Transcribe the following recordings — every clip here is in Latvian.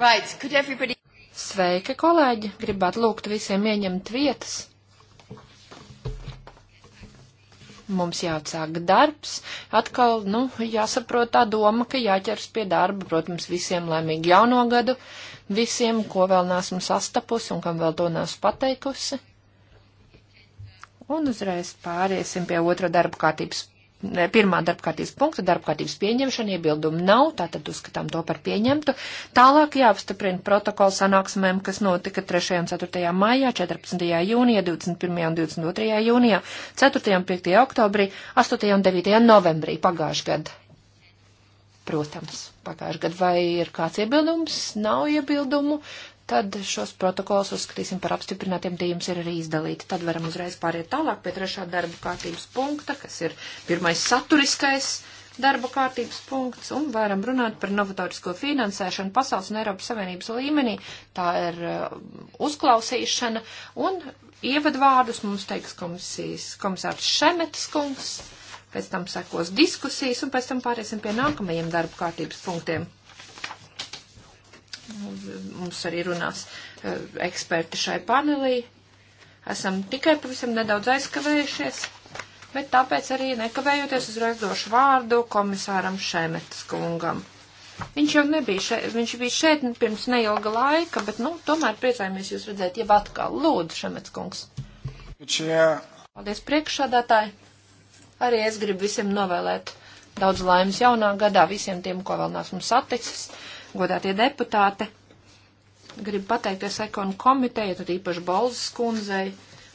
Right, could everybody... Sveika, kolēģi! Gribētu lūgt visiem ieņemt vietas. Mums jāatsāk darbs. Atkal, nu, jāsaprot tā doma, ka jāķers pie darba. Protams, visiem laimīgi jauno gadu, visiem, ko vēl neesmu sastapusi un kam vēl to neesmu pateikusi. Un uzreiz pāriesim pie otra darba kārtības pirmā darbkārtības punkta, darbkārtības pieņemšana, iebildumu nav, tātad uzskatām to par pieņemtu. Tālāk jāapstiprina protokols sanāksmēm, kas notika 3. un 4. maijā, 14. jūnijā, 21. un 22. jūnijā, 4. un 5. oktobrī, 8. un 9. novembrī pagājušajā gadā. Protams, pagājušajā gadā vai ir kāds iebildums, nav iebildumu, tad šos protokols uzskatīsim par apstiprinātiem, tie jums ir arī izdalīti. Tad varam uzreiz pāriet tālāk pie trešā darba kārtības punkta, kas ir pirmais saturiskais darba kārtības punkts, un varam runāt par novatorisko finansēšanu pasaules un Eiropas Savienības līmenī. Tā ir uh, uzklausīšana, un ievadvārdus mums teiks komisijas komisārs Šemets kungs, pēc tam sekos diskusijas, un pēc tam pāriesim pie nākamajiem darba kārtības punktiem. Mums arī runās e, eksperti šai panelī. Esam tikai pavisam nedaudz aizkavējušies, bet tāpēc arī nekavējoties uzreiz došu vārdu komisāram Šemetas kungam. Viņš jau nebija šeit, viņš bija šeit pirms neilga laika, bet, nu, tomēr priecājamies jūs redzēt, jeb atkal lūdzu, Šemets kungs. Paldies priekšsādātāji. Arī es gribu visiem novēlēt daudz laimes jaunā gadā, visiem tiem, ko vēl neesmu saticis godātie deputāte. Gribu pateikties ekonu komiteju, tad īpaši Balzas kundzei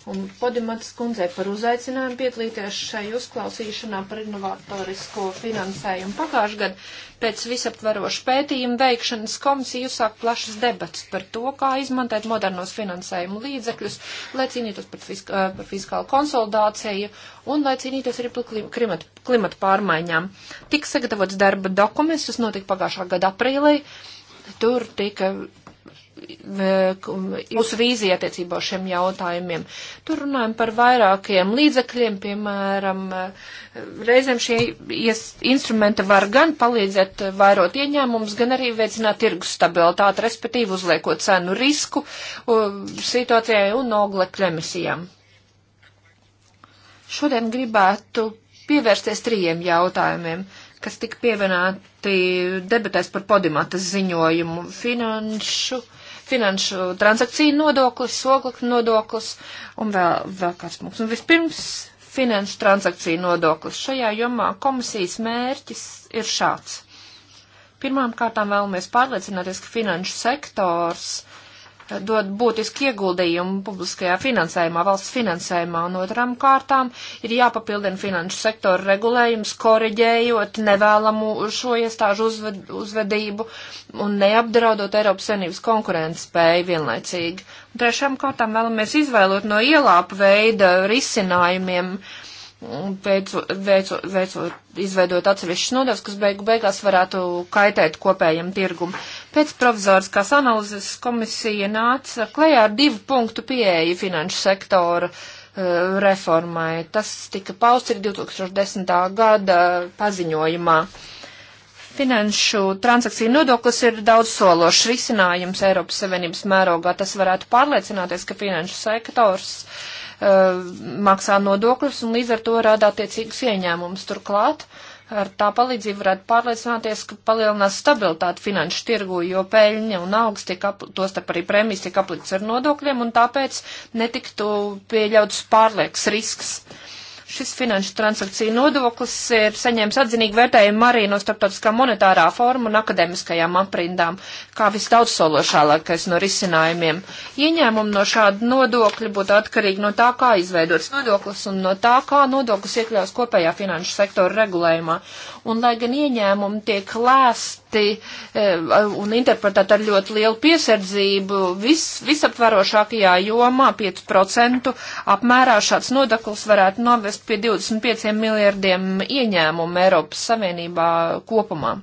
un Podimatas kundzei par uzaicinājumu piedalīties šai uzklausīšanā par inovatorisko finansējumu. Pagājuši gadu pēc visaptverošu pētījumu veikšanas komisija uzsāk plašas debats par to, kā izmantot modernos finansējumu līdzekļus, lai cīnītos par, fisk eh, par fiskālu konsolidāciju un lai cīnītos arī par klimatu, klimatu pārmaiņām. Tik sagatavots darba dokuments, tas notika pagājušā gada aprīlī. Tur tika jūsu vīzija attiecībā uz šiem jautājumiem. Tur runājam par vairākiem līdzekļiem, piemēram, reizēm šie instrumenti var gan palīdzēt vairot ieņēmumus, gan arī veicināt tirgus stabilitāti, respektīvi uzliekot cenu risku situācijai un oglekļu emisijām. Šodien gribētu pievērsties trījiem jautājumiem kas tika pievienāti debatēs par podimatas ziņojumu finanšu, uh, finanšu transakciju nodoklis, oglekļu nodoklis un vēl, vēl kāds mums. Un vispirms finanšu transakciju nodoklis. Šajā jomā komisijas mērķis ir šāds. Pirmām kārtām vēlamies pārliecināties, ka finanšu sektors uh, dod būtiski ieguldījumu publiskajā finansējumā, valsts finansējumā, un otram kārtām ir jāpapildina finanšu sektora regulējums, koriģējot nevēlamu šo iestāžu uzved, uzvedību un neapdraudot Eiropas Savienības konkurences spēju vienlaicīgi. Un trešām kārtām vēlamies izvēlot no ielāpa veida risinājumiem veicot, veicot, veicot, izveidot atsevišķas nodaļas, kas beigu beigās varētu kaitēt kopējam tirgum. Pēc provizoriskās analīzes komisija nāca klajā ar divu punktu pieeju finanšu sektora uh, reformai. Tas tika pausts ir 2010. gada paziņojumā. Finanšu transakciju nodoklis ir daudz sološs risinājums Eiropas Savienības mērogā. Tas varētu pārliecināties, ka finanšu sektors uh, maksā nodokļus un līdz ar to rada attiecīgus ieņēmumus turklāt. Uh, ar tā palīdzību varētu pārliecināties, ka palielinās stabilitāti finanšu tirgu, jo pēļņa un augs tiek tos tap arī prēmijas tiek aplikts ar nodokļiem, un tāpēc netiktu pieļauts pārlieks risks. Uh, Šis finanšu transakciju nodoklis ir saņēmis atzinīgi vērtējumu arī no starptautiskā monetārā forma un akademiskajām aprindām, kā visdaudzsološākais no risinājumiem. Ieņēmumi no šāda nodokļa būtu atkarīgi no tā, kā izveidots nodoklis un no tā, kā nodoklis iekļaus kopējā finanšu sektora regulējumā. Un, lai gan ieņēmumi tiek lēsti e, un interpretēti ar ļoti lielu piesardzību, vis, visaptvarošākajā jomā 5% apmērā šāds nodoklis varētu novest novest pie 25 miljardiem ieņēmumu Eiropas Savienībā kopumā.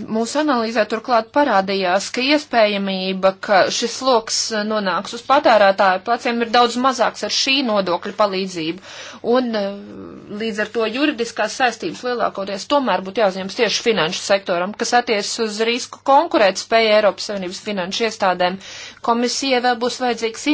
Mūsu analīzē turklāt parādījās, ka iespējamība, ka šis sloks nonāks uz patērētāju pleciem, ir daudz mazāks ar šī nodokļa palīdzību. Un eh, līdz ar to juridiskās saistības lielākoties tomēr būtu jāuzņems tieši finanšu sektoram, kas attiecas uz risku konkurētspēju Eiropas Savienības finanšu iestādēm. Komisija vēl būs vajadzīgs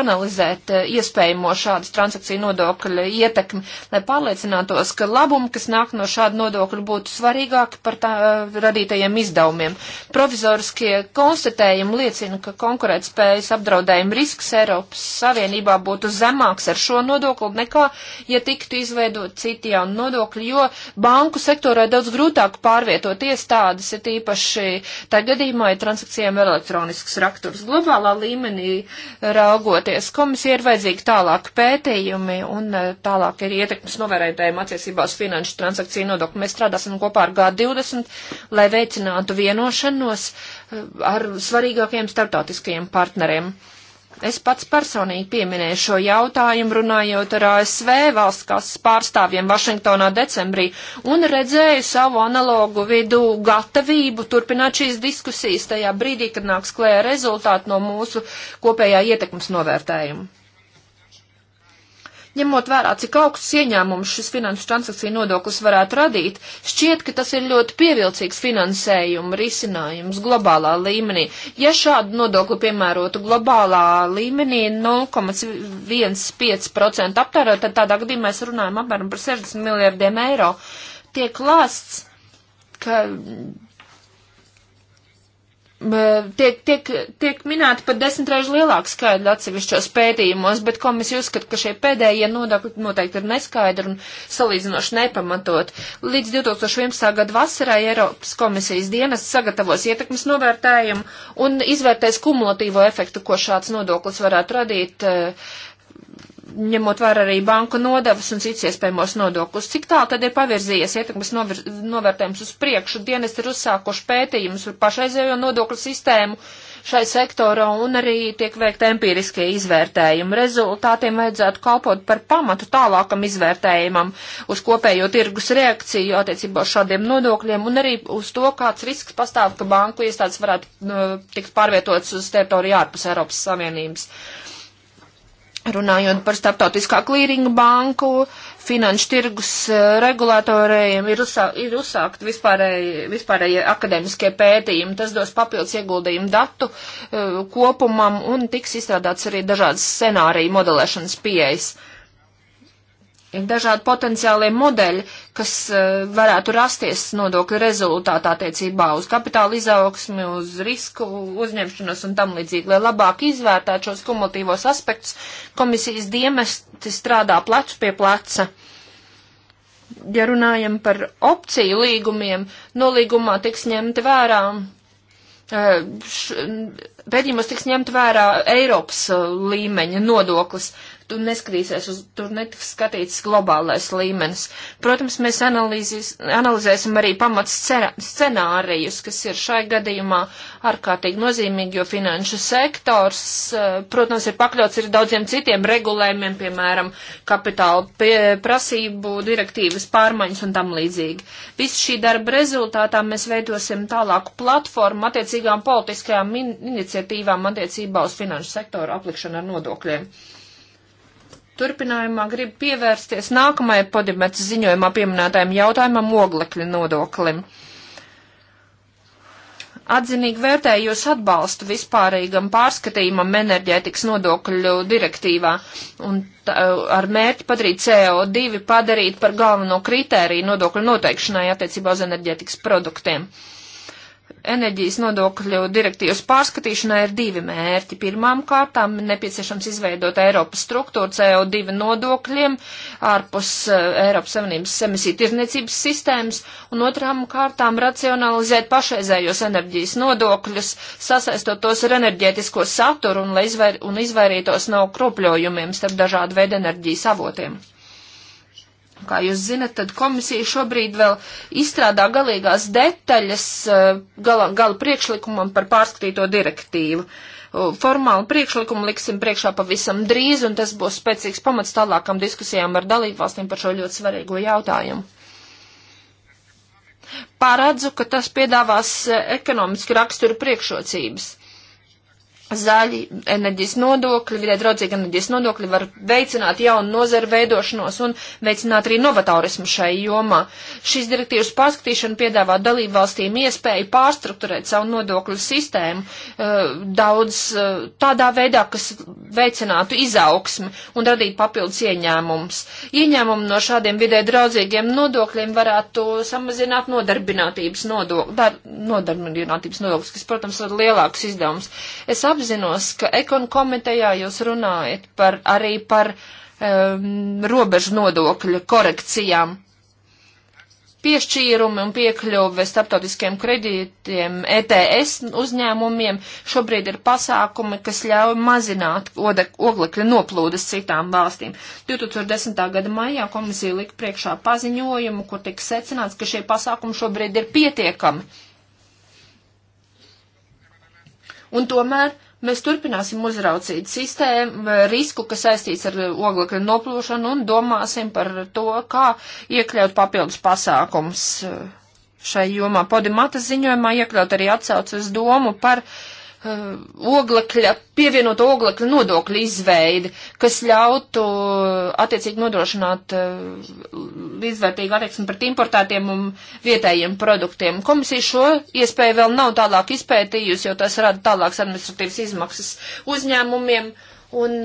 analizēt eh, iespējamo šādas transakciju nodokļa ietekmi, lai pārliecinātos, ka labumi, kas nāk no šāda nodokļa, būtu svarīgāki par tā eh, radītajiem izdevumiem. Provizoriskie konstatējumi liecina, ka konkurētspējas apdraudējuma risks Eiropas Savienībā būtu zemāks ar šo nodokli nekā, ja tiktu izveidot citi jauni nodokļi, jo banku sektorā ir daudz grūtāk pārvietoties tādas, ir īpaši tā gadījumā, ja transakcijām ir elektronisks raksturs. Globālā līmenī raugot rīkoties. Komisija ir vajadzīgi tālāk pētījumi un eh, tālāk ir ietekmes novērētējumi attiecībā uz finanšu transakciju nodokli. Mēs strādāsim kopā ar G20, lai veicinātu vienošanos eh, ar svarīgākajiem starptautiskajiem partneriem. Es pats personīgi pieminēju šo jautājumu, runājot ar ASV valsts kases pārstāvjiem Vašingtonā decembrī, un redzēju savu analogu vidu gatavību turpināt šīs diskusijas tajā brīdī, kad nāks klējā rezultāti no mūsu kopējā ietekmes novērtējuma ņemot vērā, cik augstus ieņēmumus šis finanšu transakciju nodoklis varētu radīt, šķiet, ka tas ir ļoti pievilcīgs finansējuma risinājums globālā līmenī. Ja šādu nodokli piemērotu globālā līmenī 0,15% aptērot, tad tādā gadījumā mēs runājam apmēram par 60 miljardiem eiro. Tiek lāsts, ka tiek, tiek, tiek minēti pat desmitreiz lielāki skaidri atsevišķos pētījumos, bet komisija uzskata, ka šie pēdējie nodokļi noteikti ir neskaidri un salīdzinoši nepamatot. Līdz 2011. gada vasarai Eiropas komisijas dienas sagatavos ietekmes novērtējumu un izvērtēs kumulatīvo efektu, ko šāds nodoklis varētu radīt uh, ņemot vērā arī banku nodevas un cits iespējamos nodokļus. Cik tālu tad ir pavirzījies ietekmes novir, novērtējums uz priekšu? Dienas ir uzsākuši pētījumus par pašreizējo nodokļu sistēmu šai sektorā un arī tiek veikta empiriskie izvērtējumi. Rezultātiem vajadzētu kalpot par pamatu tālākam izvērtējumam uz kopējo tirgus reakciju attiecībā uz šādiem nodokļiem un arī uz to, kāds risks pastāv, ka banku iestādes varētu nu, tikt pārvietotas uz teritoriju ārpus Eiropas Savienības. Uh, Runājot par starptautiskā klīringa banku, finanšu tirgus eh, regulātoriem ir, uzsā, ir uzsākt vispārējie vispārēj akadēmiskie pētījumi. Tas dos papildus ieguldījumu datu eh, kopumam un tiks izstrādāts arī dažādas scenāriju modelēšanas pieejas ir dažādi potenciālie modeļi, kas eh, varētu rasties nodokļu rezultātā attiecībā uz kapitāla izaugsmi, uz risku uzņemšanos un tam līdzīgi. Lai labāk izvērtētu šos kumulatīvos aspektus, komisijas dienesti strādā plecu pie pleca. Ja runājam par opciju līgumiem, nolīgumā tiks ņemti vērā pēdījumos eh, tiks ņemt vērā Eiropas eh, līmeņa nodoklis tur neskatīsies, uz, tur netiks skatīts globālais līmenis. Protams, mēs analizēsim arī pamats scenārijus, kas ir šai gadījumā ārkārtīgi nozīmīgi, jo finanšu sektors, eh, protams, ir pakļauts arī daudziem citiem regulējumiem, piemēram, kapitāla pie, prasību direktīvas pārmaiņas un tam līdzīgi. Visu šī darba rezultātā mēs veidosim tālāku platformu attiecīgām politiskajām in iniciatīvām attiecībā uz finanšu sektoru aplikšanu ar nodokļiem. Turpinājumā gribu pievērsties nākamajai podimets ziņojumā pieminētajam jautājumam oglekļa nodoklim. Atzinīgi vērtēju jūs atbalstu vispārīgam pārskatījumam enerģētikas nodokļu direktīvā un tā, ar mērķi padarīt CO2 padarīt par galveno kritēriju nodokļu noteikšanai attiecībā uz enerģētikas produktiem. Uh, enerģijas nodokļu direktīvas pārskatīšanai ir divi mērķi. Pirmām kārtām nepieciešams izveidot Eiropas struktūru CO2 nodokļiem ārpus eh, Eiropas Savienības emisiju tirniecības sistēmas, un otrām kārtām racionalizēt pašreizējos enerģijas nodokļus, sasaistot tos ar enerģētisko saturu un, izvair un izvairītos no kropļojumiem starp dažādu veidu enerģijas avotiem. Kā jūs zinat, tad komisija šobrīd vēl izstrādā galīgās detaļas eh, gala, gala priekšlikumam par pārskatīto direktīvu. Formālu priekšlikumu liksim priekšā pavisam drīz, un tas būs spēcīgs pamats tālākam diskusijām ar dalībvalstīm par šo ļoti svarīgo jautājumu. Pārādzu, ka tas piedāvās eh, ekonomiski raksturu priekšrocības zaļi enerģijas nodokļi, vidē draudzīgi enerģijas nodokļi var veicināt jaunu nozaru veidošanos un veicināt arī novatorismu šai jomā. Šīs direktīvas pārskatīšana piedāvā dalību valstīm iespēju pārstruktūrēt savu nodokļu sistēmu eh, daudz eh, tādā veidā, kas veicinātu izaugsmi un radītu papildus ieņēmumus. Ieņēmumi no šādiem vidē draudzīgiem nodokļiem varētu samazināt nodarbinātības nodokļus, nodarbinātības nodokļus, kas, protams, ir lielāks izdevums. Es apzinos, ka ekonu komitejā jūs runājat par, arī par um, robežu nodokļu korekcijām. Piešķīrumi un piekļuve starptautiskiem kredītiem ETS uzņēmumiem šobrīd ir pasākumi, kas ļauj mazināt oglekļa noplūdes citām valstīm. 2010. gada maijā komisija lika priekšā paziņojumu, kur tika secināts, ka šie pasākumi šobrīd ir pietiekami. Un tomēr Mēs turpināsim uzraucīt sistēmu, risku, kas saistīts ar oglekļa noplūšanu un domāsim par to, kā iekļaut papildus pasākums eh, šai jomā. Podimata ziņojumā iekļaut arī atsaucas domu par uh, Uh, oglekļa, pievienoto oglekļa nodokļa izveidi, kas ļautu uh, attiecīgi nodrošināt līdzvērtīgu uh, attieksmi pret importētiem un vietējiem produktiem. Komisija šo iespēju vēl nav tālāk izpētījusi, jo tas rada tālākas administratīvas izmaksas uzņēmumiem. Un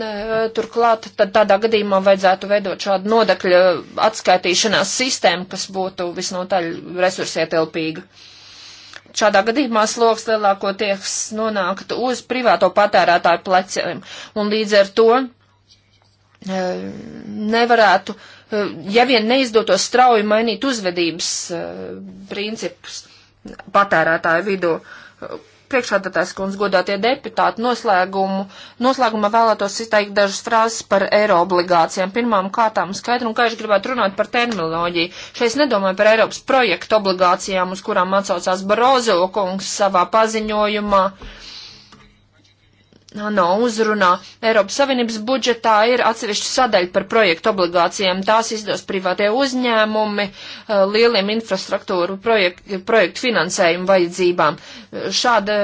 turklāt tad tādā gadījumā vajadzētu veidot šādu nodokļa atskaitīšanās sistēmu, kas būtu visnotaļ resursietilpīga. Šādā gadījumā sloks lielākoties nonāktu uz privāto patērētāju pleciem, un līdz ar to eh, nevarētu, eh, ja vien neizdotos strauji mainīt uzvedības eh, principus patērētāju vidū, priekšādātājs kundz godātie deputāti noslēgumu, noslēgumā vēlētos izteikt dažas frāzes par eiro obligācijām. Pirmām kārtām skaidru un kaiši gribētu runāt par terminoloģiju. Šeit es nedomāju par Eiropas projektu obligācijām, uz kurām atsaucās Barozo kungs savā paziņojumā. Uh, no uzrunā Eiropas Savienības budžetā ir atsevišķa sadaļa par projektu obligācijām. Tās izdos privātie uzņēmumi eh, lieliem infrastruktūru projektu, projektu finansējumu vajadzībām. Šāda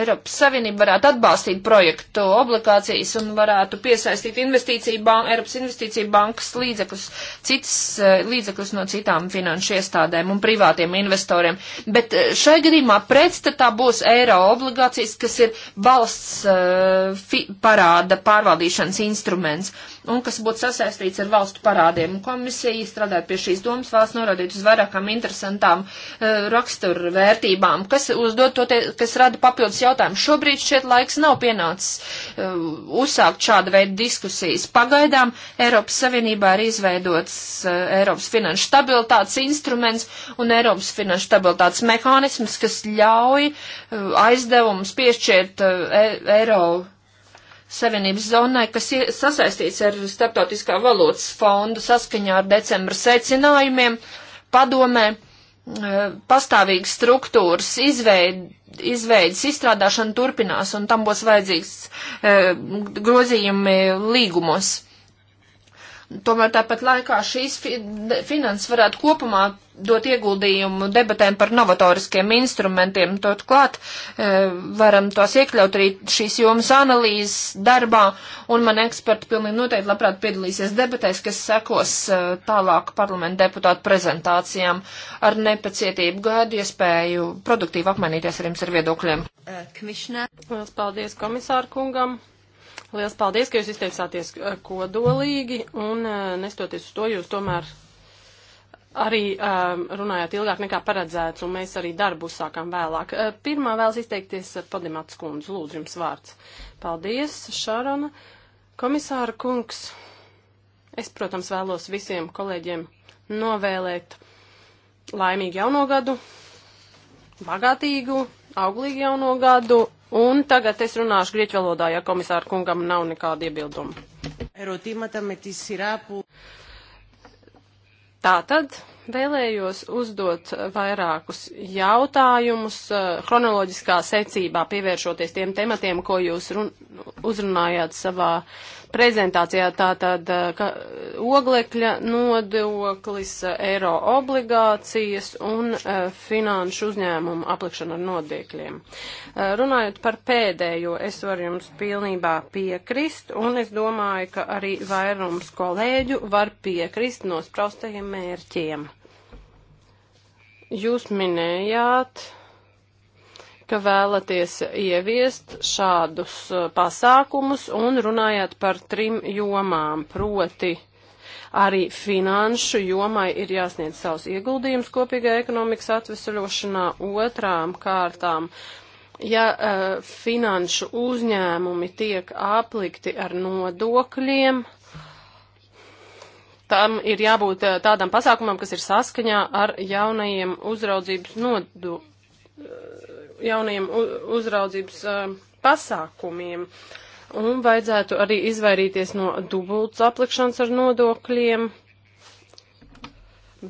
Eiropas Savienība varētu atbalstīt projektu obligācijas un varētu piesaistīt investīciju ban Eiropas investīciju bankas līdzekļus, citas eh, līdzekļus no citām finanšu iestādēm un privātiem investoriem. Bet eh, šai gadījumā pretstatā būs eiro obligācijas, kas ir valsts fi, parāda pārvaldīšanas instruments un kas būtu sasaistīts ar valstu parādiem. Komisija strādāja pie šīs domas, vēlas norādīt uz vairākām interesantām uh, raksturvērtībām, kas uzdod to, te, kas rada papildus jautājumu. Šobrīd šeit laiks nav pienācis uh, uzsākt šādu veidu diskusijas. Pagaidām Eiropas Savienībā ir izveidots uh, Eiropas finanšu stabilitātes instruments un Eiropas finanšu stabilitātes mehānisms, kas ļauj uh, aizdevumus piešķirt uh, e eiro Savienības zonai, kas ir sasaistīts ar Startautiskā valūtas fondu saskaņā ar decembra secinājumiem, padomē eh, pastāvīgas struktūras izveid, izveidas izstrādāšana turpinās, un tam būs vajadzīgs e, grozījumi līgumos. Tomēr tāpat laikā šīs fi finanses varētu kopumā dot ieguldījumu debatēm par novatoriskiem instrumentiem. Turklāt e, varam tos iekļaut arī šīs jomas analīzes darbā, un man eksperti pilnīgi noteikti labprāt piedalīsies debatēs, kas sekos e, tālāk parlamenta deputātu prezentācijām. Ar nepacietību gaidu iespēju produktīvi apmainīties ar jums ar viedokļiem. Uh, Liels paldies komisāru kungam! Liels paldies, ka jūs izteicāties uh, kodolīgi, un uh, nestoties uz to, jūs tomēr arī um, runājāt ilgāk nekā paredzēts, un mēs arī darbu sākām vēlāk. Uh, pirmā vēlas izteikties Padimats kundze. Lūdzu, jums vārds. Paldies, Šarona. Komisāra kungs, es, protams, vēlos visiem kolēģiem novēlēt laimīgu jauno gadu, bagātīgu, auglīgu jauno gadu, un tagad es runāšu grieķu valodā, ja komisāra kungam nav nekāda iebilduma. Erotīmata metis sirāpu. Pu... Tātad vēlējos uzdot vairākus jautājumus eh, chronoloģiskā secībā, pievēršoties tiem tematiem, ko jūs uzrunājāt savā prezentācijā tātad eh, ka, oglekļa nodoklis, eh, eiro obligācijas un uh, finanšu uzņēmumu aplikšana ar nodokļiem. Uh, runājot par pēdējo, es varu jums pilnībā piekrist un es domāju, ka arī vairums kolēģu var piekrist nospraustajiem mērķiem. Jūs minējāt ka vēlaties ieviest šādus uh, pasākumus un runājāt par trim jomām, proti arī finanšu jomai ir jāsniedz savus ieguldījumus kopīgā ekonomikas atvesaļošanā otrām kārtām. Ja uh, finanšu uzņēmumi tiek aplikti ar nodokļiem, tam ir jābūt uh, tādam pasākumam, kas ir saskaņā ar jaunajiem uzraudzības nodo, uh, jauniem uzraudzības um, pasākumiem. Un vajadzētu arī izvairīties no dubultas aplikšanas ar nodokļiem,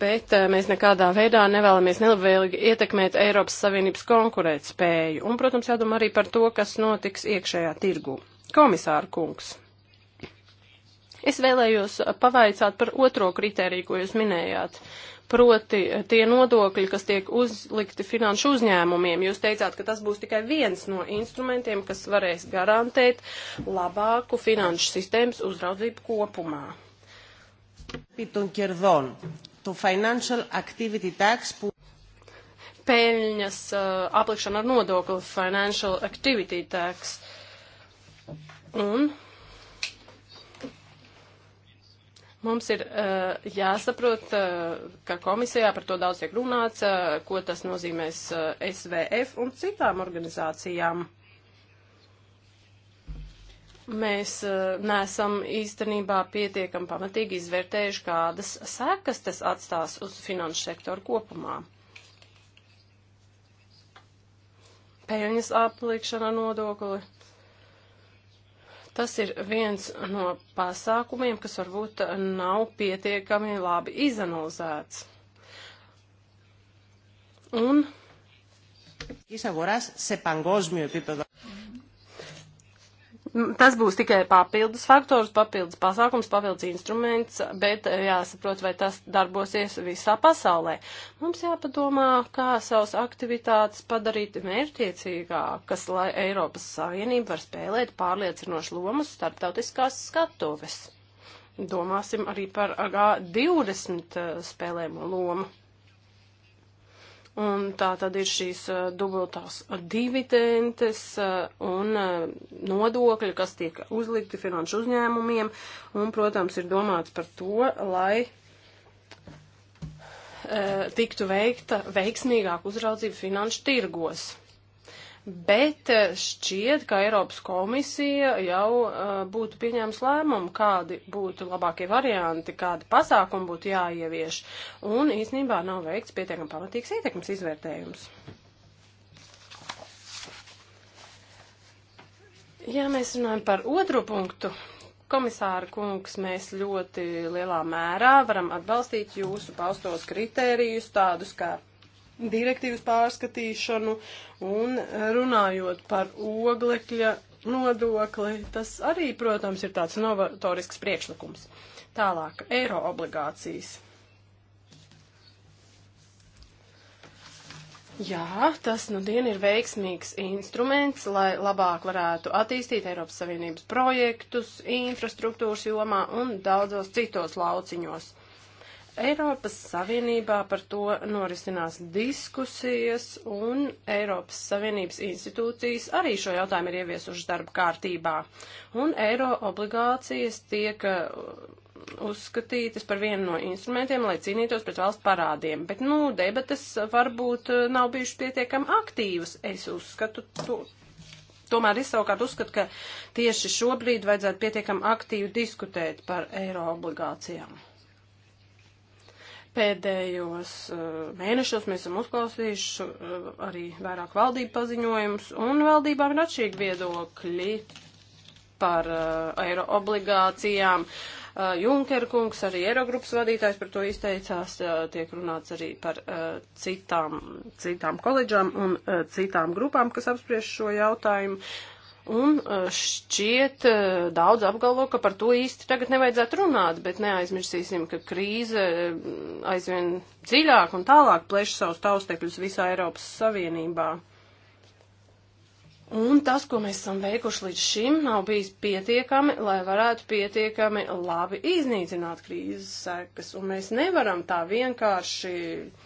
bet uh, mēs nekādā veidā nevēlamies nelabvēlīgi ietekmēt Eiropas Savienības konkurētspēju. Un, protams, jādomā arī par to, kas notiks iekšējā tirgu. Komisāra kungs. Es vēlējos pavaicāt par otro kritēriju, ko jūs minējāt. Uh, proti eh, tie nodokļi, kas tiek uzlikti finanšu uzņēmumiem. Jūs teicāt, ka tas būs tikai viens no instrumentiem, kas varēs garantēt labāku finanšu sistēmas uzraudzību kopumā. Peļņas uh, aplikšana ar nodokli Financial Activity Tax. Un Mums ir uh, jāsaprot, uh, ka komisijā par to daudz tiek runāts, uh, ko tas nozīmēs uh, SVF un citām organizācijām. Mēs uh, neesam īstenībā pietiekam pamatīgi izvērtējuši, kādas sekas tas atstās uz finanšu sektoru kopumā. Peļņas aplikšana nodokli Tas ir viens no pasākumiem, kas varbūt nav pietiekami labi izanalizēts. Un. Αγοράς σε παγκόσμιο επίπεδο. Tas būs tikai papildus faktors, papildus pasākums, papildus instruments, bet eh, jāsaprot, vai tas darbosies visā pasaulē. Mums jāpadomā, kā savas aktivitātes padarīt mērķiecīgākas, lai Eiropas Savienība var spēlēt pārliecinošu lomu starptautiskās skatuves. Domāsim arī par G20 eh, spēlēmo lomu. Un tā tad ir šīs uh, dubultās dividendes uh, un uh, nodokļi, kas tiek uzlikti finanšu uzņēmumiem. Un, protams, ir domāts par to, lai tiktu veikta veiksmīgāka uzraudzība finanšu tirgos bet eh, šķiet, ka Eiropas komisija jau uh, būtu pieņēmis lēmumu, kādi būtu labākie varianti, kādi pasākumi būtu jāievieš, un īstenībā nav veikts pietiekami pamatīgs ietekmes izvērtējums. Ja mēs runājam par otro punktu, komisāra kungs, mēs ļoti lielā mērā varam atbalstīt jūsu paustos kritērijus, tādus kā direktīvas pārskatīšanu un runājot par oglekļa nodokli, tas arī, protams, ir tāds novatorisks priekšlikums. Tālāk, eiro obligācijas. Jā, tas nu dien ir veiksmīgs instruments, lai labāk varētu attīstīt Eiropas Savienības projektus, infrastruktūras jomā un daudzos citos lauciņos. Eiropas Savienībā par to norisinās diskusijas, un Eiropas Savienības institūcijas arī šo jautājumu ir ieviesušas darba kārtībā. Un eiro obligācijas tiek uh, uzskatītas par vienu no instrumentiem, lai cīnītos pret valsts parādiem. Bet, nu, debatas varbūt uh, nav bijušas pietiekami aktīvas. Es uzskatu to. Tomēr es savukārt uzskatu, ka tieši šobrīd vajadzētu pietiekami aktīvi diskutēt par eiro obligācijām. Pēdējos uh, mēnešos mēs esam uzklausījuši uh, arī vairāk valdību paziņojumus, un valdībām ir atšķirīgi viedokļi par uh, eiro obligācijām. Junkerkungs, arī Eirogrupas vadītājs par to izteicās, tiek runāts arī par citām, citām koledžām un citām grupām, kas apspriež šo jautājumu. Un e, šķiet e, daudz apgalvo, ka par to īsti tagad nevajadzētu runāt, bet neaizmirsīsim, ka krīze mm, aizvien dziļāk un tālāk plēš savus taustekļus visā Eiropas Savienībā. Un tas, ko mēs esam veikuši līdz šim, nav bijis pietiekami, lai varētu pietiekami labi iznīcināt krīzes sekas. Un mēs nevaram tā vienkārši uh,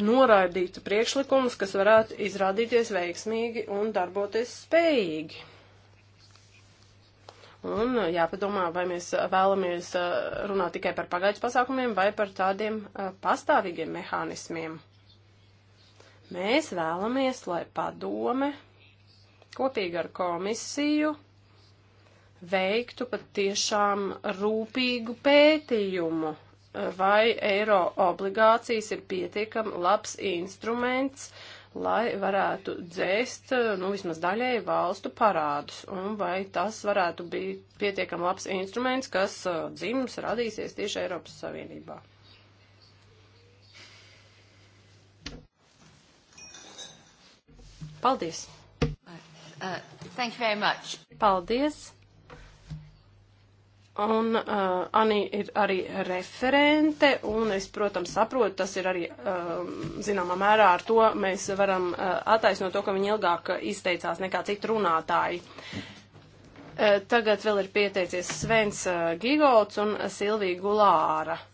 noraidītu priekšlikumus, kas varētu izrādīties veiksmīgi un darboties spējīgi. Un eh, jāpadomā, vai mēs eh, vēlamies eh, runāt tikai par pagaidus pasākumiem vai par tādiem pastāvīgiem mehānismiem. Mēs vēlamies, lai padome kopīgi ar komisiju veiktu pat tiešām rūpīgu pētījumu vai eiro obligācijas ir pietiekami labs instruments, lai varētu dzēst, nu, vismaz daļēji valstu parādus, un vai tas varētu būt pietiekami labs instruments, kas dzims radīsies tieši Eiropas Savienībā. Paldies! Uh, thank you very much. Paldies! Un uh, Anī ir arī referente, un es, protams, saprotu, tas ir arī, uh, zināmā mērā, ar to mēs varam uh, attaisnot to, ka viņi ilgāk izteicās nekā citi runātāji. Uh, tagad vēl ir pieteicies Svens uh, Gigolds un Silvija Gulāra. Uh,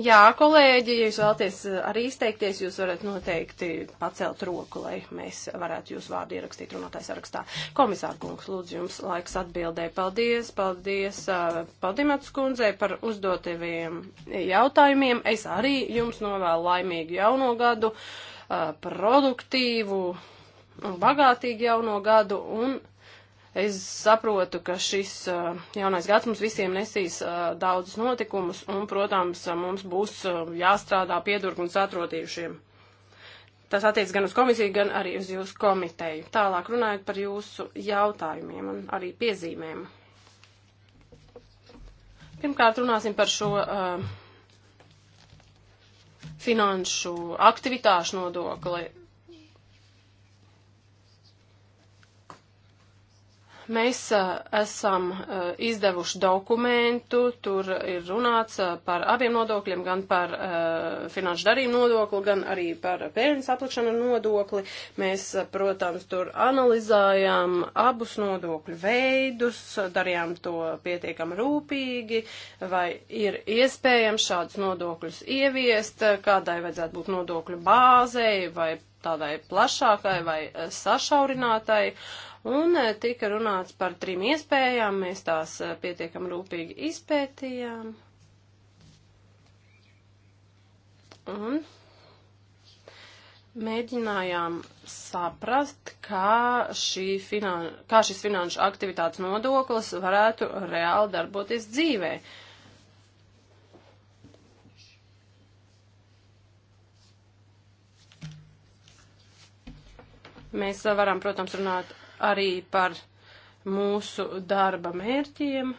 Jā, kolēģi, ja jūs vēlaties eh, arī izteikties, jūs varat noteikti pacelt roku, lai mēs varētu jūs vārdu ierakstīt runātājs sarakstā. Komisāra kungs, lūdzu, jums laiks atbildē. Paldies, paldies, eh, paldies kundzei par uzdotaviem jautājumiem. Es arī jums novēlu laimīgu jauno gadu, eh, produktīvu un bagātīgu jauno gadu un Es saprotu, ka šis uh, jaunais gads mums visiem nesīs uh, daudzus notikumus, un, protams, uh, mums būs jāstrādā piedurkums atrotījušiem. Tas attiec gan uz komisiju, gan arī uz jūsu komiteju. Tālāk runājot par jūsu jautājumiem un arī piezīmēm. Pirmkārt, runāsim par šo uh, finanšu aktivitāšu nodokli Mēs esam izdevuši dokumentu, tur ir runāts par abiem nodokļiem, gan par finanšu darījumu nodokli, gan arī par pēļņas aplikšanu nodokli. Mēs, protams, tur analizējām abus nodokļu veidus, darījām to pietiekam rūpīgi, vai ir iespējams šādus nodokļus ieviest, kādai vajadzētu būt nodokļu bāzei vai tādai plašākai vai sašaurinātai. Uh, Un eh, tika runāts par trim iespējām, mēs tās eh, pietiekam rūpīgi izpētījām. Un mēģinājām saprast, kā, šī finan kā šis finanšu aktivitātes nodoklis varētu reāli darboties dzīvē. Mēs varam, protams, runāt arī par mūsu darba mērķiem.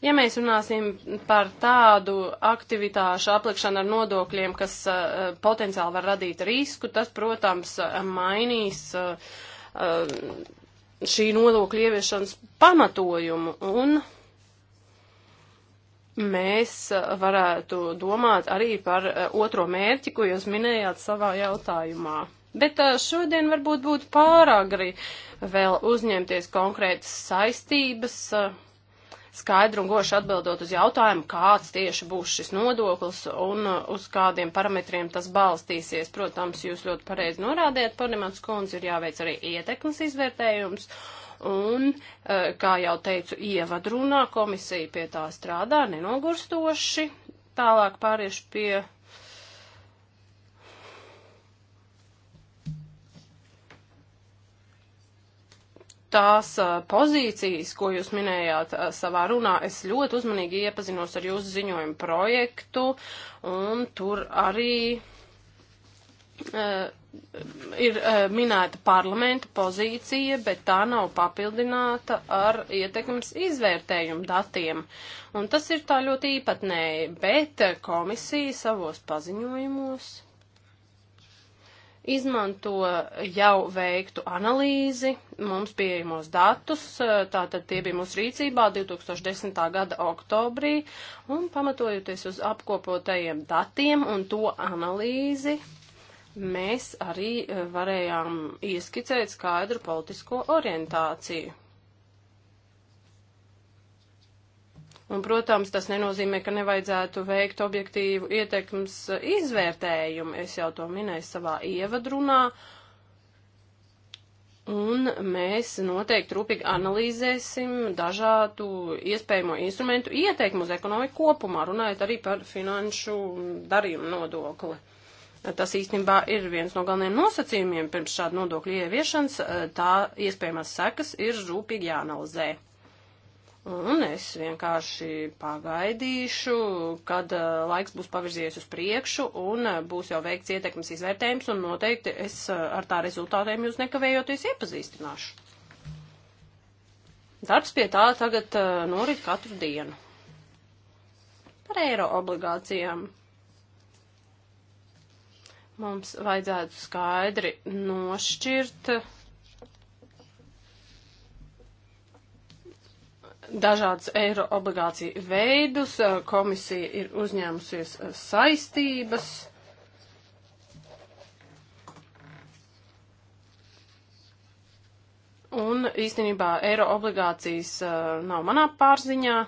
Ja mēs runāsim par tādu aktivitāšu aplikšanu ar nodokļiem, kas uh, potenciāli var radīt risku, tas, protams, mainīs uh, šī nodokļu ieviešanas pamatojumu. Un mēs eh, varētu domāt arī par eh, otro mērķi, ko jūs minējāt savā jautājumā. Bet eh, šodien varbūt būtu pāragri vēl uzņemties konkrētas saistības, skaidru un goši atbildot uz jautājumu, kāds tieši būs šis nodoklis un uz kādiem parametriem tas balstīsies. Protams, jūs ļoti pareizi norādījāt, Panemats kundze, ir jāveic arī ietekmes izvērtējums. Uh, Un, eh, kā jau teicu, ievadrunā komisija pie tā strādā nenogurstoši. Tālāk pāriešu pie. Tās eh, pozīcijas, ko jūs minējāt eh, savā runā, es ļoti uzmanīgi iepazinos ar jūsu ziņojumu projektu, un tur arī ir uh, minēta parlamenta pozīcija, bet tā nav papildināta ar ietekmes izvērtējumu datiem. Un tas ir tā ļoti īpatnēji, bet komisija savos paziņojumos izmanto jau veiktu analīzi, mums pieejamos datus, eh, tātad tie bija mūsu rīcībā 2010. gada oktobrī, un pamatojoties uz apkopotajiem datiem un to analīzi, mēs arī eh, varējām ieskicēt skaidru politisko orientāciju. Un, protams, tas nenozīmē, ka nevajadzētu veikt objektīvu ietekmes eh, izvērtējumu. Es jau to minēju savā ievadrunā. Un mēs noteikti rūpīgi analīzēsim dažādu iespējamo instrumentu ieteikumu uz ekonomiku kopumā, runājot arī par finanšu darījumu nodokli. Tas īstenībā ir viens no galvenajiem nosacījumiem pirms šāda nodokļa ieviešanas. Eh, tā iespējamās sekas ir rūpīgi jāanalizē. Un es vienkārši pagaidīšu, kad eh, laiks būs pavirzies uz priekšu un eh, būs jau veikts ietekmes izvērtējums, un noteikti es ar tā rezultātiem jūs nekavējoties iepazīstināšu. Darbs pie tā tagad norit katru dienu. Par eiro obligācijām Mums vajadzētu skaidri nošķirt dažādas eiro obligāciju veidus, komisija ir uzņēmusies saistības. Un īstenībā eiro obligācijas uh, nav manā pārziņā,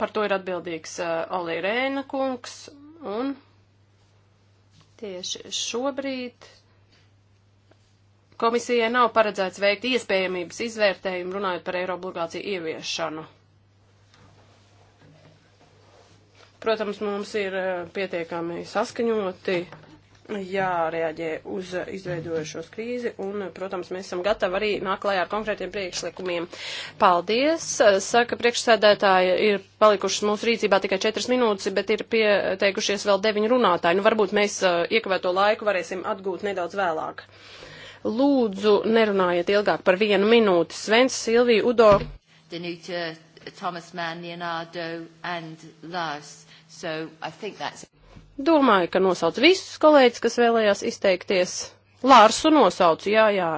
par to ir atbildīgs uh, Olī Rēna kungs un Tieši šobrīd komisijai nav paredzēts veikt iespējamības izvērtējumu runājot par eiro obligāciju ieviešanu. Protams, mums ir eh, pietiekami saskaņoti jāreaģē uz izveidojušos krīzi, un, protams, mēs esam gatavi arī nāk klajā ar konkrētiem priekšlikumiem. Paldies! Saka, priekšsēdētāji ir palikušas mūsu rīcībā tikai četras minūtes, bet ir pieteikušies vēl deviņi runātāji. Nu, varbūt mēs iekavēto laiku varēsim atgūt nedaudz vēlāk. Lūdzu, nerunājiet ilgāk par vienu minūti. Svens, Silvija, Udo. Danuta, Thomas Mann, Leonardo and Lars. So I think that's it. Domāju, ka nosauc visus kolēģis, kas vēlējās izteikties. Lārsu nosauc, jā, jā.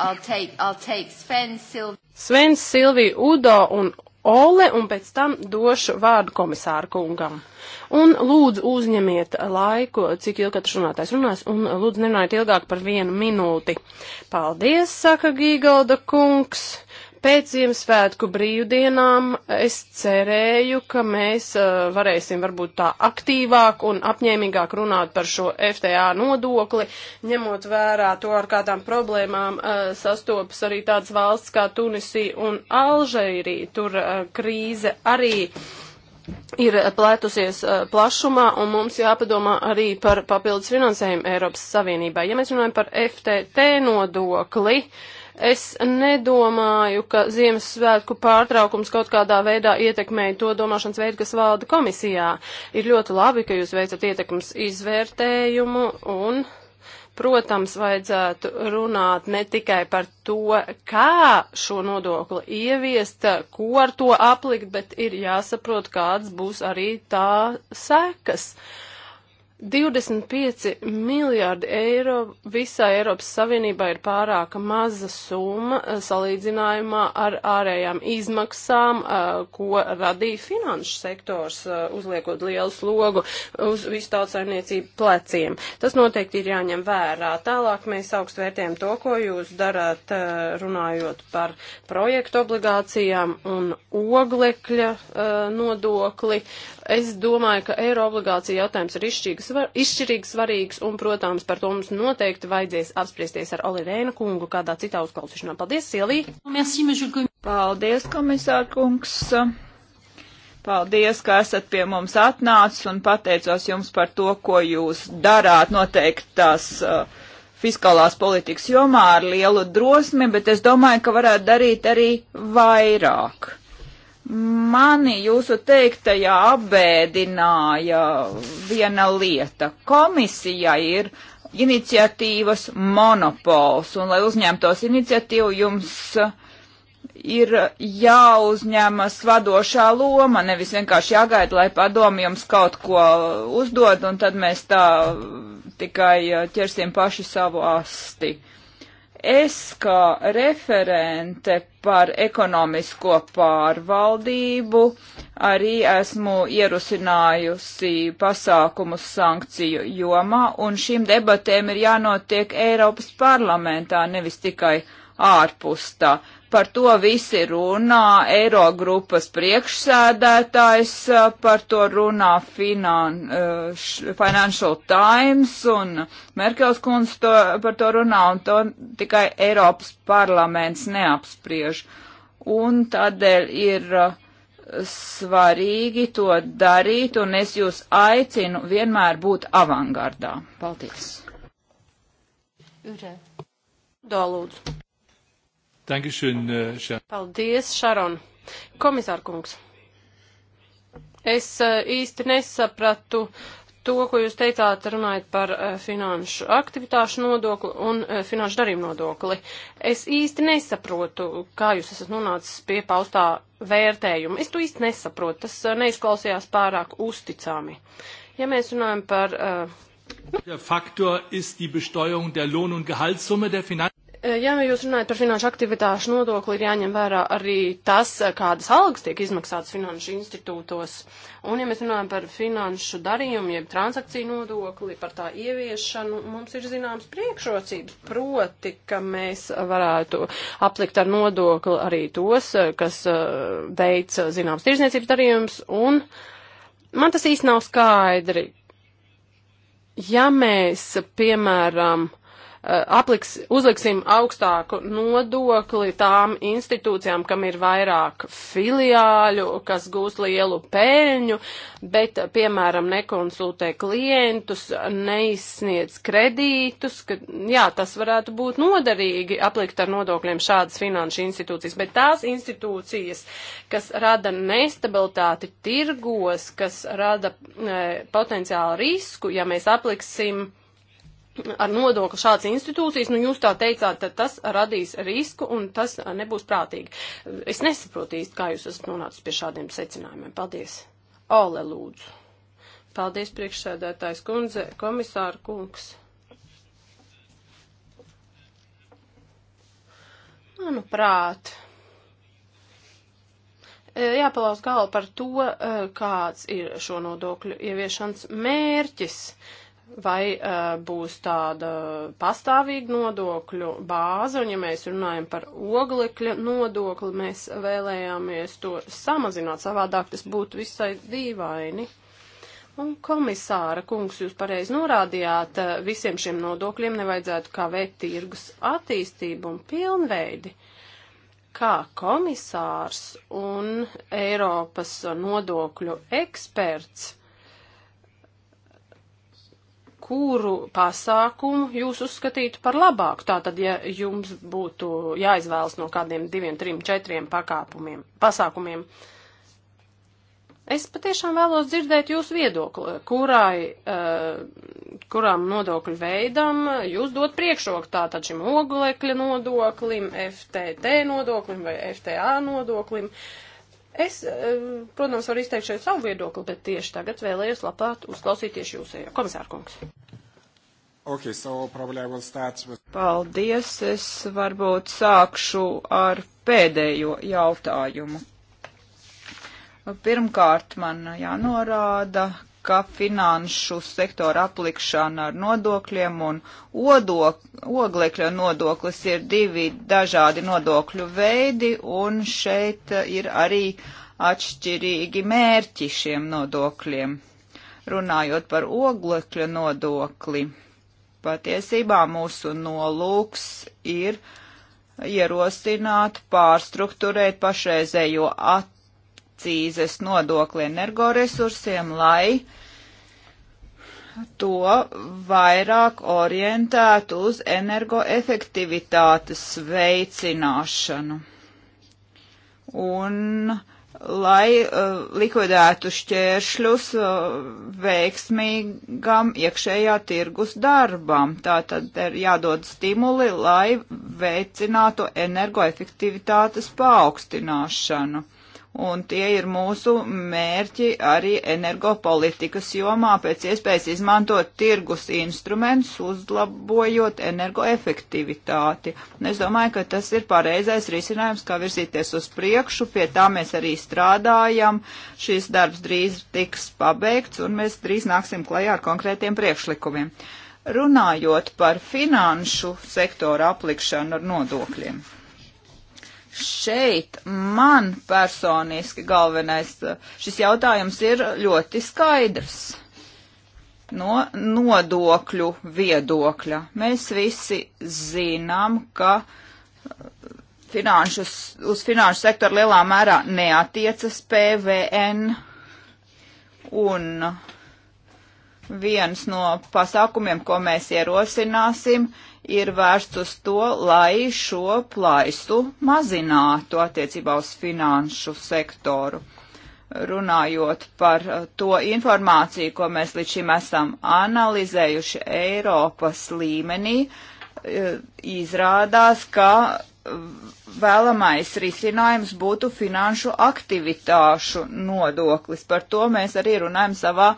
I'll take, I'll take Sven, Silvi. Sven, Silvija, Udo un Ole, un pēc tam došu vārdu komisāru kungam. Un lūdzu uzņemiet laiku, cik ilgi katrs runātājs runās, un lūdzu nerunājiet ilgāk par vienu minūti. Paldies, saka Gīgalda kungs. Pēc Ziemassvētku brīvdienām es cerēju, ka mēs uh, varēsim varbūt tā aktīvāk un apņēmīgāk runāt par šo FTA nodokli, ņemot vērā to, ar kādām problēmām uh, sastopas arī tādas valsts kā Tunisija un Alžērija. Tur uh, krīze arī ir plētusies plašumā, un mums jāpadomā arī par papildus finansējumu Eiropas Savienībā. Ja mēs runājam par FTT nodokli, uh, Es nedomāju, ka Ziemassvētku pārtraukums kaut kādā veidā ietekmēja to domāšanas veidu, kas valda komisijā. Ir ļoti labi, ka jūs veicat ietekmes izvērtējumu un, protams, vajadzētu runāt ne tikai par to, kā šo nodokli ieviest, ko ar to aplikt, bet ir jāsaprot, kāds būs arī tā sekas. Uh, 25 miljārdi eiro visā Eiropas Savienībā ir pārāk maza summa eh, salīdzinājumā ar ārējām izmaksām, eh, ko radīja finanšu sektors, eh, uzliekot lielu slogu uz visu tautsaimniecību pleciem. Tas noteikti ir jāņem vērā. Tālāk mēs augstu vērtējam to, ko jūs darāt, runājot par projektu obligācijām un oglekļa nodokli. Es domāju, ka eiro obligācija jautājums ir izšķirīgi, svar, izšķirīgi svarīgs, un, protams, par to mums noteikti vajadzēs apspriesties ar Olivēnu kungu kādā citā uzklausīšanā. Paldies, Silī! Paldies, komisār kungs! Paldies, ka esat pie mums atnācis un pateicos jums par to, ko jūs darāt noteiktās uh, fiskālās politikas jomā ar lielu drosmi, bet es domāju, ka varētu darīt arī vairāk. Mani jūsu teiktajā apbēdināja viena lieta. Komisija ir iniciatīvas monopols, un lai uzņemtos iniciatīvu, jums ir jāuzņemas vadošā loma, nevis vienkārši jāgaida, lai padomi jums kaut ko uzdod, un tad mēs tā tikai ķersim paši savu asti. Uh, Es kā referente par ekonomisko pārvaldību arī esmu ierusinājusi pasākumus sankciju jomā, un šīm debatēm ir jānotiek Eiropas parlamentā, nevis tikai ārpus tā. Par to visi runā Eirogrupas priekšsēdētājs, eh, par to runā Finan, eh, š, Financial Times un Merkels kundze to, par to runā un to tikai Eiropas parlaments neapspriež. Un tādēļ ir eh, svarīgi to darīt un es jūs aicinu vienmēr būt avangardā. Paldies! Ure. Dolūdzu. Äh, Paldies, Šaron. Komisārkungs, es äh, īsti nesapratu to, ko jūs teicāt, runājot par äh, finanšu aktivitāšu nodokli un finanšu darījumu nodokli. Es īsti nesaprotu, kā jūs esat nonācis pie paustā vērtējuma. Es to īsti nesaprotu. Tas neizklausījās pārāk uzticami. Ja mēs runājam par. Uh, Der Faktor ist die Besteuerung der Lohn- und Gehaltssumme der Finanz. Eh, ja nu, jūs runājat par finanšu aktivitāšu nodokli, ir jāņem vērā arī tas, eh, kādas algas tiek izmaksātas finanšu institūtos. Un, ja mēs runājam par finanšu darījumu, jeb transakciju nodokli, par tā ieviešanu, mums ir zināmas priekšrocības. Proti, ka mēs varētu aplikt ar nodokli arī tos, eh, kas veic zināmas tirzniecības darījumus. Un man tas īsti nav skaidri. Ja mēs, piemēram, Eh, apliks, uzliksim augstāku nodokli tām institūcijām, kam ir vairāk filiāļu, kas gūst lielu pēļņu, bet, piemēram, nekonsultē klientus, neizsniedz kredītus, ka, jā, tas varētu būt noderīgi aplikt ar nodokļiem šādas finanšu institūcijas, bet tās institūcijas, kas rada nestabilitāti tirgos, kas rada e, potenciālu risku, ja mēs apliksim ar nodokli šādas institūcijas, nu jūs tā teicāt, tad tas radīs risku un tas uh, nebūs prātīgi. Es nesaprotu īsti, kā jūs esat nonācis pie šādiem secinājumiem. Paldies. Ole lūdzu. Paldies priekšsēdētājs kundze, komisāra kungs. Manuprāt, e, jāpalauz galva par to, e, kāds ir šo nodokļu ieviešanas mērķis. Uh, vai uh, būs tāda pastāvīga nodokļu bāze, un ja mēs runājam par oglekļa nodokli, mēs vēlējāmies to samazināt, savādāk tas būtu visai dīvaini. Un komisāra kungs, jūs pareizi norādījāt, uh, visiem šiem nodokļiem nevajadzētu kavēt tirgus attīstību un pilnveidi. Kā komisārs un Eiropas nodokļu eksperts kuru pasākumu jūs uzskatītu par labāku? Tātad, ja jums būtu jāizvēlas no kādiem diviem, trim, četriem pakāpumiem, pasākumiem, es patiešām vēlos dzirdēt jūsu viedokli, kurai, eh, kurām nodokļu veidam jūs dot priekšroku tātad šim oglekļa nodoklim, FTT nodoklim vai FTA nodoklim. Uh, Es, eh, protams, varu izteikt šeit savu viedokli, bet tieši tagad vēlējos labprāt uzklausīties jūsējo. Eh, komisārkungs. Okay, so with... Paldies. Es varbūt sākšu ar pēdējo jautājumu. Pirmkārt, man jānorāda, ka finanšu sektora aplikšana ar nodokļiem un odok, oglekļa nodoklis ir divi dažādi nodokļu veidi, un šeit ir arī atšķirīgi mērķi šiem nodokļiem. Runājot par oglekļa nodokli, patiesībā mūsu nolūks ir ierosināt, pārstruktūrēt pašreizējo attīstību akcīzes nodokli energoresursiem, lai to vairāk orientētu uz energoefektivitātes veicināšanu. Un lai uh, likvidētu šķēršļus uh, veiksmīgam iekšējā tirgus darbam. Tātad ir jādod stimuli, lai veicinātu energoefektivitātes paaugstināšanu un tie ir mūsu mērķi arī energopolitikas jomā pēc iespējas izmantot tirgus instrumentus, uzlabojot energoefektivitāti. Un es domāju, ka tas ir pareizais risinājums, kā virzīties uz priekšu, pie tā mēs arī strādājam. Šis darbs drīz tiks pabeigts un mēs drīz nāksim klajā ar konkrētiem priekšlikumiem. Runājot par finanšu sektoru aplikšanu ar nodokļiem šeit man personiski galvenais eh, šis jautājums ir ļoti skaidrs. No nodokļu viedokļa mēs visi zinām, ka eh, finanšus, uz finanšu sektoru lielā mērā neatiecas PVN un viens no pasākumiem, ko mēs ierosināsim, ir ir vērsts uz to, lai šo plaisu mazinātu attiecībā uz finanšu sektoru. Runājot par uh, to informāciju, ko mēs līdz šim esam analizējuši Eiropas līmenī, uh, izrādās, ka uh, vēlamais risinājums būtu finanšu aktivitāšu nodoklis. Par to mēs arī runājam savā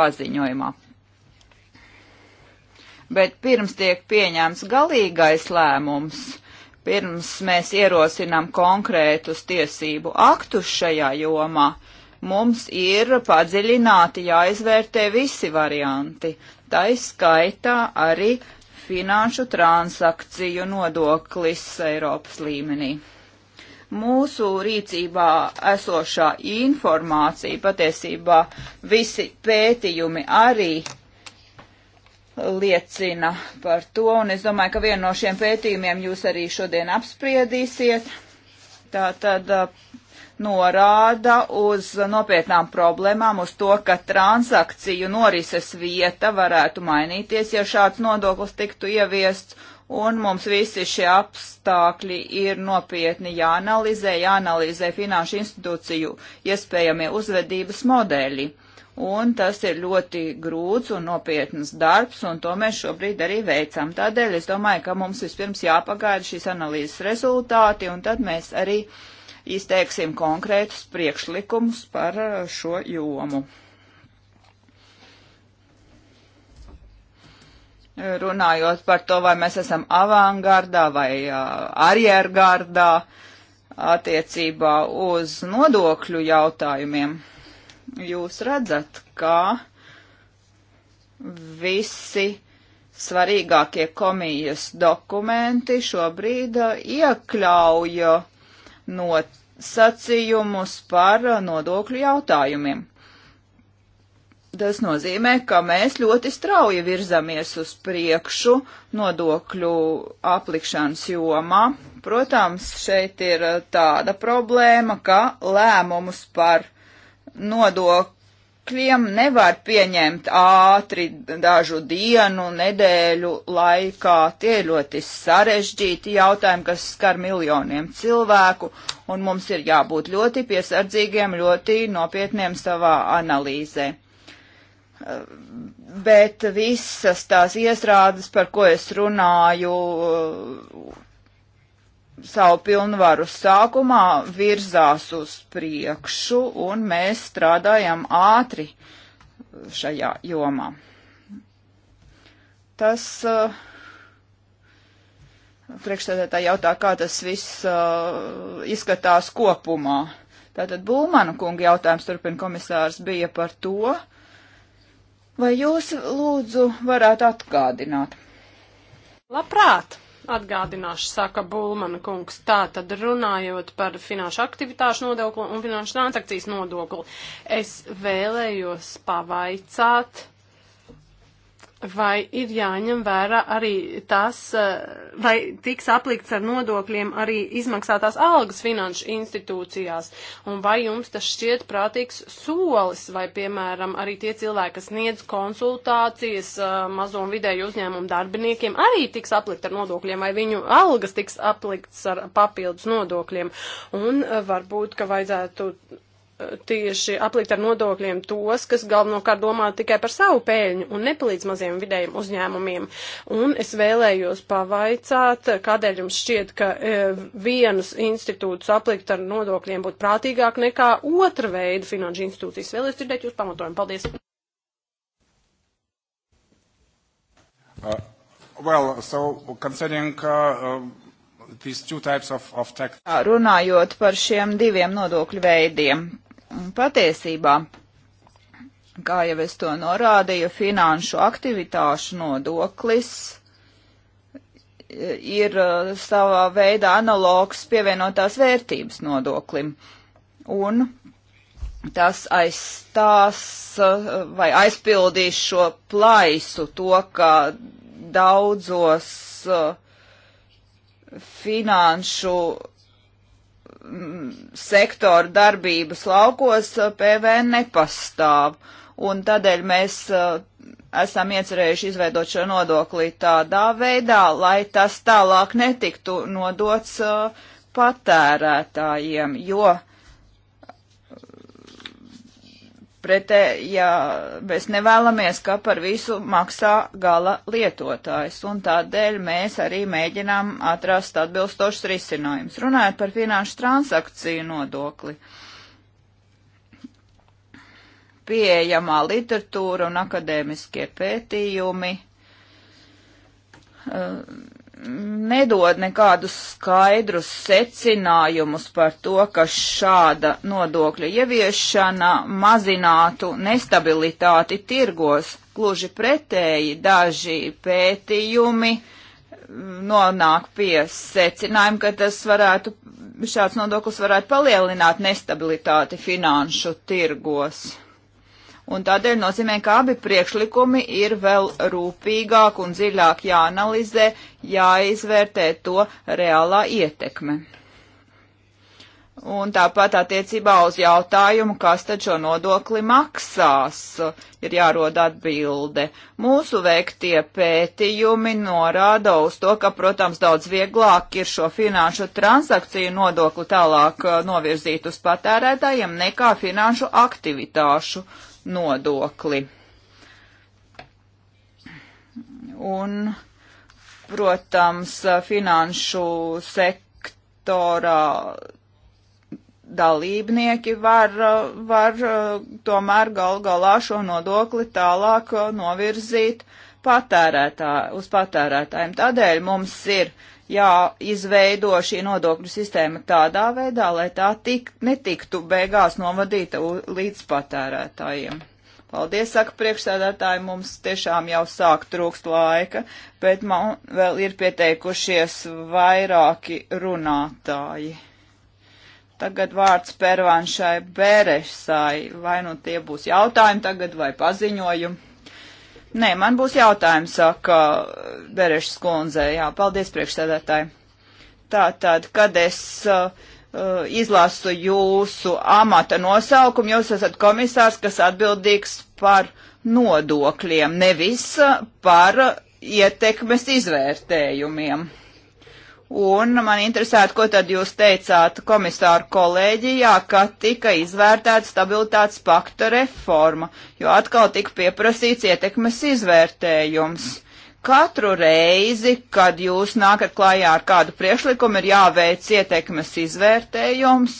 paziņojumā bet pirms tiek pieņēmts galīgais lēmums, pirms mēs ierosinām konkrētus tiesību aktus šajā jomā, mums ir padziļināti jāizvērtē visi varianti, tā izskaitā arī finanšu transakciju nodoklis Eiropas līmenī. Mūsu rīcībā esošā informācija patiesībā visi pētījumi arī liecina par to, un es domāju, ka vienu no šiem pētījumiem jūs arī šodien apspriedīsiet. Tā tad uh, norāda uz nopietnām problēmām, uz to, ka transakciju norises vieta varētu mainīties, ja šāds nodoklis tiktu ieviests, un mums visi šie apstākļi ir nopietni jāanalizē, jāanalizē finanšu institūciju iespējamie uzvedības modeļi un tas ir ļoti grūts un nopietns darbs, un to mēs šobrīd arī veicam. Tādēļ es domāju, ka mums vispirms jāpagaida šīs analīzes rezultāti, un tad mēs arī izteiksim konkrētus priekšlikumus par uh, šo jomu. Runājot par to, vai mēs esam avangardā vai uh, arjergardā attiecībā uz nodokļu jautājumiem jūs redzat, kā visi svarīgākie komijas dokumenti šobrīd uh, iekļauj uh, nosacījumus par uh, nodokļu jautājumiem. Tas nozīmē, ka mēs ļoti strauji virzamies uz priekšu nodokļu aplikšanas jomā. Protams, šeit ir tāda problēma, ka lēmumus par nodokļiem nevar pieņemt ātri dažu dienu, nedēļu laikā. Tie ir ļoti sarežģīti jautājumi, kas skar miljoniem cilvēku, un mums ir jābūt ļoti piesardzīgiem, ļoti nopietniem savā analīzē bet visas tās iestrādes, par ko es runāju, savu pilnvaru sākumā virzās uz priekšu, un mēs strādājam ātri šajā jomā. Tas uh, priekšstādētā jautā, kā tas viss uh, izskatās kopumā. Tātad Bulmanu kunga jautājums turpina komisārs bija par to, vai jūs lūdzu varētu atgādināt? Labprāt! Atgādināšu, saka Bulmana kungs, tā tad runājot par finanšu aktivitāšu nodokli un finanšu transakcijas nodokli. Es vēlējos pavaicāt Vai ir jāņem vērā arī tas, eh, vai tiks aplikts ar nodokļiem arī izmaksātās algas finanšu institūcijās, un vai jums tas šķiet prātīgs solis, vai, piemēram, arī tie cilvēki, kas sniedz konsultācijas eh, mazo un vidēju uzņēmumu darbiniekiem, arī tiks aplikt ar nodokļiem, vai viņu algas tiks aplikts ar papildus nodokļiem, un eh, varbūt, ka vajadzētu tieši aplikt ar nodokļiem tos, kas galvenokārt domā tikai par savu pēļņu un nepalīdz maziem vidējiem uzņēmumiem. Un es vēlējos pavaicāt, kādēļ jums šķiet, ka e, vienus institūtus aplikt ar nodokļiem būtu prātīgāk nekā otra veida finanšu institūcijas. Vēlējos dzirdēt jūs pamatojumu. Paldies! Uh, well, so concerning uh, uh, these two types of, of tax. Runājot par šiem diviem nodokļu veidiem, Patiesībā, kā jau es to norādīju, finanšu aktivitāšu nodoklis ir uh, savā veidā analogs pievienotās vērtības nodoklim. Un tas aizstās uh, vai aizpildīs šo plaisu to, ka daudzos uh, finanšu sektoru darbības laukos eh, PVN nepastāv. Un tādēļ mēs uh, esam iecerējuši izveidot šo nodokli tādā veidā, lai tas tālāk netiktu nodots uh, patērētājiem, jo Pretējā ja mēs nevēlamies, ka par visu maksā gala lietotājs, un tādēļ mēs arī mēģinām atrast atbilstošs risinājums. Runājot par finanšu transakciju nodokli, pieejamā literatūra un akadēmiskie pētījumi. Uh, nedod nekādus skaidrus secinājumus par to, ka šāda nodokļa ieviešana mazinātu nestabilitāti tirgos. Gluži pretēji daži pētījumi mm, nonāk pie secinājuma, ka tas varētu, šāds nodoklis varētu palielināt nestabilitāti finanšu tirgos. Un tādēļ nozīmē, ka abi priekšlikumi ir vēl rūpīgāk un dziļāk jāanalizē, jāizvērtē to reālā ietekme. Un tāpat attiecībā uz jautājumu, kas tad šo nodokli maksās, ir jārod atbilde. Mūsu veiktie pētījumi norāda uz to, ka, protams, daudz vieglāk ir šo finanšu transakciju nodokli tālāk eh, novirzīt uz patērētājiem nekā finanšu aktivitāšu nodokli nodokli. Un, protams, finanšu sektorā dalībnieki var, var tomēr gal galā šo nodokli tālāk novirzīt patērētā, uz patērētājiem. Tādēļ mums ir jāizveido šī nodokļu sistēma tādā veidā, lai tā tik, netiktu beigās novadīta līdz patērētājiem. Paldies, saka priekšsēdētāji, mums tiešām jau sāk trūkst laika, bet man vēl ir pieteikušies vairāki runātāji. Tagad vārds pervanšai Bērešai, vai nu tie būs jautājumi tagad vai paziņojumi. Nē, man būs jautājums, saka Berešs kundze. Jā, paldies priekšsēdētāji. Tātad, kad es uh, uh, izlasu jūsu amata nosaukumu, jūs esat komisārs, kas atbildīgs par nodokļiem, nevis par ietekmes izvērtējumiem. Un man interesētu, ko tad jūs teicāt komisāru kolēģijā, ka tika izvērtēta stabilitātes pakta reforma, jo atkal tika pieprasīts ietekmes izvērtējums. Katru reizi, kad jūs nākat klājā ar kādu priekšlikumu, ir jāveic ietekmes izvērtējums,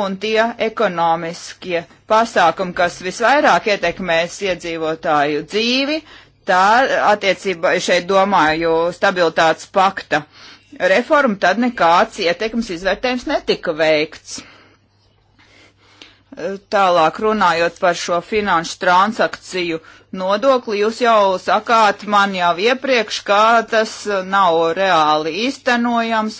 un tie ekonomiskie pasākumi, kas visvairāk ietekmēs iedzīvotāju dzīvi, tā attiecībā šeit domāju stabilitātes pakta reformu, tad nekāds ietekmes izvērtējums netika veikts. E, tālāk runājot par šo finanšu transakciju nodokli, jūs jau sakāt man jau iepriekš, kā tas nav reāli īstenojams,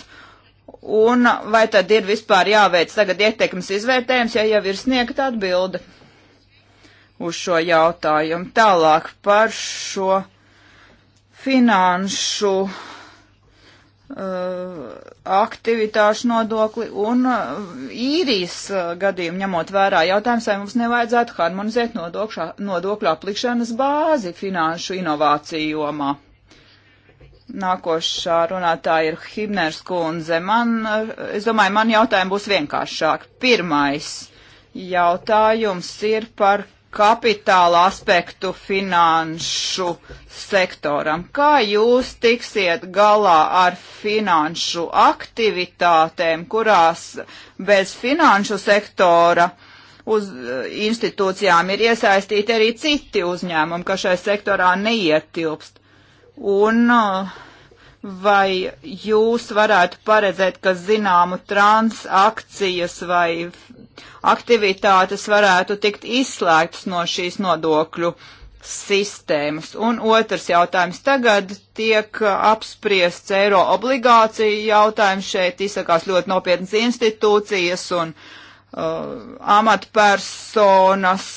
un vai tad ir vispār jāveic tagad ietekmes izvērtējums, ja jau ir sniegta atbilde uz šo jautājumu. Tālāk par šo finanšu Uh, aktivitāšu nodokli un uh, īrijas uh, gadījumu ņemot vērā jautājums, vai mums nevajadzētu harmonizēt nodokšā, nodokļu aplikšanas bāzi finanšu inovāciju jomā. Nākošā runātāja ir Himners kundze. Man, es domāju, man jautājumi būs vienkāršāk. Pirmais jautājums ir par kapitāla aspektu finanšu sektoram. Kā jūs tiksiet galā ar finanšu aktivitātēm, kurās bez finanšu sektora uz institūcijām ir iesaistīti arī citi uzņēmumi, kas šai sektorā neietilpst? Un uh, vai jūs varētu paredzēt, ka zināmu transakcijas vai aktivitātes varētu tikt izslēgtas no šīs nodokļu sistēmas? Un otrs jautājums. Tagad tiek apspriests eiro obligāciju jautājums. Šeit izsakās ļoti nopietnas institūcijas un uh, amatpersonas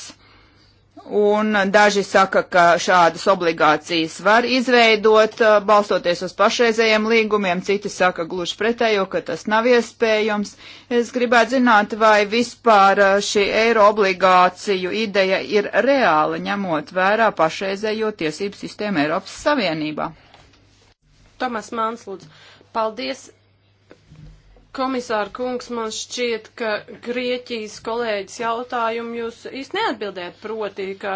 Un daži saka, ka šādas obligācijas var izveidot, uh, balstoties uz pašreizējiem līgumiem, citi saka gluži pretējo, ka tas nav iespējams. Es gribētu zināt, vai vispār uh, šī eiro obligāciju ideja ir reāla, ņemot vērā pašreizējo tiesību sistēmu Eiropas Savienībā. Tomas Mānslūdz, paldies! Komisāra kungs, man šķiet, ka Grieķijas kolēģis jautājumu jūs īsti neatbildējat, proti, ka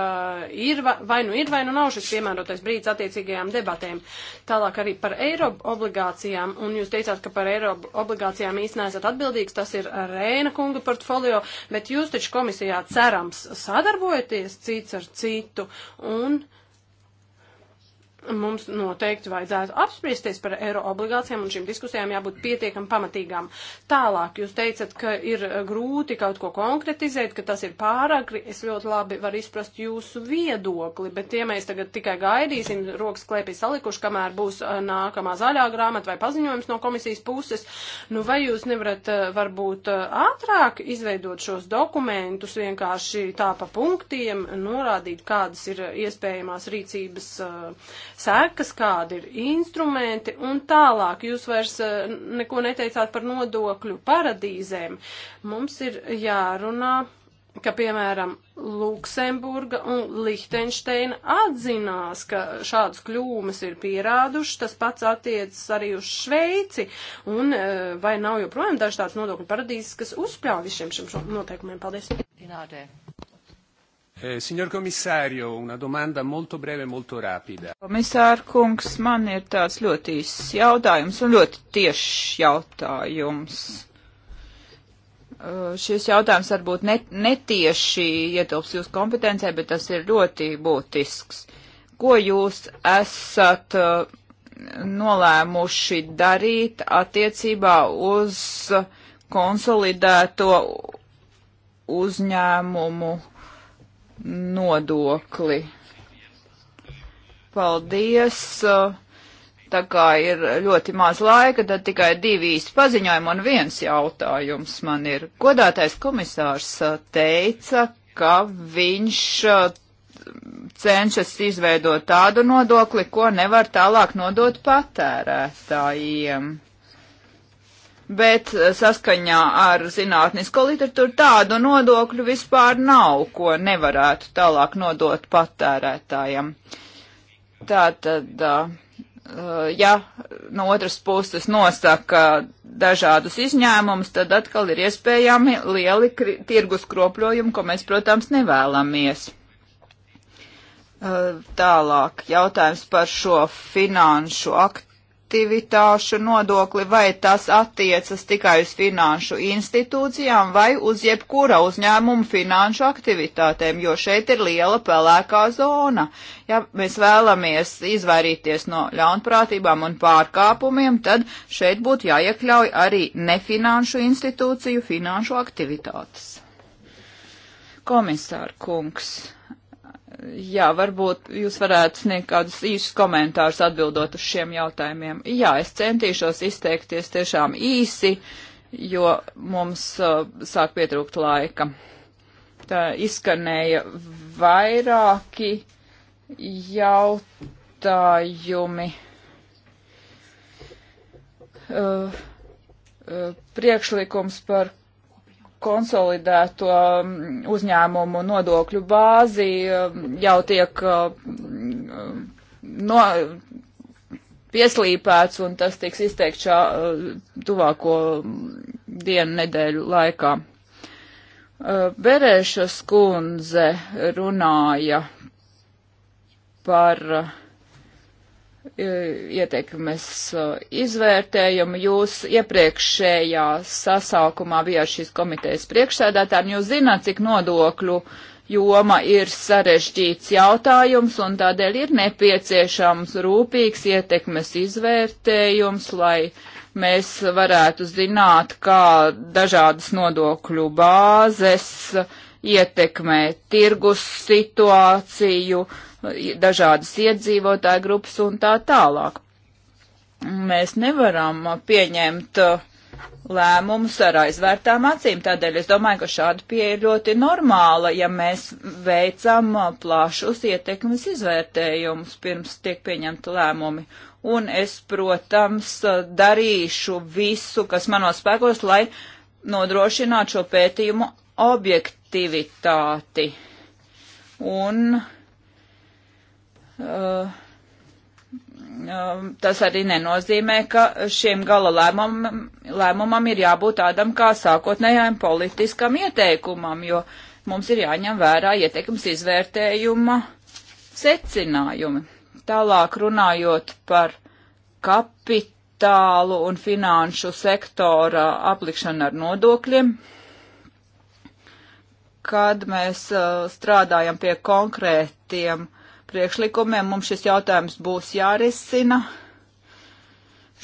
ir vai nu ir vai nu nav šis piemērotais brīdis attiecīgajām debatēm. Tālāk arī par eiro obligācijām, un jūs teicāt, ka par eiro obligācijām īsti neesat atbildīgs, tas ir Rēna kunga portfolio, bet jūs taču komisijā cerams sadarbojaties cits ar citu, un. Uh, mums noteikti vajadzētu apspriesties par eiro obligācijām, un šīm diskusijām jābūt pietiekam pamatīgām. Tālāk jūs teicat, ka ir grūti kaut ko konkretizēt, ka tas ir pāragri. Es ļoti labi varu izprast jūsu viedokli, bet ja mēs tagad tikai gaidīsim rokas klēpī salikuši, kamēr būs eh, nākamā zaļā grāmata vai paziņojums no komisijas puses, nu vai jūs nevarat eh, varbūt eh, ātrāk izveidot šos dokumentus vienkārši tā pa punktiem, norādīt, kādas ir iespējamās rīcības uh, sekas, kādi ir instrumenti un tālāk. Jūs vairs eh, neko neteicāt par nodokļu paradīzēm. Mums ir jārunā ka, piemēram, Luksemburga un Lihtenšteina atzinās, ka šādas kļūmes ir pierādušas, tas pats attiecas arī uz Šveici, un eh, vai nav joprojām dažs tāds nodokļu paradīzes, kas uzspļāv visiem šiem noteikumiem. Paldies! Dinādē. Eh, signor commissario, una domanda molto breve, molto rapida. Komisār kungs, man ir tāds ļoti īsts jautājums un ļoti tiešs jautājums. Uh, šis jautājums varbūt net, netieši ietilps jūsu kompetencē, bet tas ir ļoti būtisks. Ko jūs esat uh, nolēmuši darīt attiecībā uz konsolidēto uzņēmumu? nodokli. Paldies! Tā kā ir ļoti maz laika, tad tikai divi īsti paziņojumi un viens jautājums man ir. Godātais komisārs teica, ka viņš uh, cenšas izveidot tādu nodokli, ko nevar tālāk nodot patērētājiem bet eh, saskaņā ar zinātnisko literatūru tādu nodokļu vispār nav, ko nevarētu tālāk nodot patērētājiem. Tātad, eh, eh, ja no otras puses nosaka dažādus izņēmumus, tad atkal ir iespējami lieli tirgus kropļojumi, ko mēs, protams, nevēlamies. Tālāk jautājums par šo finanšu aktu aktivitāšu nodokli, vai tas attiecas tikai uz finanšu institūcijām vai uz jebkura uzņēmuma finanšu aktivitātēm, jo šeit ir liela pelēkā zona. Ja mēs vēlamies izvairīties no ļaunprātībām un pārkāpumiem, tad šeit būtu jāiekļauj arī nefinanšu institūciju finanšu aktivitātes. Komisāra kungs jā, varbūt jūs varētu sniegt kādus īsus komentārus atbildot uz šiem jautājumiem. Jā, es centīšos izteikties tiešām īsi, jo mums uh, sāk pietrūkt laika. Tā izskanēja vairāki jautājumi. Uh, uh priekšlikums par konsolidēto mm, uzņēmumu nodokļu bāzi mm, jau tiek mm, no, pieslīpēts, un tas tiks izteikt šā tuvāko dienu nedēļu laikā. Eh, Berēša skundze runāja par uh, E, ieteikumes e, izvērtējumu. Jūs iepriekšējā sasaukumā bijāt šīs komitejas priekšsēdētājiem. Jūs zināt, cik nodokļu joma ir sarežģīts jautājums un tādēļ ir nepieciešams rūpīgs ietekmes izvērtējums, lai mēs varētu zināt, kā dažādas nodokļu bāzes ietekmē tirgus situāciju, uh, dažādas iedzīvotāju grupas un tā tālāk. Mēs nevaram pieņemt uh, lēmumus ar aizvērtām acīm, tādēļ es domāju, ka šāda pieeja ir ļoti normāla, ja mēs veicam uh, plašus ietekmes izvērtējumus pirms tiek pieņemti lēmumi. Un es, protams, uh, darīšu visu, kas manos spēkos, lai nodrošinātu šo pētījumu objektivitāti. Un Uh, tas arī nenozīmē, ka šiem gala lēmumam, lēmumam ir jābūt tādam kā sākotnējām politiskam ieteikumam, jo mums ir jāņem vērā ieteikums izvērtējuma secinājumi. Tālāk runājot par kapitālu un finanšu sektora aplikšanu ar nodokļiem, kad mēs uh, strādājam pie konkrētiem uh, priekšlikumiem. Mums šis jautājums būs jārisina.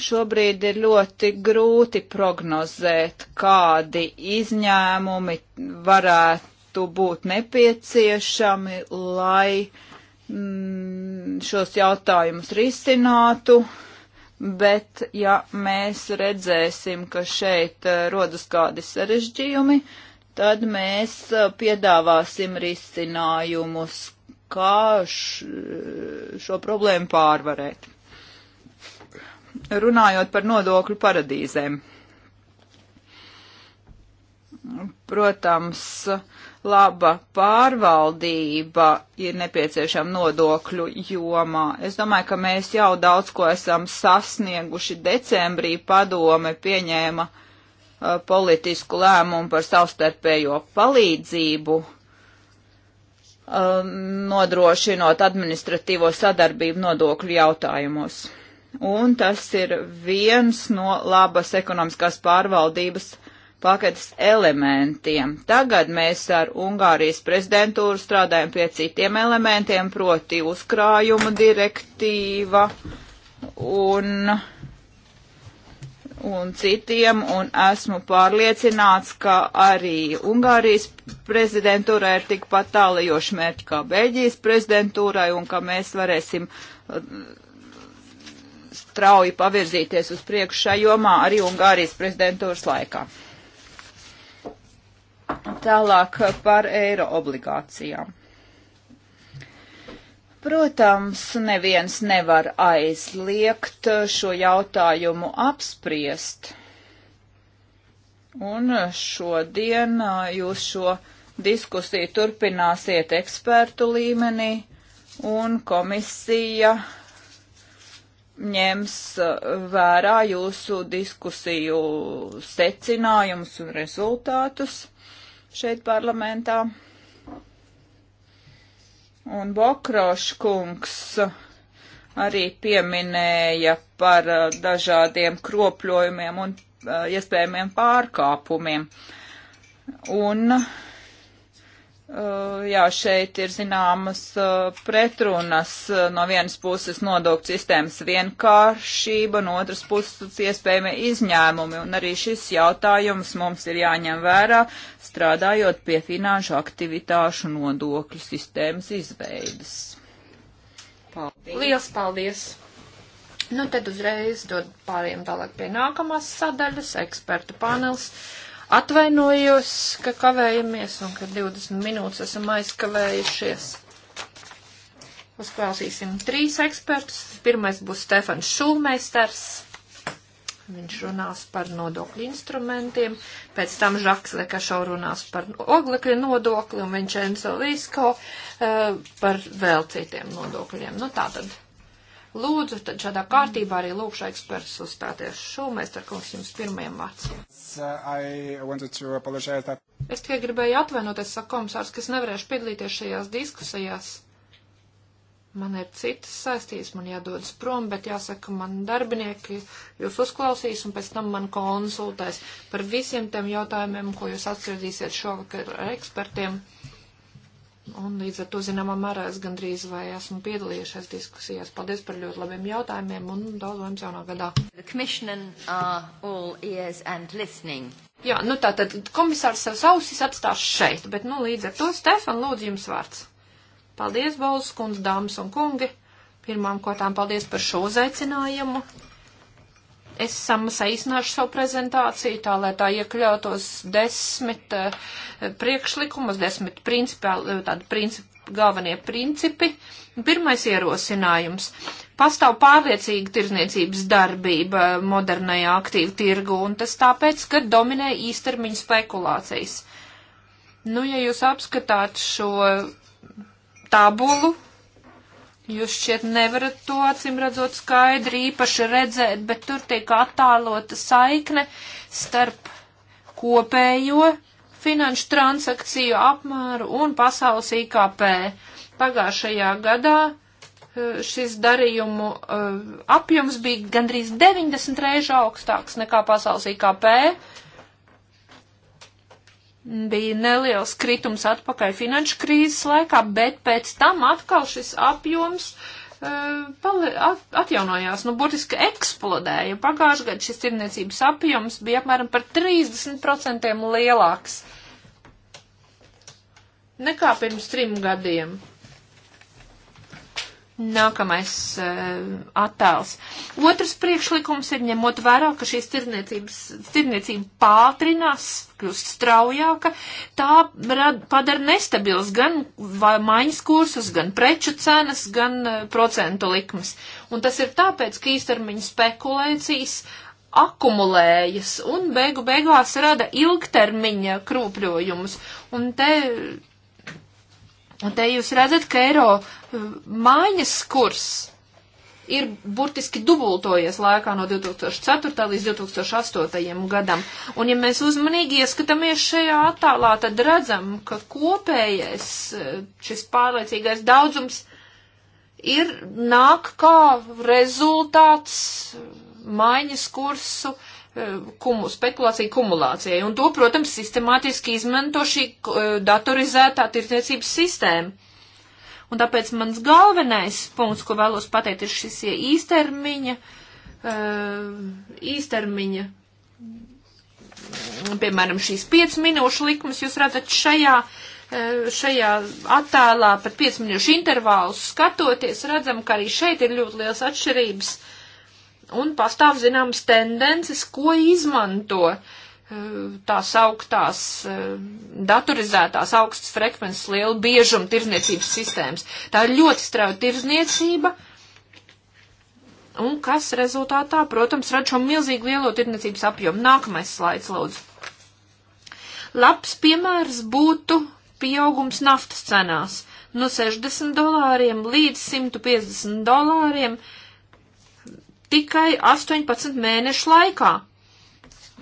Šobrīd ir ļoti grūti prognozēt, kādi izņēmumi varētu būt nepieciešami, lai mm, šos jautājumus risinātu. Bet, ja mēs redzēsim, ka šeit eh, rodas kādi sarežģījumi, tad mēs eh, piedāvāsim risinājumus, kā šo problēmu pārvarēt. Runājot par nodokļu paradīzēm. Protams, laba pārvaldība ir nepieciešama nodokļu jomā. Es domāju, ka mēs jau daudz ko esam sasnieguši. Decembrī padome pieņēma uh, politisku lēmumu par savstarpējo palīdzību Um, nodrošinot administratīvo sadarbību nodokļu jautājumos. Un tas ir viens no labas ekonomiskās pārvaldības paketes elementiem. Tagad mēs ar Ungārijas prezidentūru strādājam pie citiem elementiem, proti uzkrājuma direktīva un uh, un citiem, un esmu pārliecināts, ka arī Ungārijas prezidentūrai ir tikpat tālajoši mērķi kā Beļģijas prezidentūrai, un ka mēs varēsim uh, strauji pavirzīties uz priekšu šajā jomā arī Ungārijas prezidentūras laikā. Tālāk par eiro obligācijām. Protams, neviens nevar aizliegt šo jautājumu apspriest. Un šodien jūs šo diskusiju turpināsiet ekspertu līmenī, un komisija ņems vērā jūsu diskusiju secinājumus un rezultātus šeit parlamentā un Bokrošs kungs arī pieminēja par uh, dažādiem kropļojumiem un uh, iespējamiem pārkāpumiem. Un uh, Uh, jā, šeit ir zināmas uh, pretrunas. Uh, no vienas puses nodokļu sistēmas vienkāršība, no otras puses iespējami izņēmumi. Un arī šis jautājums mums ir jāņem vērā, strādājot pie finanšu aktivitāšu nodokļu sistēmas izveidas. Paldies. Liels paldies! Nu, tad uzreiz dod pāriem tālāk pie nākamās sadaļas, ekspertu panelis. Jā Atvainojos, ka kavējamies un ka 20 minūtes esam aizkavējušies. Uzklausīsim trīs ekspertus. Pirmais būs Stefans Šulmeisters. Viņš runās par nodokļu instrumentiem, pēc tam Žaks Lekašo runās par oglekļa nodokli un Vincenzo Lisko uh, par vēl citiem nodokļiem. Nu tā tad. Lūdzu, tad šādā kārtībā arī lūkšu ekspertus uzstāties. Šūmēs, ar kungs, jums pirmajam vārds. Es tikai gribēju atvainoties, saka komisārs, ka es nevarēšu piedalīties šajās diskusijās. Man ir citas saistības, man jādodas prom, bet jāsaka, man darbinieki jūs uzklausīs un pēc tam man konsultēs par visiem tiem jautājumiem, ko jūs atcerīsiet šovakar ar ekspertiem. Uh, Un līdz ar to, zināmā mērā, es gandrīz vai esmu piedalījušies diskusijās. Paldies par ļoti labiem jautājumiem un daudz laimes jaunā gadā. Jā, nu tā tad komisārs savus ausis atstās šeit, bet nu līdz ar to, Stefan, lūdzu jums vārds. Paldies, Bolas kundze, dāmas un kungi. Pirmām kārtām paldies par šo uzaicinājumu. Es saīsināšu savu prezentāciju tā, lai tā iekļautos desmit uh, priekšlikumus, desmit principāli, eh, tādi principi, galvenie principi. Pirmais ierosinājums. Pastāv pārliecīga tirzniecības darbība modernajā aktīvu tirgu, un tas tāpēc, ka dominē īstermiņa spekulācijas. Nu, ja jūs apskatāt šo tabulu, Jūs šķiet nevarat to acīm redzot skaidri īpaši redzēt, bet tur tiek attālota saikne starp kopējo finanšu transakciju apmēru un pasaules IKP. Pagājušajā gadā eh, šis darījumu eh, apjoms bija gandrīz 90 reižu augstāks nekā pasaules IKP bija neliels kritums atpakaļ finanšu krīzes laikā, bet pēc tam atkal šis apjoms uh, pali, at, atjaunojās, nu, burtiski eksplodēja. Pagājušajā gadā šis tirniecības apjoms bija apmēram par 30% lielāks nekā pirms trim gadiem. Nākamais uh, attēls. Otrs priekšlikums ir ņemot vērā, ka šīs tirniecība pātrinās, kļūst straujāka, tā rad, padara nestabils gan maiņas kursus, gan preču cenas, gan uh, procentu likmes. Un tas ir tāpēc, ka īstermiņa spekulācijas akumulējas un beigu beigās rada ilgtermiņa krūpļojumus. Un te Un te jūs redzat, ka eiro eh, mājas kurs ir burtiski dubultojies laikā no 2004. līdz 2008. gadam. Un ja mēs uzmanīgi ieskatāmies šajā attālā, tad redzam, ka kopējais eh, šis pārliecīgais daudzums ir nāk kā rezultāts eh, maiņas kursu uh, kumu, spekulācija kumulācijai. Un to, protams, sistemātiski izmanto šī eh, datorizētā tirdzniecības sistēma. Un tāpēc mans galvenais punkts, ko vēlos pateikt, ir šis īstermiņa, eh, īstermiņa, piemēram, šīs 5 minūšu likmes, jūs redzat šajā eh, šajā attēlā par 5 minūšu intervālu skatoties, redzam, ka arī šeit ir ļoti liels atšķirības uh, Un pastāv zināmas tendences, ko izmanto eh, tās augtās eh, datorizētās augstas frekvences liela biežuma tirzniecības sistēmas. Tā ir ļoti strauja tirzniecība, un kas rezultātā, protams, rada šo milzīgu lielo tirdzniecības apjomu. Nākamais slaids, lūdzu. Labs piemērs būtu pieaugums naftas cenās no 60 dolāriem līdz 150 dolāriem tikai 18 mēnešu laikā.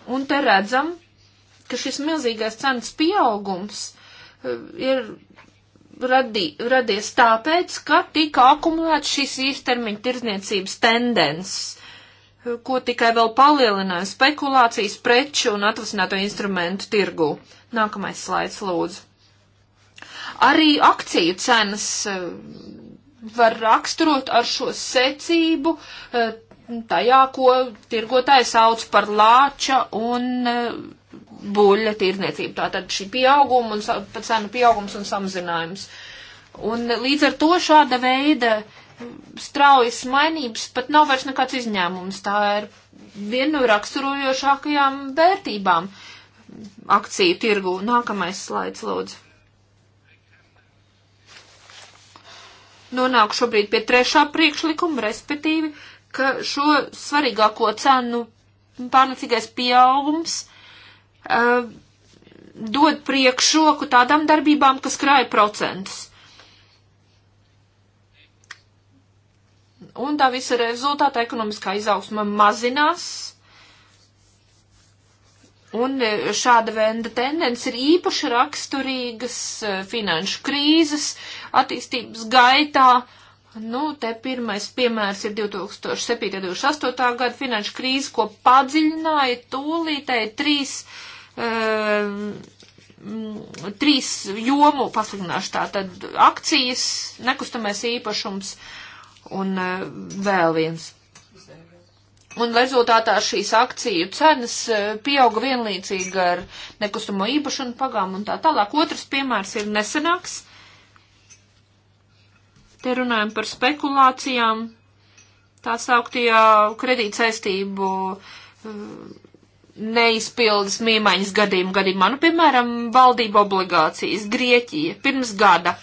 Un te redzam, ka šis milzīgais cenas pieaugums eh, ir radī, radies tāpēc, ka tika akumulēts šīs īstermiņa tirzniecības tendences, eh, ko tikai vēl palielināja spekulācijas preču un atvasināto instrumentu tirgu. Nākamais slaids, lūdzu. Arī akciju cenas eh, var raksturot ar šo secību tajā, ko tirgotāji sauc par lāča un e, buļļa tirniecību. Tātad šī pieauguma un cenu pieaugums un samazinājums. Un līdz ar to šāda veida straujas mainības pat nav vairs nekāds izņēmums. Tā ir viena no raksturojošākajām vērtībām akciju tirgu. Nākamais slaids, lūdzu. Nonāku šobrīd pie trešā priekšlikuma, respektīvi ka šo svarīgāko cenu pārnacīgais pieaugums uh, dod priekšroku tādām darbībām, kas krāja procentus. Un tā visa rezultāta ekonomiskā izaugsma mazinās. Un eh, šāda veida tendence ir īpaši raksturīgas eh, finanšu krīzes attīstības gaitā, uh, Nu, te pirmais piemērs ir 2007. un 2008. gada finanšu krīze, ko padziļināja tūlītēji trīs, um, trīs jomu pasliktināšu. Tātad akcijas, nekustamais īpašums un uh, vēl viens. Un rezultātā šīs akciju cenas eh, pieauga vienlīdzīgi ar nekustamo īpašumu pagām un tā tālāk. Otrs piemērs ir nesenāks. Uh, Te runājam par spekulācijām, tā sauktajā kredītsaistību eh, neizpildes mīmaiņas gadījumu gadījumā. Nu, piemēram, valdība obligācijas Grieķija pirms gada.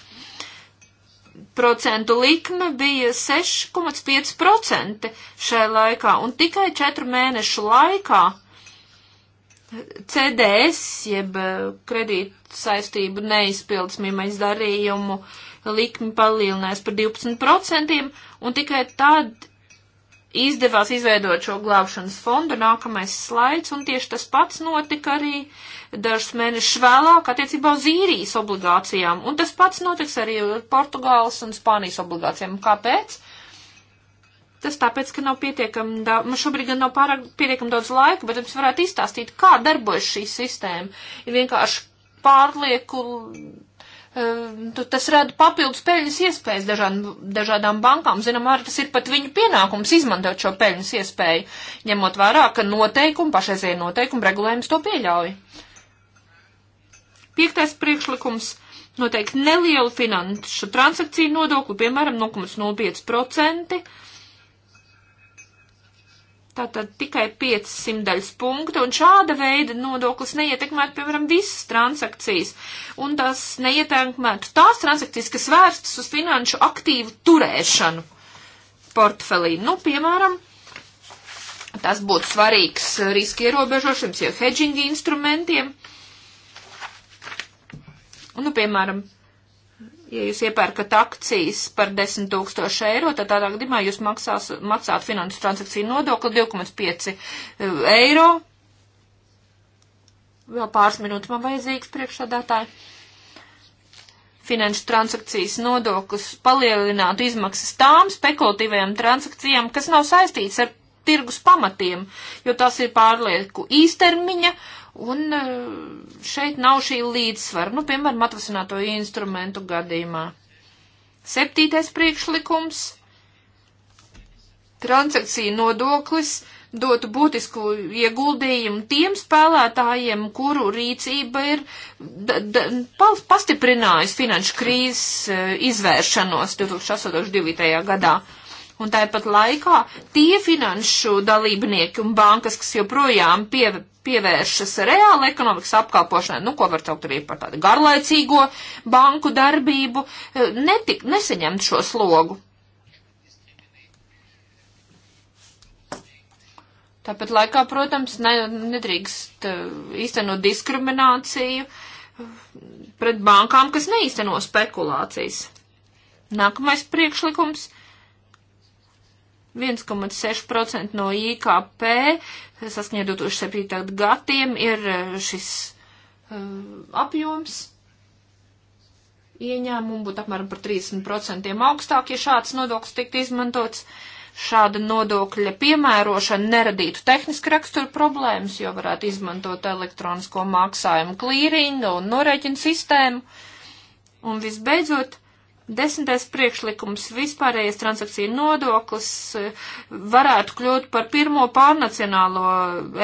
Procentu likme bija 6,5% šai laikā, un tikai 4 mēnešu laikā CDS, jeb eh, kredīt saistību neizpildes mīmaiņas darījumu, uh, likmi palielinājis par 12%, un tikai tad izdevās izveidot šo glābšanas fondu, nākamais slaids, un tieši tas pats notika arī dažs mēnešus vēlāk attiecībā uz īrijas obligācijām, un tas pats notiks arī ar Portugāles un Spānijas obligācijām. Kāpēc? Tas tāpēc, ka nav pietiekami daudz, man šobrīd gan nav pārāk pietiekami daudz laika, bet jums varētu izstāstīt, kā darbojas šī sistēma. Ir vienkārši pārlieku Ehm, tas rada papildus peļņas iespējas dažādām, dažādām bankām. Zinām, arī tas ir pat viņu pienākums izmantot šo peļņas iespēju, ņemot vērā, ka noteikumi, pašreizie noteikumi, regulējums to pieļauj. Piektais priekšlikums noteikti nelielu finanšu transakciju nodokli, piemēram, 0,05%. Tātad tikai 500 daļas punkta, un šāda veida nodoklis neietekmētu, piemēram, visas transakcijas, un tās neietekmētu tās transakcijas, kas vērstas uz finanšu aktīvu turēšanu portfelī. Nu, piemēram, tas būtu svarīgs riski ierobežošanas, jau hedžingi instrumentiem. Un, nu, piemēram, Ja jūs iepērkat akcijas par 10 tūkstoši eiro, tad tādā gadījumā jūs maksās, maksāt finansu transakciju nodokli 2,5 e, eiro. Vēl pāris minūtes man vajadzīgs priekšsādātāji. Finanšu transakcijas nodoklis palielinātu izmaksas tām spekulatīvajām transakcijām, kas nav saistīts ar tirgus pamatiem, jo tas ir pārlieku īstermiņa Un e, šeit nav šī līdzsvara, nu, piemēram, atvasināto instrumentu gadījumā. Septītais priekšlikums - transakcija nodoklis dotu būtisku ieguldījumu tiem spēlētājiem, kuru rīcība ir pastiprinājusi finanšu krīzes e, izvēršanos 2008.2. gadā. Un tāpat laikā tie finanšu dalībnieki un bankas, kas joprojām pie, pievēršas reāla ekonomikas apkalpošanai, nu, ko var teikt arī par tādu garlaicīgo banku darbību, eh, netik, neseņemt šo slogu. Tāpat laikā, protams, ne, nedrīkst eh, īstenot diskrimināciju eh, pret bankām, kas neīsteno spekulācijas. Nākamais priekšlikums 1,6% no IKP saskaņā 2007. gadiem ir e, šis uh, apjoms ieņēmumu būtu apmēram par 30% augstāk, ja šāds nodoklis tiktu izmantots. Šāda nodokļa piemērošana neradītu tehniski raksturu problēmas, jo varētu izmantot elektronisko maksājumu klīringu un norēķinu sistēmu. Un visbeidzot, Desmitais priekšlikums vispārējais transakciju nodoklis eh, varētu kļūt par pirmo pārnacionālo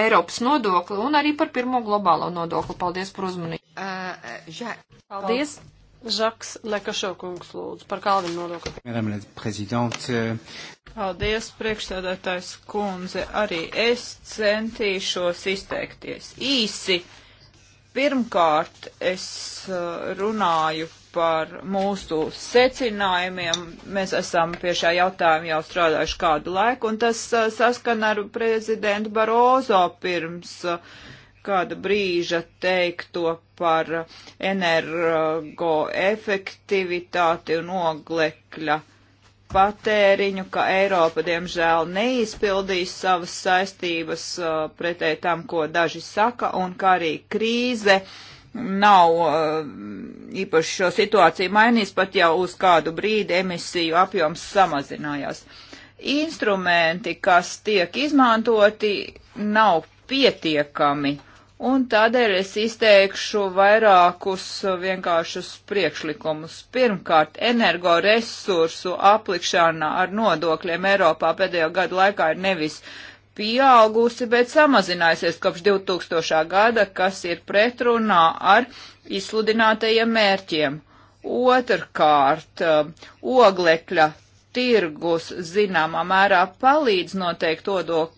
Eiropas nodokli un arī par pirmo globālo nodokli. Paldies par uzmanību. Uh, uh ja. Paldies. Žaks Lekašokungs lūdzu par Kalvinu nodokli. Madame la prezidente. Euh, Paldies, priekšsēdētājs kundze. Arī es centīšos izteikties īsi. Uh, Pirmkārt, es uh, runāju par mūsu secinājumiem. Mēs esam pie šā jautājuma jau strādājuši kādu laiku, un tas uh, saskana ar prezidentu Barozo pirms uh, kāda brīža teikto par energoefektivitāti un oglekļa uh, patēriņu, ka Eiropa, diemžēl, neizpildīs savas saistības uh, pretēji tam, ko daži saka, un kā arī krīze nav uh, īpaši šo situāciju mainījis, pat jau uz kādu brīdi emisiju apjoms samazinājās. Instrumenti, kas tiek izmantoti, nav pietiekami Un tādēļ es izteikšu vairākus vienkāršus priekšlikumus. Pirmkārt, energoresursu aplikšana ar nodokļiem Eiropā pēdējo gadu laikā ir nevis pieaugusi, bet samazinājusies kopš 2000. gada, kas ir pretrunā ar izsludinātajiem mērķiem. Otrkārt, oglekļa tirgus zināmā mērā palīdz noteikt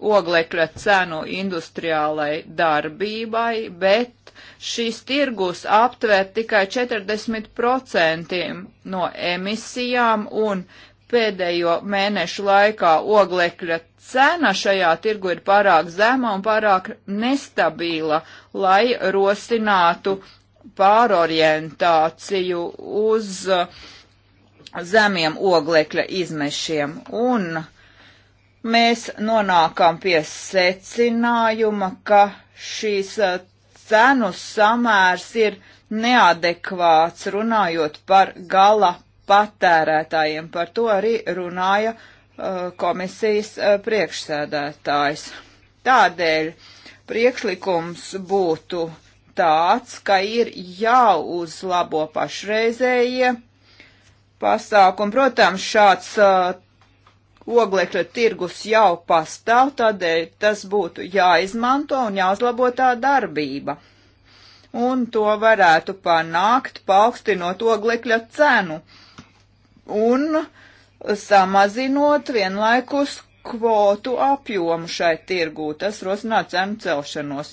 oglekļa cenu industriālai darbībai, bet šīs tirgus aptver tikai 40% no emisijām un pēdējo mēnešu laikā oglekļa cena šajā tirgu ir pārāk zema un pārāk nestabila, lai rosinātu pārorientāciju uz uh, zemiem oglekļa izmešiem. Un mēs nonākam pie secinājuma, ka šīs eh, cenu samērs ir neadekvāts runājot par gala patērētājiem. Par to arī runāja uh, komisijas uh, priekšsēdētājs. Tādēļ priekšlikums būtu tāds, ka ir jāuzlabo pašreizējie pasākumu. Protams, šāds uh, oglekļa tirgus jau pastāv, tādēļ tas būtu jāizmanto un jāuzlabo tā darbība. Un to varētu panākt, paaugstinot oglekļa cenu un samazinot vienlaikus kvotu apjomu šai tirgū. Tas rosinātu cenu celšanos.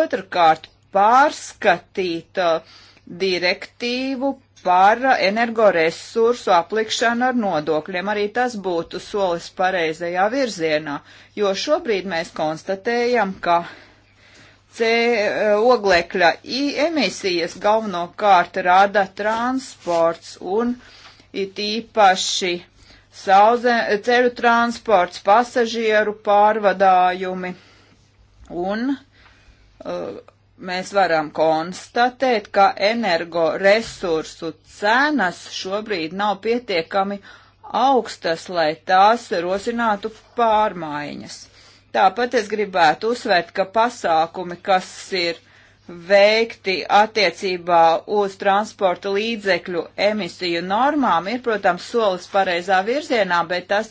Otrakārt, pārskatīt uh, direktīvu par energoresursu aplikšanu ar nodokļiem. Arī tas būtu solis pareizajā virzienā, jo šobrīd mēs konstatējam, ka C e, oglekļa emisijas galvenokārt rada transports un it īpaši sauze, ceļu transports, pasažieru pārvadājumi un uh, mēs varam konstatēt, ka energoresursu cenas šobrīd nav pietiekami augstas, lai tās rosinātu pārmaiņas. Tāpat es gribētu uzsvērt, ka pasākumi, kas ir veikti attiecībā uz transporta līdzekļu emisiju normām, ir, protams, solis pareizā virzienā, bet tas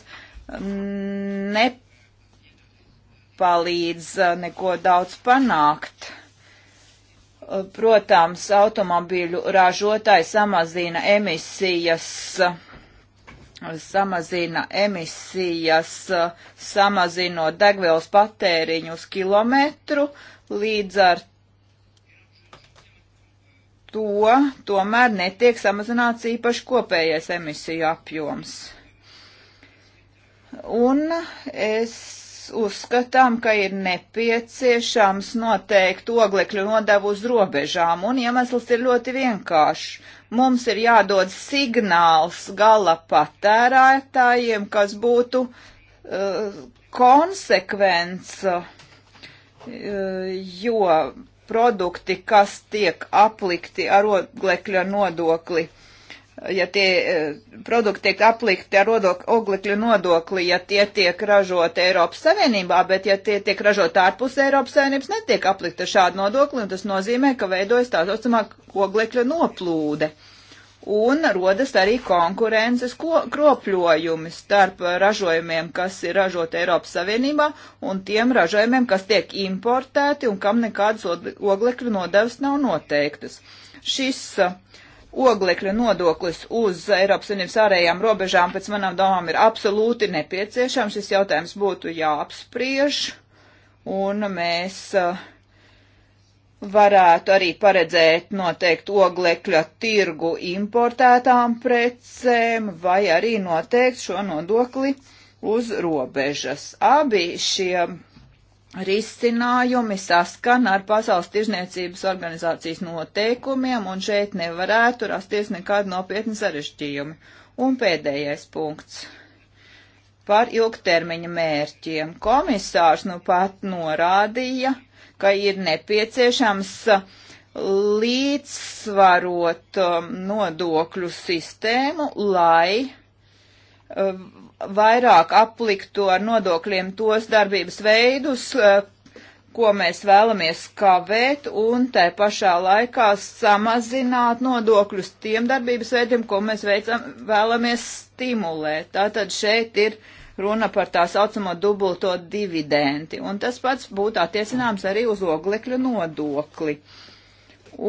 mm, nepalīdz uh, neko daudz panākt Protams, automobīļu ražotāji samazina emisijas, samazina emisijas, samazinot degvielas patēriņu uz kilometru, līdz ar to tomēr netiek samazināts īpaši kopējais emisiju apjoms. Un es uzskatām, ka ir nepieciešams noteikt oglekļu nodevu uz robežām, un iemesls ir ļoti vienkāršs. Mums ir jādod signāls gala patērētājiem, kas būtu uh, konsekvence, uh, jo produkti, kas tiek aplikti ar oglekļa nodokli, uh, ja tie e, produkti tiek aplikti ar oglekļu nodokli, ja tie tiek ražoti Eiropas Savienībā, bet ja tie tiek ražoti ārpus Eiropas Savienības, netiek aplikta šāda nodokli, un tas nozīmē, ka veidojas tā saucamā oglekļa noplūde. Un rodas arī konkurences ko, kropļojumi starp ražojumiem, kas ir ražoti Eiropas Savienībā, un tiem ražojumiem, kas tiek importēti un kam nekādas oglekļu nodevas nav noteiktas. Šis uh, oglekļa nodoklis uz Eiropas Savienības ārējām robežām, pēc manām domām, ir absolūti nepieciešams. Šis jautājums būtu jāapspriež, un mēs eh, varētu arī paredzēt noteikti oglekļa tirgu importētām precēm, vai arī noteikt šo nodokli uz robežas. Abi šie risinājumi saskan ar Pasaules tirzniecības organizācijas noteikumiem, un šeit nevarētu rasties nekādi nopietni sarežģījumi. Un pēdējais punkts. Par ilgtermiņa mērķiem. Komisārs nu pat norādīja, ka ir nepieciešams līdzsvarot um, nodokļu sistēmu, lai Eh, vairāk apliktu ar nodokļiem tos darbības veidus, eh, ko mēs vēlamies kavēt, un tā pašā laikā samazināt nodokļus tiem darbības veidiem, ko mēs veicam, vēlamies stimulēt. Tātad šeit ir runa par tā saucamo dubulto dividendi, un tas pats būtu attiecināms arī uz oglekļu nodokli.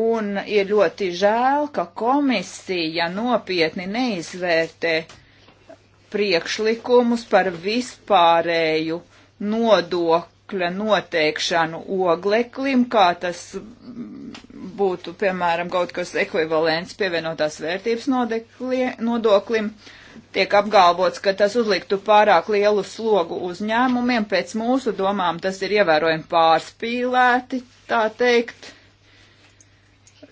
Un ir ļoti žēl, ka komisija nopietni neizvērtē uh, priekšlikumus par vispārēju nodokļa noteikšanu ogleklim, kā tas būtu, piemēram, kaut kas ekvivalents pievienotās vērtības nodeklie, nodoklim. Tiek apgalvots, ka tas uzliktu pārāk lielu slogu uzņēmumiem, pēc mūsu domām tas ir ievērojami pārspīlēti, tā teikt.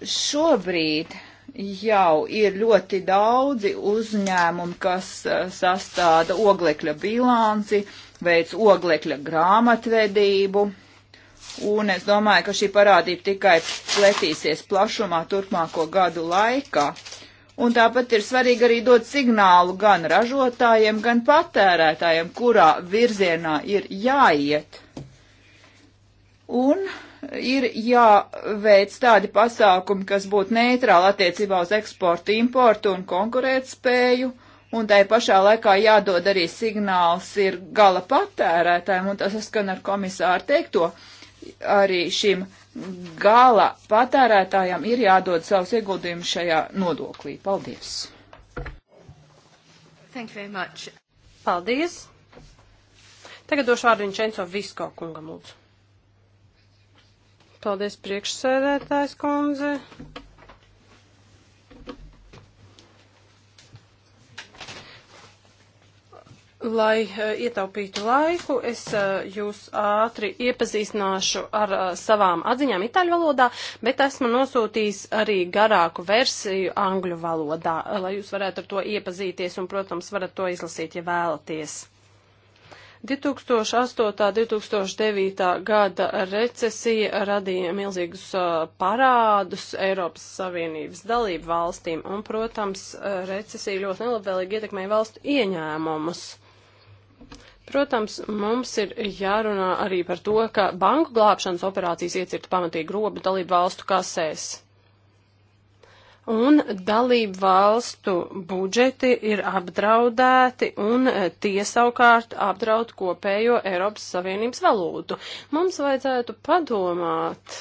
Šobrīd jau ir ļoti daudzi uzņēmumi, kas eh, sastāda oglekļa bilanci, veids oglekļa grāmatvedību. Un es domāju, ka šī parādība tikai pletīsies plašumā turpmāko gadu laikā. Un tāpat ir svarīgi arī dot signālu gan ražotājiem, gan patērētājiem, kurā virzienā ir jāiet. Un ir jāveic tādi pasākumi, kas būtu neitrāli attiecībā uz eksportu, importu un konkurētspēju, un tai pašā laikā jādod arī signāls ir gala patērētājiem, un tas skan ar komisāru teikto, arī šim gala patērētājam ir jādod savus ieguldījumus šajā nodoklī. Paldies! Paldies! Tagad došu vārdu Vincenzo Visko kungam lūdzu. Paldies priekšsēdētājs kundze. Lai uh, ietaupītu laiku, es uh, jūs ātri iepazīstināšu ar uh, savām atziņām itāļu valodā, bet esmu nosūtījis arī garāku versiju angļu valodā, lai jūs varētu ar to iepazīties un, protams, varat to izlasīt, ja vēlaties. 2008.-2009. gada recesija radīja milzīgus parādus Eiropas Savienības dalību valstīm, un, protams, recesija ļoti nelabvēlīgi ietekmēja valstu ieņēmumus. Protams, mums ir jārunā arī par to, ka banku glābšanas operācijas iecirta pamatīgi robu dalību valstu kasēs un dalību valstu budžeti ir apdraudēti un e, tie savukārt apdraud kopējo Eiropas Savienības valūtu. Mums vajadzētu padomāt, e,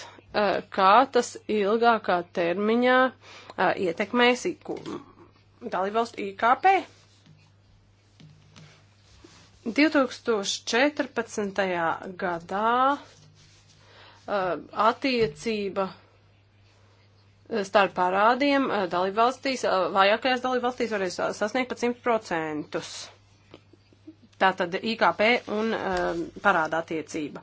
kā tas ilgākā termiņā e, ietekmēs dalību valstu IKP. 2014. gadā attiecība starp parādiem eh, dalībvalstīs, eh, vājākajās dalībvalstīs varēs sasniegt pat 100%. Tātad IKP un um, parāda attiecība.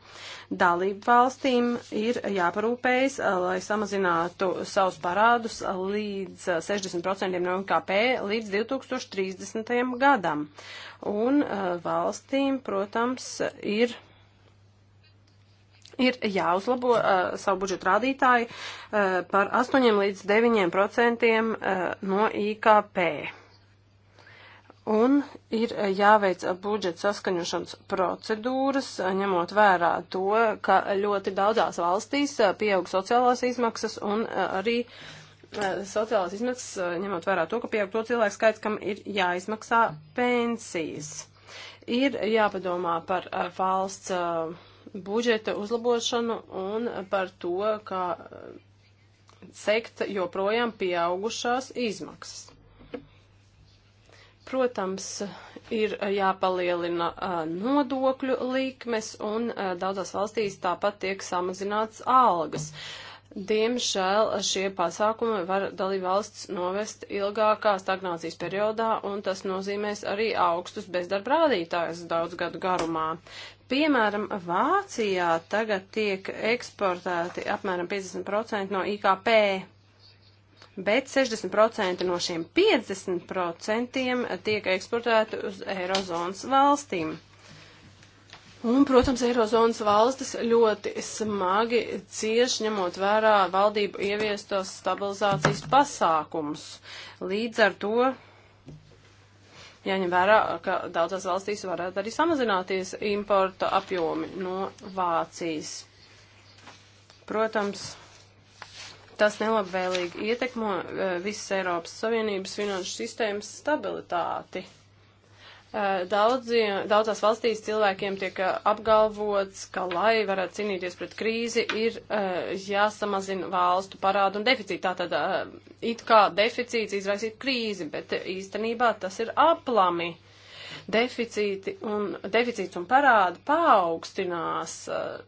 Dalību valstīm ir jāparūpējas, lai samazinātu savus parādus līdz 60% no IKP līdz 2030. gadam. Un uh, valstīm, protams, ir ir jāuzlabo uh, savu budžetu rādītāju uh, eh, par 8 līdz 9 procentiem uh, no IKP. Un ir jāveic budžeta saskaņošanas procedūras, ņemot vērā to, ka ļoti daudzās valstīs pieaug sociālās izmaksas un arī sociālās izmaksas, ņemot vērā to, ka pieaug to cilvēku skaits, kam ir jāizmaksā pensijas. Ir jāpadomā par valsts. Uh, budžeta uzlabošanu un par to, kā eh, sekt joprojām pieaugušās izmaksas. Protams, ir eh, jāpalielina eh, nodokļu likmes un daudzās valstīs tāpat tiek samazināts algas. Diemžēl šie pasākumi var dalībvalsts novest ilgākā stagnācijas periodā, un tas nozīmēs arī augstus bezdarba rādītājus daudz gadu garumā. Piemēram, Vācijā tagad tiek eksportēti apmēram 50% no IKP, bet 60% no šiem 50% tiek eksportēti uz Eirozonas valstīm. Un, protams, Eirozonas valstis ļoti smagi cieši ņemot vērā valdību ieviestos stabilizācijas pasākums. Līdz ar to Jāņem vērā, ka daudzās valstīs varētu arī samazināties importa apjomi no Vācijas. Protams, tas nelabvēlīgi ietekmo eh, visas Eiropas Savienības finanšu sistēmas stabilitāti. Eh, daudzi, daudzās valstīs cilvēkiem tiek eh, apgalvots, ka, lai varētu cīnīties pret krīzi, ir uh, jāsamazina valstu parādu un deficīti. Tātad uh, it kā deficīts izraisītu krīzi, bet īstenībā tas ir aplami. Deficīti un, deficīts un parādi paaugstinās. Uh,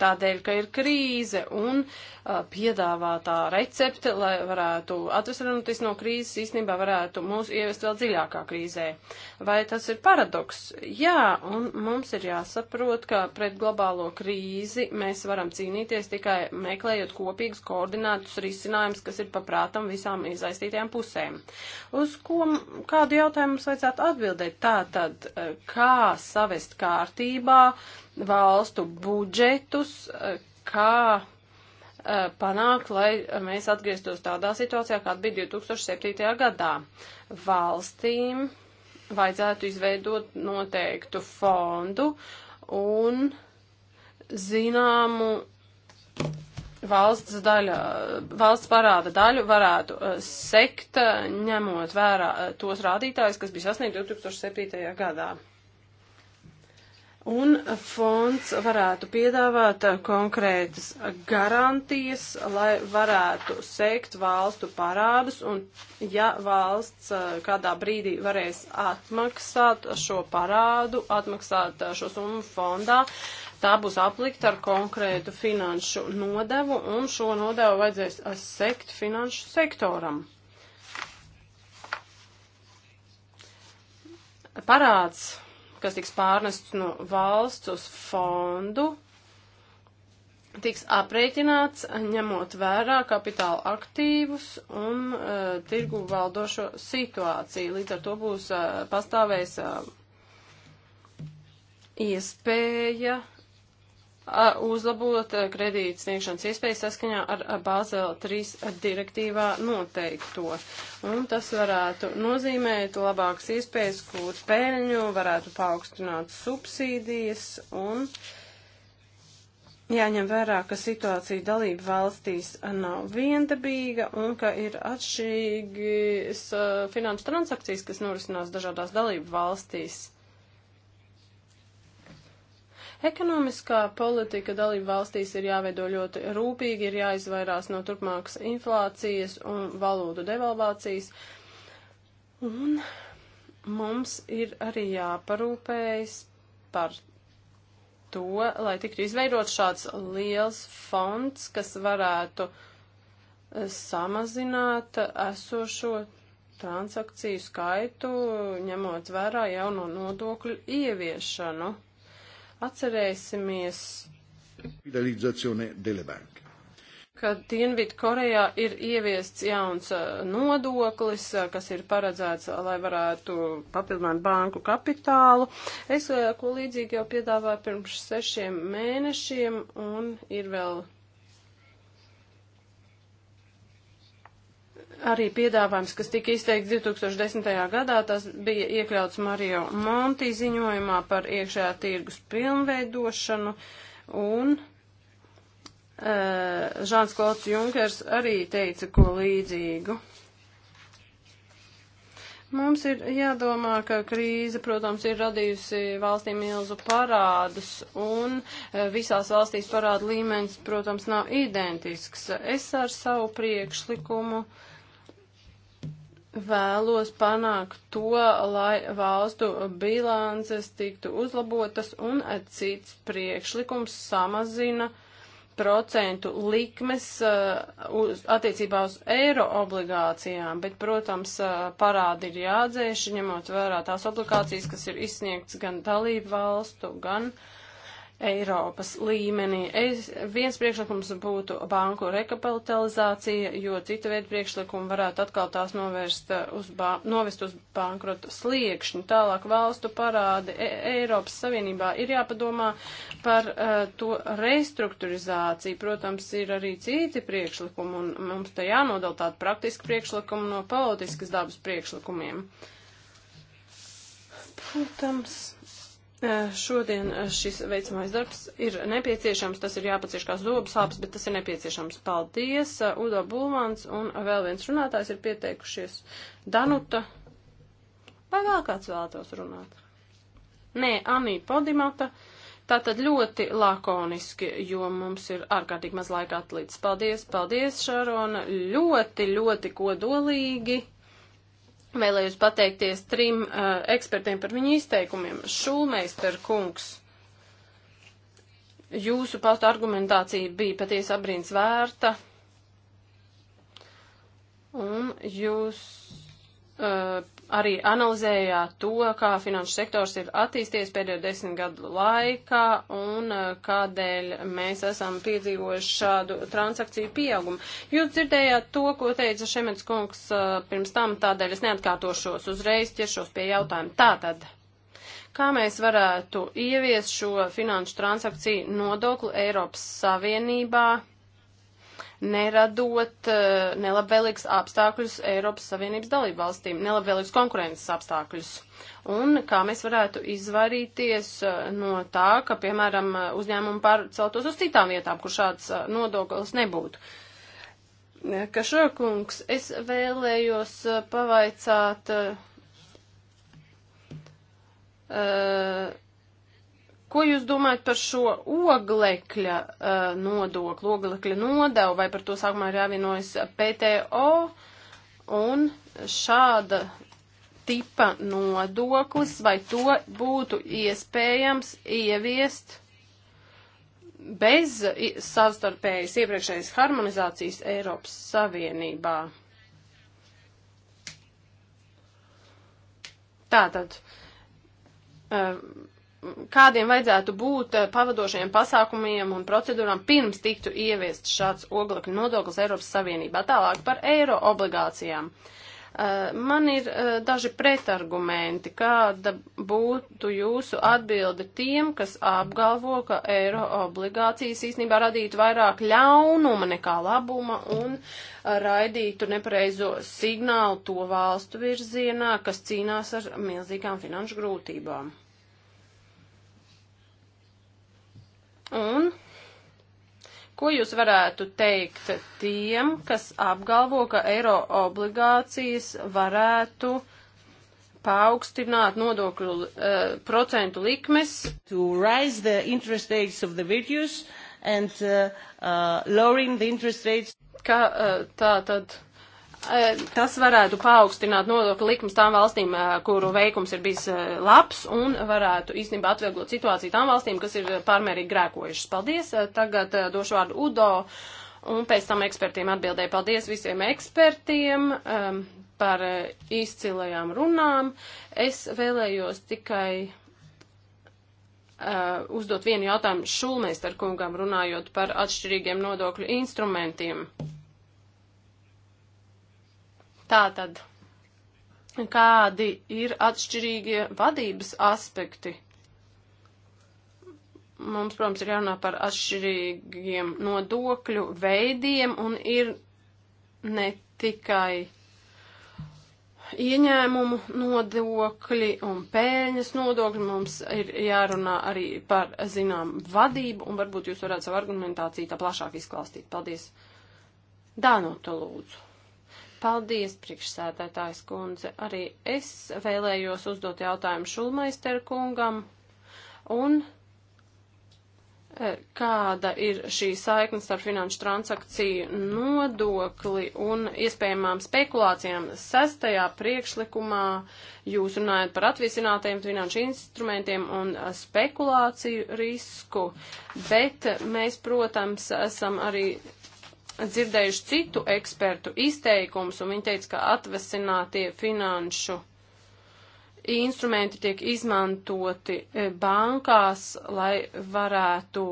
tādēļ, ka ir krīze un uh, piedāvātā recepte, lai varētu atvesinoties no krīzes, īstenībā varētu mūs ievest vēl dziļākā krīzē. Vai tas ir paradoks? Jā, un mums ir jāsaprot, ka pret globālo krīzi mēs varam cīnīties tikai meklējot kopīgus koordinātus risinājumus, kas ir paprātam visām izaistītajām pusēm. Uz ko, kādu jautājumu mums vajadzētu atbildēt? Tā tad, e, kā savest kārtībā valstu budžetus, e, kā e, panākt, lai mēs atgrieztos tādā situācijā, kāda bija 2007. gadā. Valstīm vajadzētu izveidot noteiktu fondu un zināmu valsts daļa, valsts parāda daļu varētu uh, sekt, uh, ņemot vērā uh, tos rādītājus, kas bija sasniegti 2007. gadā un fonds varētu piedāvāt konkrētas garantijas, lai varētu sekt valstu parādus, un ja valsts eh, kādā brīdī varēs atmaksāt šo parādu, atmaksāt eh, šo summu fondā, tā būs aplikta ar konkrētu finanšu nodevu, un šo nodevu vajadzēs eh, sekt finanšu sektoram. Parāds kas tiks pārnests no valsts uz fondu, tiks aprēķināts ņemot vērā kapitāla aktīvus un uh, tirgu valdošo situāciju. Līdz ar to būs uh, pastāvēs uh, iespēja uzlabot kredītu sniegšanas iespējas saskaņā ar Bāzela 3 direktīvā noteikto. Un tas varētu nozīmēt labākas iespējas kūt peļņu, varētu paaugstināt subsīdijas un jāņem vērā, ka situācija dalība valstīs nav viendabīga un ka ir atšķirīgas finanšu transakcijas, kas norisinās dažādās dalību valstīs. Ekonomiskā politika dalību valstīs ir jāveido ļoti rūpīgi, ir jāizvairās no turpmākas inflācijas un valūtu devalvācijas. Un mums ir arī jāparūpējas par to, lai tiktu izveidots šāds liels fonds, kas varētu eh, samazināt esošo transakciju skaitu, ņemot vērā jauno nodokļu ieviešanu. Atcerēsimies, ka Dienvidu Korejā ir ieviests jauns uh, nodoklis, uh, kas ir paredzēts, uh, lai varētu papildināt banku kapitālu. Es ko līdzīgi jau piedāvāju pirms sešiem mēnešiem un ir vēl arī piedāvājums, kas tika izteikts 2010. gadā, tas bija iekļauts Mario Monti ziņojumā par iekšējā tirgus pilnveidošanu, un uh, Žāns Klauds Junkers arī teica ko līdzīgu. Mums ir jādomā, ka krīze, protams, ir radījusi valstīm milzu parādus, un eh, visās valstīs parāda līmenis, protams, nav identisks. Es ar savu priekšlikumu uh, vēlos panākt to, lai valstu bilances tiktu uzlabotas un cits priekšlikums samazina procentu likmes uh, uz, attiecībā uz eiro obligācijām, bet, protams, uh, parādi ir jādzēš, ņemot vērā tās obligācijas, kas ir izsniegts gan dalību valstu, gan uh, Eiropas līmenī. Es, viens priekšlikums būtu banku rekapitalizācija, jo cita veida priekšlikumi varētu atkal tās novērst uh, uz, ba novest uz bankrota sliekšņu. Tālāk valstu parādi e Eiropas Savienībā ir jāpadomā par uh, to restruktūrizāciju. Protams, ir arī citi priekšlikumi, un mums te jānodala tādu praktisku priekšlikumu no politiskas dabas priekšlikumiem. Protams Šodien šis veicamais darbs ir nepieciešams, tas ir jāpacieš kā zobas sāpes, bet tas ir nepieciešams. Paldies, Udo Bulmans un vēl viens runātājs ir pieteikušies Danuta. Vai vēl kāds vēlētos runāt? Nē, Anī Podimata. Tātad ļoti lakoniski, jo mums ir ārkārtīgi maz laika atlīdz. Paldies, paldies, Šarona. Ļoti, ļoti kodolīgi. Vēlējos pateikties trim uh, ekspertiem par viņu izteikumiem. Šulmeister kungs, jūsu pat argumentācija bija patiesi abrīns vērta, un jūs Eh, arī analizējāt to, kā finanšu sektors ir attīstījies pēdējo desmit gadu laikā un eh, kādēļ mēs esam piedzīvojuši šādu transakciju pieaugumu. Jūs dzirdējāt to, ko teica Šemets kungs eh, pirms tam, tādēļ es neatkārtošos uzreiz, ķeršos pie jautājuma. Tātad, kā mēs varētu ievies šo finanšu transakciju nodokli Eiropas Savienībā? neradot eh, nelabvēlīgus apstākļus Eiropas Savienības dalību valstīm, nelabvēlīgus konkurences apstākļus. Un kā mēs varētu izvairīties eh, no tā, ka, piemēram, eh, uzņēmumu pārceltos uz citām vietām, kur šāds nodoklis nebūtu. Kašokungs, es vēlējos pavaicāt. Uh, Ko jūs domājat par šo oglekļa uh, nodokli, oglekļa nodevu, vai par to sākumā ir jāvienojas PTO? Un šāda tipa nodoklis, vai to būtu iespējams ieviest bez savstarpējas iepriekšējas harmonizācijas Eiropas Savienībā? Tātad. Uh, kādiem vajadzētu būt eh, pavadošajiem pasākumiem un procedūrām pirms tiktu ieviest šāds oglekļa nodoklis Eiropas Savienībā. Tālāk par eiro obligācijām. Eh, man ir eh, daži pretargumenti, kāda būtu jūsu atbilde tiem, kas apgalvo, ka eiro obligācijas īstenībā radītu vairāk ļaunuma nekā labuma un raidītu nepareizo signālu to valstu virzienā, kas cīnās ar milzīgām finanšu grūtībām. Un ko jūs varētu teikt tiem, kas apgalvo, ka eiro obligācijas varētu paaugstināt nodokļu uh, procentu likmes? To raise the interest rates of the videos and uh, uh, lowering the interest rates. Kā uh, eh, tā tad? Eh, tas varētu paaugstināt nodokļu likums tām valstīm, eh, kuru veikums ir bijis eh, labs, un varētu īstenībā atvieglot situāciju tām valstīm, kas ir pārmērīgi grēkojušas. Paldies! Tagad došu vārdu Udo, un pēc tam ekspertiem atbildēju. Paldies visiem ekspertiem um, par izcilajām runām. Es vēlējos tikai. Uh, uzdot vienu jautājumu šulmēstarkungam runājot par atšķirīgiem nodokļu instrumentiem. Uh, Tātad, kādi ir atšķirīgie vadības aspekti? Mums, protams, ir jārunā par atšķirīgiem nodokļu veidiem un ir ne tikai ieņēmumu nodokļi un pēļņas nodokļi. Mums ir jārunā arī par, zinām, vadību, un varbūt jūs varētu savu argumentāciju tā plašāk izklāstīt. Paldies! Dānoto lūdzu. Paldies, priekšsēdētājs kundze. Arī es vēlējos uzdot jautājumu Šulmaisteru kungam. Un e, kāda ir šī saikne starp finanšu transakciju nodokli un iespējamām spekulācijām. Sestajā priekšlikumā jūs runājat par atvisinātajiem finanšu instrumentiem un spekulāciju risku, bet mēs, protams, esam arī dzirdējuši citu ekspertu izteikumus, un viņi teica, ka atvesinātie finanšu instrumenti tiek izmantoti e, bankās, lai varētu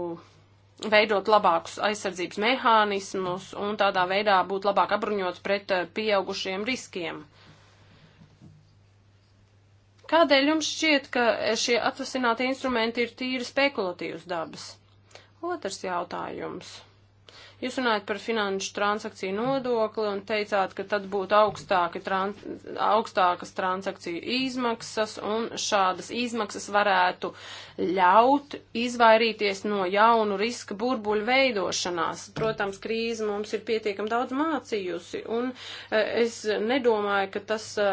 veidot labākus aizsardzības mehānismus un tādā veidā būt labāk apbruņots pret e, pieaugušiem riskiem. Kādēļ jums šķiet, ka e, šie atvasināti instrumenti ir tīri spekulatīvas dabas? Otrs jautājums. Jūs runājat par finanšu transakciju nodokli un teicāt, ka tad būtu augstāki, trans, augstākas transakciju izmaksas un šādas izmaksas varētu ļaut izvairīties no jaunu riska burbuļu veidošanās. Protams, krīze mums ir pietiekam daudz mācījusi un e, es nedomāju, ka tas e,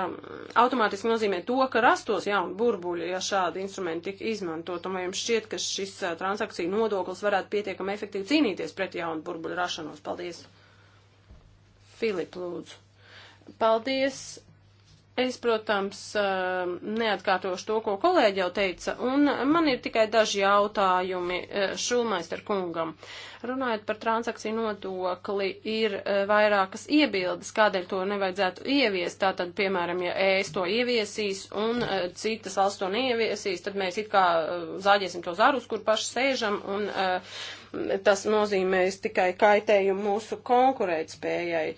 automātiski nozīmē to, ka rastos jauni burbuļi, ja šādi instrumenti tik izmantot. Un vai jums šķiet, ka šis e, transakciju nodoklis varētu pietiekam efektīvi cīnīties pret jaunu burbuļu? burbuļu rašanos. Paldies! Filip, lūdzu. Paldies! Es, protams, um, neatkārtošu to, ko kolēģi jau teica, un man ir tikai daži jautājumi uh, šulmaister kungam. Runājot par transakciju nodokli, ir uh, vairākas iebildes, kādēļ to nevajadzētu ieviest. Tātad, piemēram, ja es to ieviesīs un uh, citas valsts to neieviesīs, tad mēs it kā zāģēsim to zarus, kur paši sēžam, un uh, tas nozīmēs tikai kaitējumu mūsu konkurētspējai.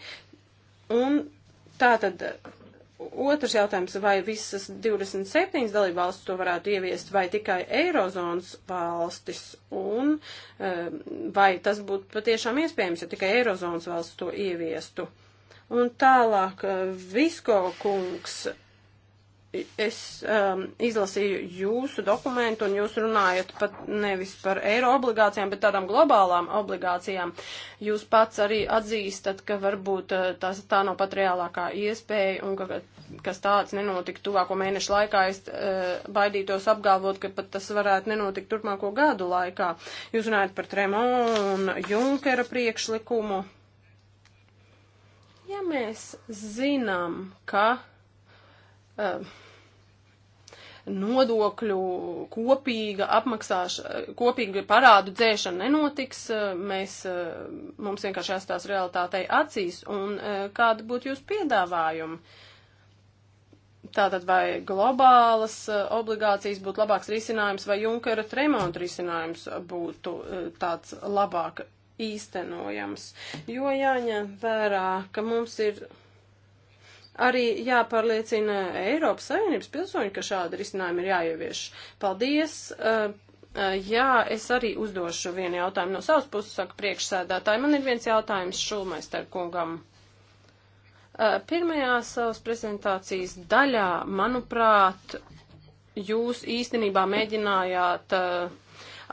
Un tā tad otrs jautājums, vai visas 27 dalībvalstis to varētu ieviest, vai tikai Eirozonas valstis, un eh, vai tas būtu patiešām iespējams, ja tikai Eirozonas valsts to ieviestu. Un tālāk eh, Visko kungs es um, izlasīju jūsu dokumentu un jūs runājat pat nevis par eiro obligācijām, bet tādām globālām obligācijām. Jūs pats arī atzīstat, ka varbūt uh, tās, tā nav pat reālākā iespēja un ka, kas tāds nenotika tuvāko mēnešu laikā. Es uh, baidītos apgalvot, ka pat tas varētu nenotikt turpmāko gadu laikā. Jūs runājat par Tremo un Junkera priekšlikumu. Ja mēs zinām, ka. Uh, nodokļu kopīga apmaksāšana, kopīga parādu dzēšana nenotiks, mēs, mums vienkārši jāstās realitātei acīs, un kāda būtu jūsu piedāvājuma? Tātad vai globālas obligācijas būtu labāks risinājums, vai Junkera Tremonta risinājums būtu tāds labāk īstenojams, jo jāņem vērā, ka mums ir arī jāpārliecina Eiropas Savienības pilsoņi, ka šādi risinājumi ir jāievieš. Paldies! Uh, uh, jā, es arī uzdošu vienu jautājumu no savas puses, saka priekšsēdētāji. Man ir viens jautājums Šulmaister kungam. Uh, pirmajā savas prezentācijas daļā, manuprāt, jūs īstenībā mēģinājāt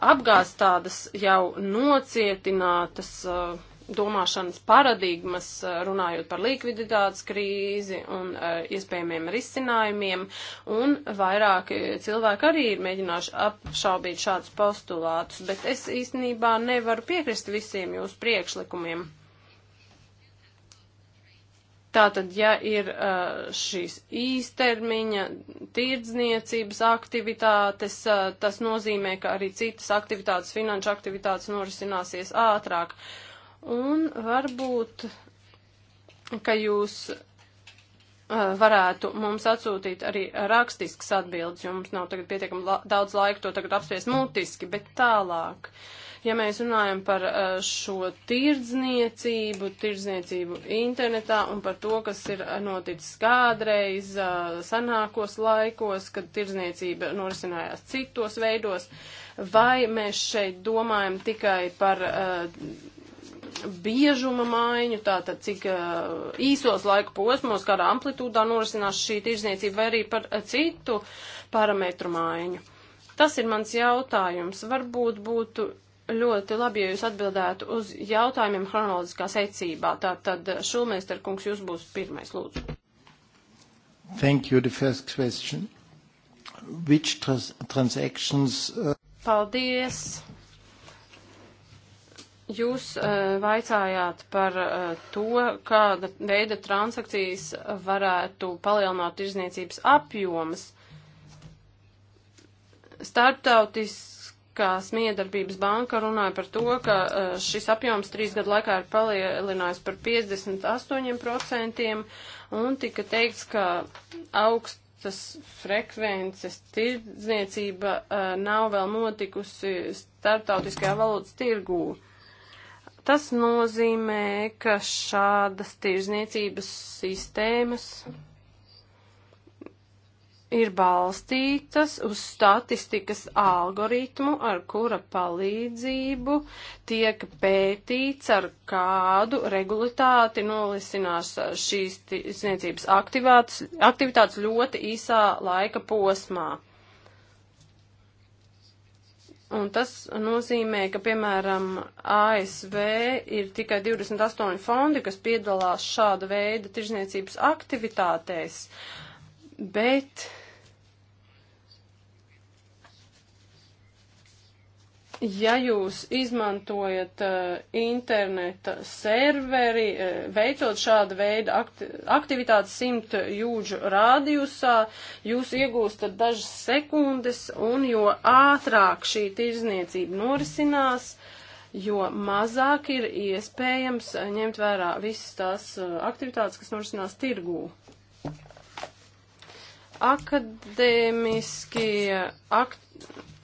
apgāzt tādas jau nocietinātas uh, domāšanas paradigmas, eh, runājot par likviditātes krīzi un eh, iespējamiem risinājumiem, un vairāk cilvēki arī ir mēģinājuši apšaubīt šādus postulātus, bet es īstenībā nevaru piekrist visiem jūsu priekšlikumiem. Tātad, ja ir eh, šīs īstermiņa tirdzniecības aktivitātes, tas nozīmē, ka arī citas aktivitātes, finanšu aktivitātes norisināsies ātrāk. Uh, Un varbūt, ka jūs uh, varētu mums atsūtīt arī rakstisks atbildes, jo mums nav tagad pietiekami la daudz laika to tagad apspriest mutiski, bet tālāk. Ja mēs runājam par uh, šo tirdzniecību, tirdzniecību internetā un par to, kas ir uh, noticis kādreiz sanākos laikos, kad tirdzniecība norisinājās citos veidos, vai mēs šeit domājam tikai par uh, biežuma maiņu, tātad cik uh, īsos laika posmos, kādā amplitūdā norisinās šī tirzniecība, vai arī par uh, citu parametru maiņu. Tas ir mans jautājums. Varbūt būtu ļoti labi, ja jūs atbildētu uz jautājumiem chronoloģiskā secībā. Tātad, Šulmeister kungs, jūs būs pirmais, lūdzu. Thank you. The first question. Which trans transactions? Uh... Paldies. Jūs uh, vaicājāt par uh, to, kāda veida transakcijas varētu palielināt tirzniecības apjomas. Starptautiskās miedarbības banka runāja par to, ka uh, šis apjoms trīs gadu laikā ir palielinājis par 58% un tika teikts, ka augst tas frekvences tirdzniecība uh, nav vēl notikusi starptautiskajā valodas tirgū. Uh, Tas nozīmē, ka šādas tirzniecības sistēmas ir balstītas uz statistikas algoritmu, ar kura palīdzību tiek pētīts, ar kādu regulitāti nolisinās šīs tirzniecības aktivitātes ļoti īsā laika posmā. Un tas nozīmē, ka, piemēram, ASV ir tikai 28 fondi, kas piedalās šāda veida tirzniecības aktivitātēs, bet ja jūs izmantojat uh, interneta serveri, uh, veicot šādu veidu akti aktivitātes 100 jūdžu rādījusā, jūs iegūstat dažas sekundes, un jo ātrāk šī tirzniecība norisinās, jo mazāk ir iespējams eh, ņemt vērā visas tās uh, aktivitātes, kas norisinās tirgū akadēmiski ak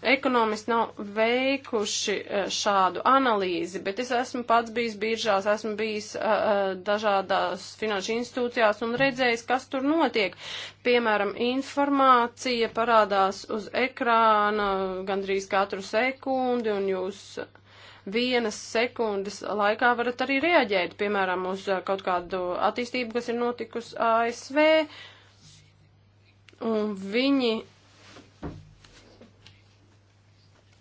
Ekonomisti nav veikuši eh, šādu analīzi, bet es esmu pats bijis biržās, esmu bijis uh, dažādās finanšu institūcijās un redzējis, kas tur notiek. Piemēram, informācija parādās uz ekrāna gandrīz katru sekundi un jūs vienas sekundes laikā varat arī reaģēt, piemēram, uz kaut kādu attīstību, kas ir notikusi ASV. Un viņi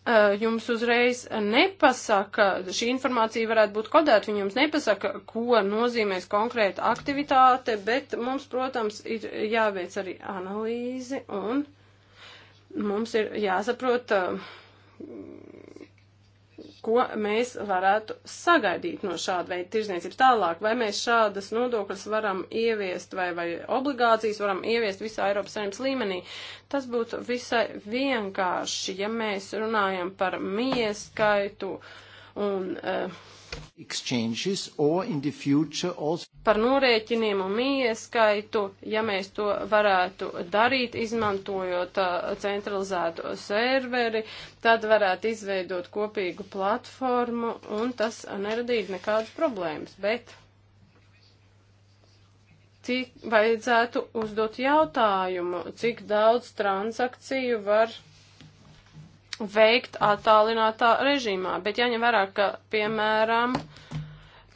Eh, jums uzreiz nepasaka, šī informācija varētu būt kodēta, viņi jums nepasaka, ko nozīmēs konkrēta aktivitāte, bet mums, protams, ir jāveic arī analīzi un mums ir jāsaprot, eh, ko mēs varētu sagaidīt no šāda veida tirzniecības tālāk, vai mēs šādas nodokļas varam ieviest vai, vai obligācijas varam ieviest visā Eiropas saimnes līmenī. Tas būtu visai vienkārši, ja mēs runājam par mieskaitu un. Uh, Also... Par norēķiniem un ieskaitu, ja mēs to varētu darīt, izmantojot uh, centralizēto serveri, tad varētu izveidot kopīgu platformu un tas neradītu nekādas problēmas. Bet cik vajadzētu uzdot jautājumu, cik daudz transakciju var veikt attālinātā režīmā, bet jāņem vērā, ka, piemēram,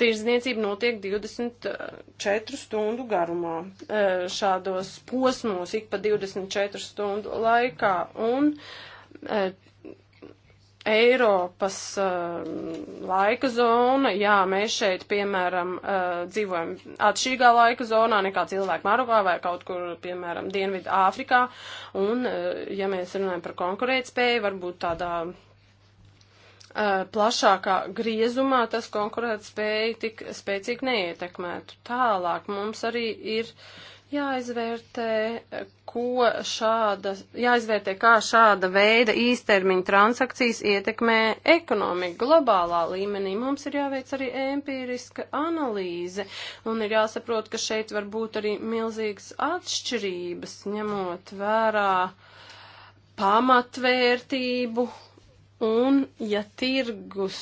tirzniecība notiek 24 stundu garumā, e, šādos posmos ik pa 24 stundu laikā, un e, Eiropas uh, laika zona, jā, mēs šeit, piemēram, uh, dzīvojam atšķirīgā laika zonā nekā cilvēki Marokā vai kaut kur, piemēram, Dienvidu Āfrikā, un, uh, ja mēs runājam par konkurētspēju, varbūt tādā plašākā griezumā tas konkurētspēju tik spēcīgi neietekmētu. Tālāk mums arī ir Jāizvērtē, ko šāda, jāizvērtē, kā šāda veida īstermiņa transakcijas ietekmē ekonomiku globālā līmenī. Mums ir jāveic arī empīriska analīze un ir jāsaprot, ka šeit var būt arī milzīgas atšķirības, ņemot vērā pamatvērtību un ja tirgus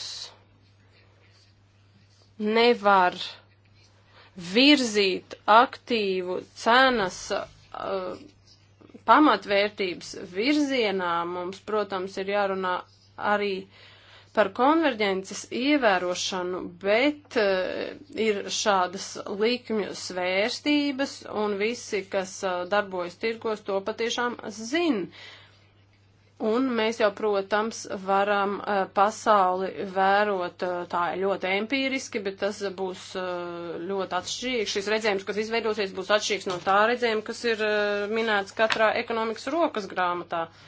nevar virzīt aktīvu cenas uh, pamatvērtības virzienā, mums, protams, ir jārunā arī par konverģences ievērošanu, bet uh, ir šādas likmju svērstības, un visi, kas uh, darbojas tirgos, to patiešām zina. Un mēs jau, protams, varam uh, pasauli vērot uh, tā ļoti empīriski, bet tas būs uh, ļoti atšķirīgs. Šis redzējums, kas izveidosies, būs atšķirīgs no tā redzējuma, kas ir minēts katrā ekonomikas rokas grāmatā. Uh,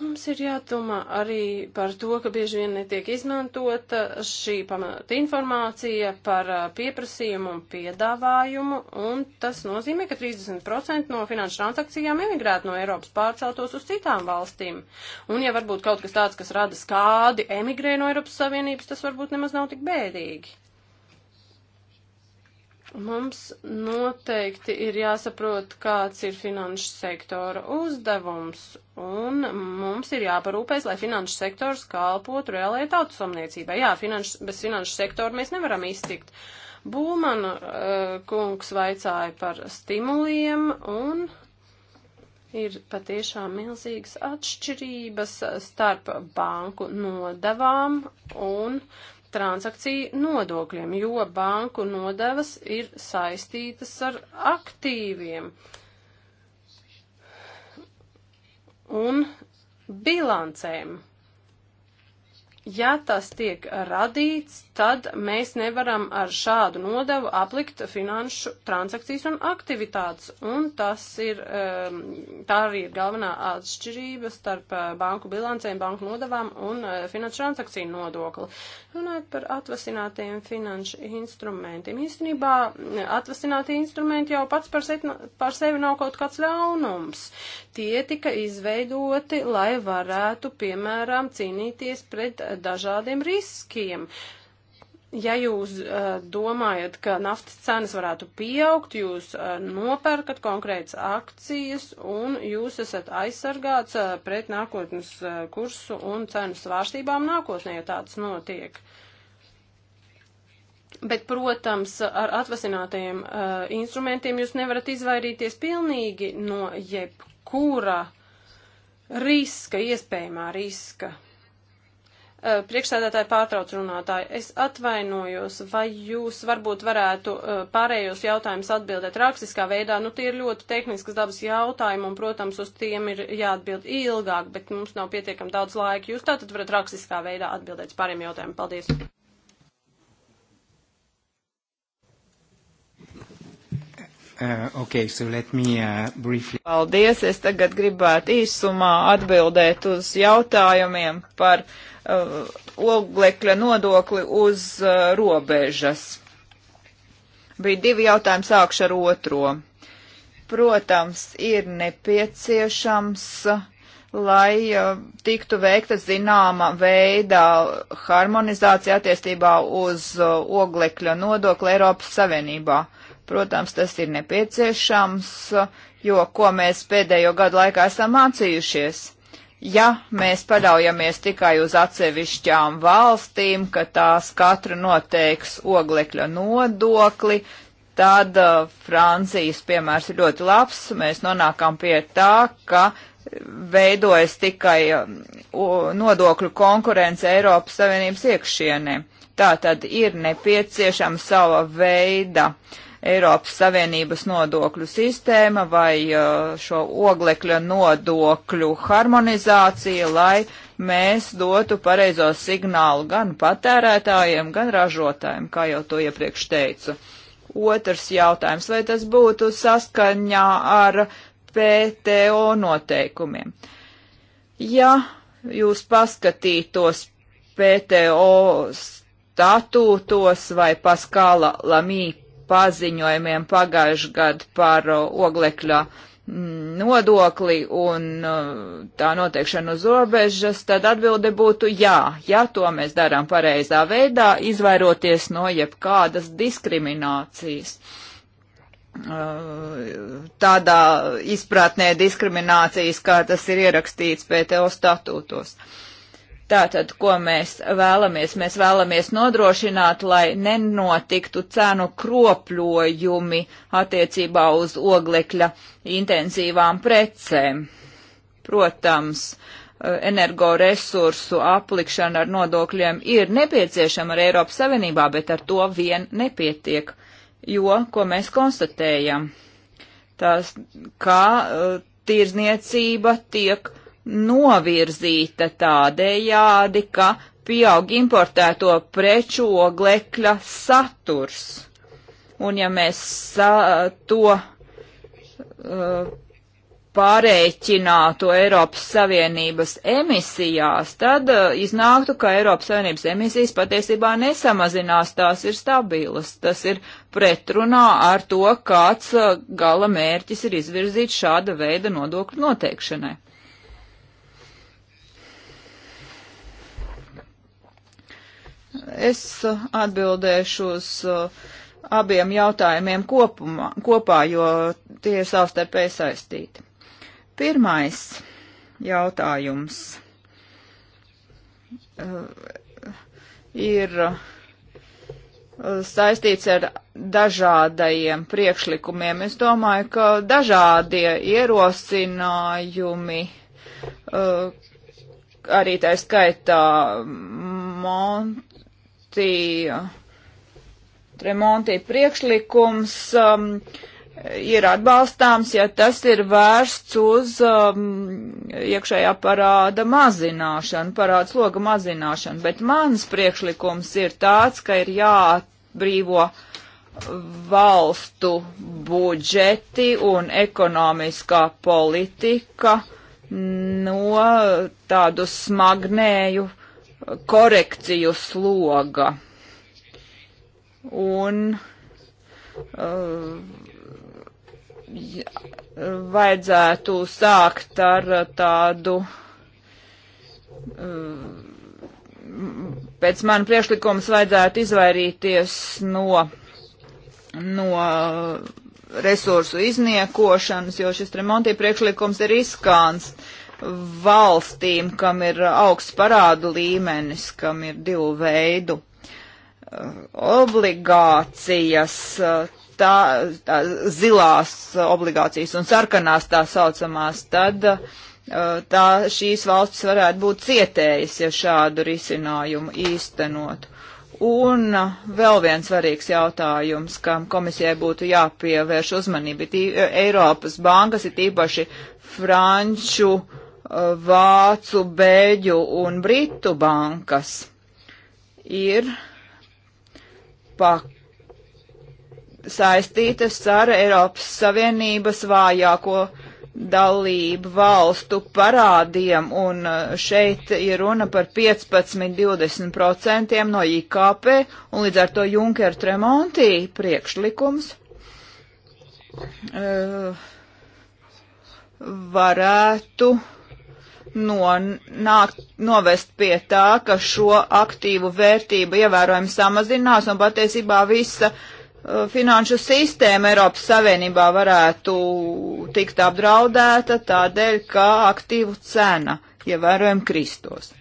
Mums ir jādomā arī par to, ka bieži vien netiek izmantota šī pamata informācija par pieprasījumu un piedāvājumu, un tas nozīmē, ka 30% no finanšu transakcijām emigrētu no Eiropas pārceltos uz citām valstīm. Un ja varbūt kaut kas tāds, kas rada skādi, emigrē no Eiropas Savienības, tas varbūt nemaz nav tik bēdīgi. Mums noteikti ir jāsaprot, kāds ir finanšu sektora uzdevums, un mums ir jāparūpēs, lai finanšu sektors kalpotu reālajai tautasomniecībai. Jā, finanšu, bez finanšu sektora mēs nevaram iztikt. Būmana uh, eh, kungs vaicāja par stimuliem, un ir patiešām milzīgas atšķirības starp banku nodavām un transakciju nodokļiem, jo banku nodevas ir saistītas ar aktīviem un bilancēm ja tas tiek radīts, tad mēs nevaram ar šādu nodevu aplikt finanšu transakcijas un aktivitātes. Un tas ir, ehm, tā arī ir galvenā atšķirība starp eh, banku bilancēm, banku nodevām un eh, finanšu transakciju nodokli. Runājot par atvasinātajiem finanšu instrumentiem. Īstenībā eh, atvasinātie instrumenti jau pats par sevi, par sevi nav kaut kāds ļaunums. Tie tika izveidoti, lai varētu, piemēram, cīnīties pret dažādiem riskiem. Ja jūs uh, domājat, ka naftas cenas varētu pieaugt, jūs uh, nopērkat konkrētas akcijas un jūs esat aizsargāts uh, pret nākotnes uh, kursu un cenu svārstībām nākotnē, ja tāds notiek. Bet, protams, ar atvasinātajiem uh, instrumentiem jūs nevarat izvairīties pilnīgi no jebkura riska, iespējamā riska. Eh, priekšsēdētāji pārtrauc runātāji, es atvainojos, vai jūs varbūt varētu eh, pārējos jautājumus atbildēt rakstiskā veidā. Nu, tie ir ļoti tehniskas dabas jautājumi, un, protams, uz tiem ir jāatbild ilgāk, bet mums nav pietiekam daudz laika. Jūs tātad varat rakstiskā veidā atbildēt pāriem jautājumiem. Paldies! Uh, okay, so let me uh, briefly. Paldies, es tagad gribētu īsumā atbildēt uz jautājumiem par uh, oglekļa nodokli uz uh, robežas. Bija divi jautājumi, sākšu ar otro. Protams, ir nepieciešams, lai uh, tiktu veikta zināma veida harmonizācija attiestībā uz uh, oglekļa nodokli Eiropas Savienībā. Uh, Protams, tas ir nepieciešams, jo ko mēs pēdējo gadu laikā esam mācījušies? ja mēs paļaujamies tikai uz atsevišķām valstīm, ka tās katra noteiks oglekļa nodokli, tad uh, Francijas piemērs ir ļoti labs. Mēs nonākam pie tā, ka veidojas tikai uh, nodokļu konkurence Eiropas Savienības iekšienē. Tā tad ir nepieciešama sava veida uh, Eiropas Savienības nodokļu sistēma vai uh, šo oglekļa nodokļu harmonizācija, lai mēs dotu pareizo signālu gan patērētājiem, gan ražotājiem, kā jau to iepriekš teicu. Otrs jautājums, vai tas būtu saskaņā ar PTO noteikumiem? Ja jūs paskatītos PTO statūtos vai paskala lamī paziņojumiem pagājuši gadu par oglekļa mm, nodokli un tā noteikšanu uz robežas, tad atbilde būtu jā, ja to mēs darām pareizā veidā, izvairoties no jebkādas diskriminācijas. Tādā izpratnē diskriminācijas, kā tas ir ierakstīts PTO statūtos. Uh, Tātad, ko mēs vēlamies? Mēs vēlamies nodrošināt, lai nenotiktu cenu kropļojumi attiecībā uz oglekļa intensīvām precēm. Protams, eh, energoresursu aplikšana ar nodokļiem ir nepieciešama ar Eiropas Savienībā, bet ar to vien nepietiek, jo, ko mēs konstatējam, tas, kā eh, tirzniecība tiek novirzīta tādējādi, ka pieaug importēto preču oglekļa saturs. Un ja mēs sa, to uh, pārēķinātu Eiropas Savienības emisijās, tad uh, iznāktu, ka Eiropas Savienības emisijas patiesībā nesamazinās, tās ir stabilas. Tas ir pretrunā ar to, kāds uh, gala mērķis ir izvirzīt šāda veida nodokļu noteikšanai. Es uh, atbildēšu uz uh, abiem jautājumiem kopumā, kopā, jo tie ir savstarpēji saistīti. Pirmais jautājums uh, ir saistīts ar dažādajiem priekšlikumiem. Es domāju, ka dažādie ierosinājumi, arī tā skaitā Mont Tremonti, Tremonti priekšlikums um, ir atbalstāms, ja tas ir vērsts uz um, iekšējā parāda mazināšanu, parāds loga mazināšanu, bet mans priekšlikums ir tāds, ka ir jāatbrīvo valstu budžeti un ekonomiskā politika no tādu smagnēju korekciju sloga. Un uh, vajadzētu sākt ar tādu, uh, pēc man priešlikums vajadzētu izvairīties no, no resursu izniekošanas, jo šis remontī priekšlikums ir izskāns. Uh, valstīm, kam ir augsts parādu līmenis, kam ir divu veidu obligācijas, tā, tā zilās obligācijas un sarkanās tā saucamās, tad tā šīs valstis varētu būt cietējas, ja šādu risinājumu īstenotu. Un vēl viens svarīgs jautājums, kam komisijai būtu jāpievērš uzmanība, ir Eiropas bankas, ir īpaši franču uh, Vācu, Bēļu un Britu bankas ir pak saistītas ar Eiropas Savienības vājāko dalību valstu parādiem, un uh, šeit ir runa par 15-20% no IKP, un līdz ar to Junker Tremonti priekšlikums uh, varētu uh, nonākt, novest pie tā, ka šo aktīvu vērtību ievērojami samazinās un patiesībā visa uh, finanšu sistēma Eiropas Savienībā varētu tikt apdraudēta tādēļ, ka aktīvu cena ievērojami kristos.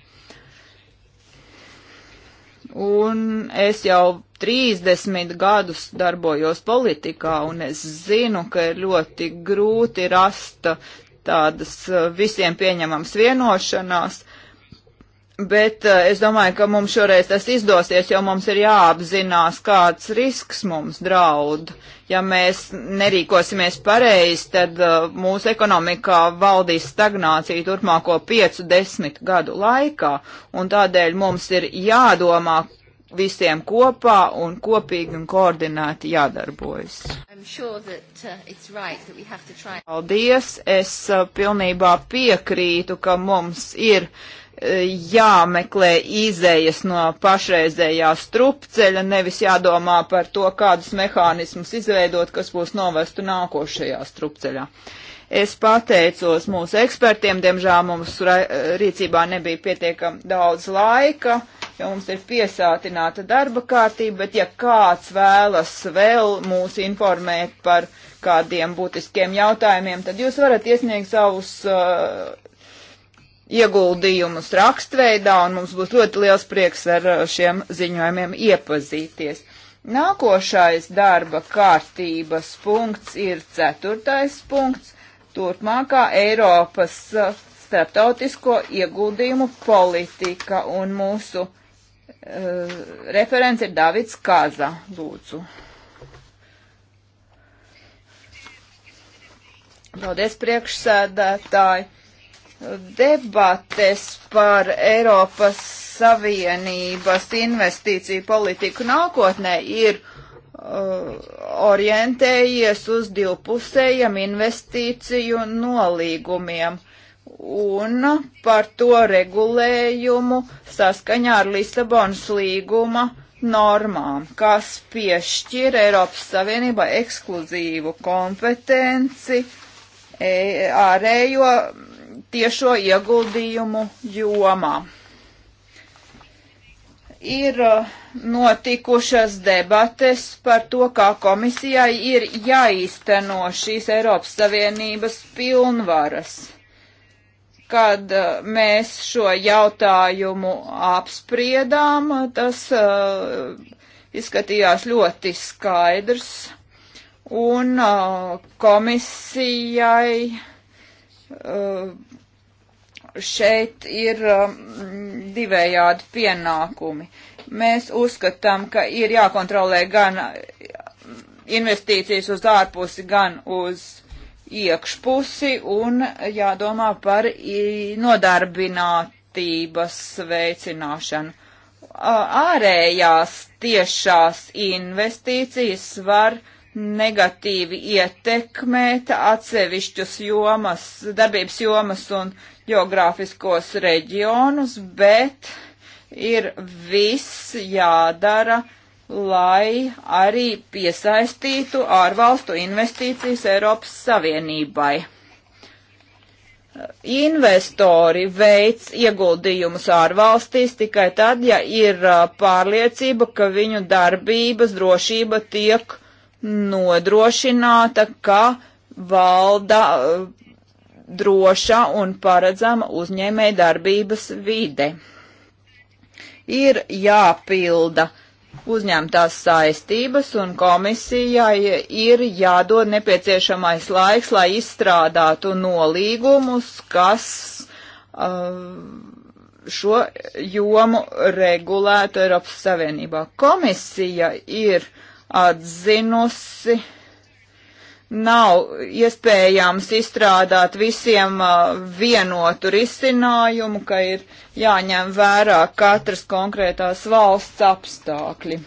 Un es jau 30 gadus darbojos politikā, un es zinu, ka ir ļoti grūti rast tādas eh, visiem pieņemams vienošanās, bet eh, es domāju, ka mums šoreiz tas izdosies, jo mums ir jāapzinās, kāds risks mums draud. Ja mēs nerīkosimies pareizi, tad eh, mūsu ekonomikā valdīs stagnācija turpmāko 5-10 gadu laikā, un tādēļ mums ir jādomā, visiem kopā un kopīgi un koordināti jādarbojas. Sure that, uh, right try... Paldies! Es uh, pilnībā piekrītu, ka mums ir uh, jāmeklē izējas no pašreizējā strupceļa, nevis jādomā par to, kādus mehānismus izveidot, kas būs novestu nākošajā strupceļā. Es pateicos mūsu ekspertiem, diemžēl mums rīcībā nebija pietiekam daudz laika jo mums ir piesātināta darba kārtība, bet ja kāds vēlas vēl mūs informēt par kādiem būtiskiem jautājumiem, tad jūs varat iesniegt savus uh, ieguldījumus rakstveidā, un mums būs ļoti liels prieks ar uh, šiem ziņojumiem iepazīties. Nākošais darba kārtības punkts ir ceturtais punkts - turpmākā Eiropas uh, starptautisko ieguldījumu politika un mūsu Eh, referents ir Davids Kaza, lūdzu. Paldies priekšsēdētāji. Debates par Eiropas Savienības investīciju politiku nākotnē ir uh, orientējies uz divpusējiem investīciju nolīgumiem un par to regulējumu saskaņā ar Lisabonas līguma normām, kas piešķir Eiropas Savienībā ekskluzīvu kompetenci e, ārējo tiešo ieguldījumu jomā. Ir e, notikušas debates par to, kā komisijai ir jāīsteno šīs Eiropas Savienības pilnvaras kad eh, mēs šo jautājumu apspriedām, tas uh, izskatījās ļoti skaidrs, un uh, komisijai uh, šeit ir divējādi pienākumi. Mēs uzskatām, ka ir jākontrolē gan investīcijas uz ārpusi, gan uz iekšpusi un jādomā par nodarbinātības veicināšanu. Ārējās tiešās investīcijas var negatīvi ietekmēt atsevišķus jomas, darbības jomas un geogrāfiskos reģionus, bet ir viss jādara uh, lai arī piesaistītu ārvalstu investīcijas Eiropas Savienībai. Investori veic ieguldījumus ārvalstīs tikai tad, ja ir uh, pārliecība, ka viņu darbības drošība tiek nodrošināta, ka valda uh, droša un paredzama uzņēmē darbības vide. Ir jāpilda uh, uzņemtās saistības un komisijai ir jādod nepieciešamais laiks, lai izstrādātu nolīgumus, kas uh, šo jomu regulētu Eiropas Savienībā. Komisija ir atzinusi, uh, nav iespējams izstrādāt visiem uh, vienotu risinājumu, ka ir jāņem vērā katras konkrētās valsts apstākļi.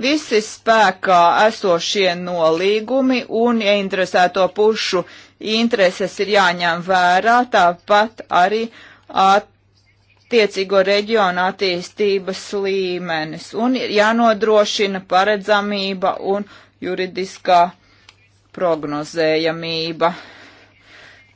Visi spēkā esošie nolīgumi un ieinteresēto pušu intereses ir jāņem vērā, tāpat arī attiecīgo reģionu attīstības līmenis un jānodrošina paredzamība un juridiskā prognozējamība.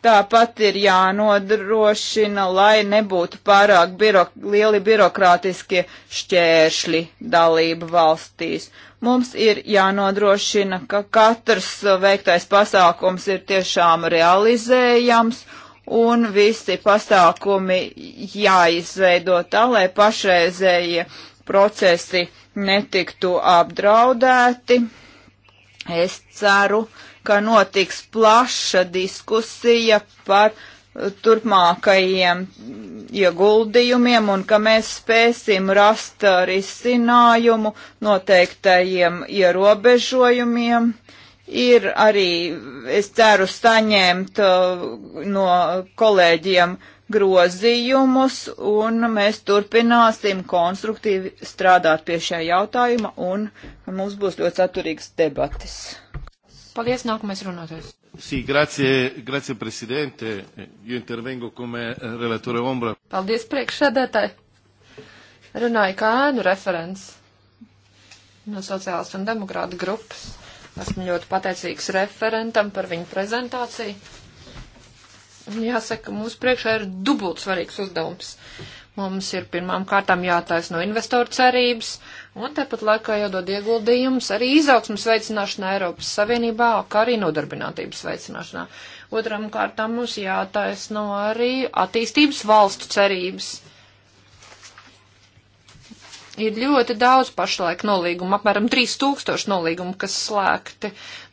Tāpat ir jānodrošina, lai nebūtu pārāk biro, lieli birokrātiskie šķēršļi dalību valstīs. Mums ir jānodrošina, ka katrs veiktais pasākums ir tiešām realizējams un visi pasākumi jāizveido tā, lai pašreizējie procesi netiktu apdraudēti. Es ceru, ka ka notiks plaša diskusija par uh, turpmākajiem ieguldījumiem un ka mēs spēsim rast risinājumu noteiktajiem ierobežojumiem. Ir arī, es ceru, saņemt uh, no kolēģiem grozījumus, un mēs turpināsim konstruktīvi strādāt pie šā jautājuma, un mums būs ļoti saturīgs debatis. Paldies, nākamais runātājs. Sī, grazie, grazie, prezidente. Jo intervengo come eh, relatore ombra. Paldies, priekšsēdētāji. Runāju kā ēnu referents no sociālas un demokrāta grupas. Esmu ļoti pateicīgs referentam par viņu prezentāciju. Jāsaka, mūsu priekšā ir dubult svarīgs uzdevums. Mums ir pirmām kārtām jātaisno investoru cerības, uh, un tāpat laikā jādod ieguldījums arī izaugsmas veicināšanā Eiropas Savienībā, kā arī nodarbinātības veicināšanā. Otram kārtām mums jātaisno arī attīstības valstu cerības ir ļoti daudz pašlaik nolīgumu, apmēram 3000 nolīgumu, kas slēgti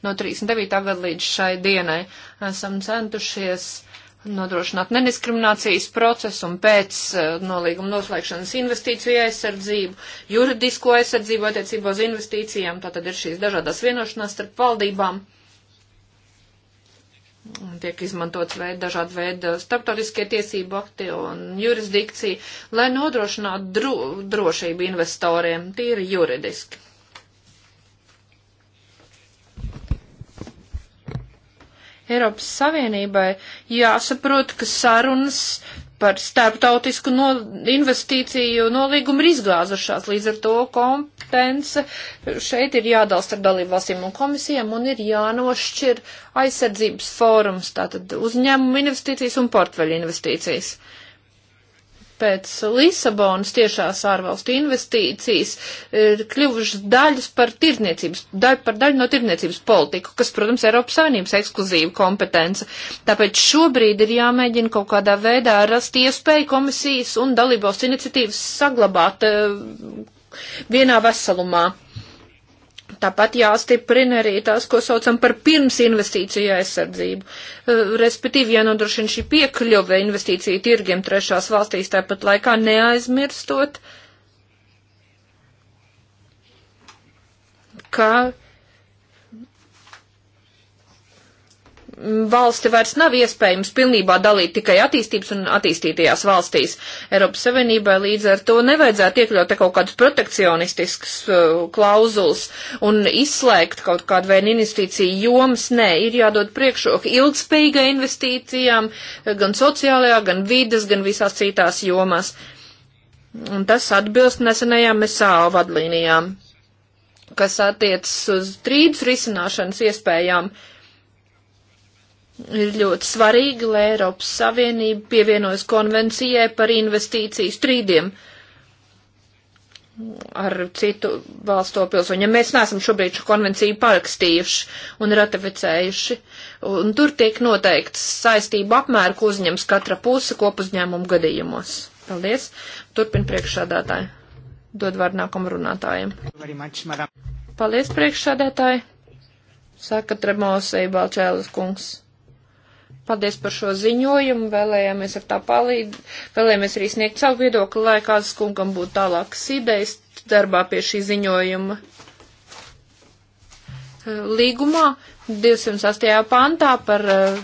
no 39. gada līdz šai dienai. Esam centušies nodrošināt nediskriminācijas procesu un pēc eh, nolīguma noslēgšanas investīciju aizsardzību, juridisko aizsardzību attiecībā uz investīcijām, tātad ir šīs dažādas vienošanās starp valdībām. Un tiek izmantots veid, dažādi veidi starptautiskie tiesību akti un jurisdikcija, lai nodrošinātu dro, drošību investoriem tīri juridiski. Eiropas Savienībai jāsaprot, ka sarunas par starptautisku no, investīciju nolīgumu ir izgāzušās. Līdz ar to kompense šeit ir jādala starp dalību valstīm un komisijām un ir jānošķir aizsardzības fórums, tātad uzņēmumu investīcijas un portveļu investīcijas. Uh, pēc Lisabonas tiešās ārvalstu investīcijas ir kļuvušas daļas par tirdzniecības, daļ, par daļu no tirdzniecības politiku, kas, protams, Eiropas Savienības ekskluzīva kompetence. Tāpēc šobrīd ir jāmēģina kaut kādā veidā rast iespēju komisijas un dalībvalsts iniciatīvas saglabāt uh, vienā veselumā. Tāpat jāstiprina arī tās, ko saucam par pirms investīciju aizsardzību. Eh, respektīvi jānodrošina šī piekļuve investīciju tirgiem trešās valstīs, tāpat laikā neaizmirstot, ka valsti vairs nav iespējams pilnībā dalīt tikai attīstības un attīstītajās valstīs. Eiropas Savienībai līdz ar to nevajadzētu iekļaut te kaut kādus protekcionistiskus uh, klauzuls un izslēgt kaut kādu veidu investīciju jomas. Nē, ir jādod priekšroka ilgspējīgai investīcijām uh, gan sociālajā, gan vides, gan visās citās jomās. Un tas atbilst nesenajām SAO vadlīnijām, kas attiecas uz strīdus risināšanas iespējām. Uh, ir ļoti svarīgi, lai Eiropas Savienība pievienojas konvencijai par investīciju strīdiem ar citu valstu pilsoņiem. Ja mēs neesam šobrīd šo konvenciju parakstījuši un ratificējuši. Un tur tiek noteikts saistību apmēru, ko uzņems katra puse kopuzņēmumu gadījumos. Paldies. Turpin priekšsādātāji. Dod vārdu nākamam runātājiem. Paldies priekšsādātāji. Saka Tremosei Balčēlis kungs. Paldies par šo ziņojumu, vēlējāmies ar tā palīdz, vēlējāmies arī sniegt savu viedokli, lai kāds kungam būtu tālākas idejas darbā pie šī ziņojuma. Eh, līgumā 208. pantā par eh,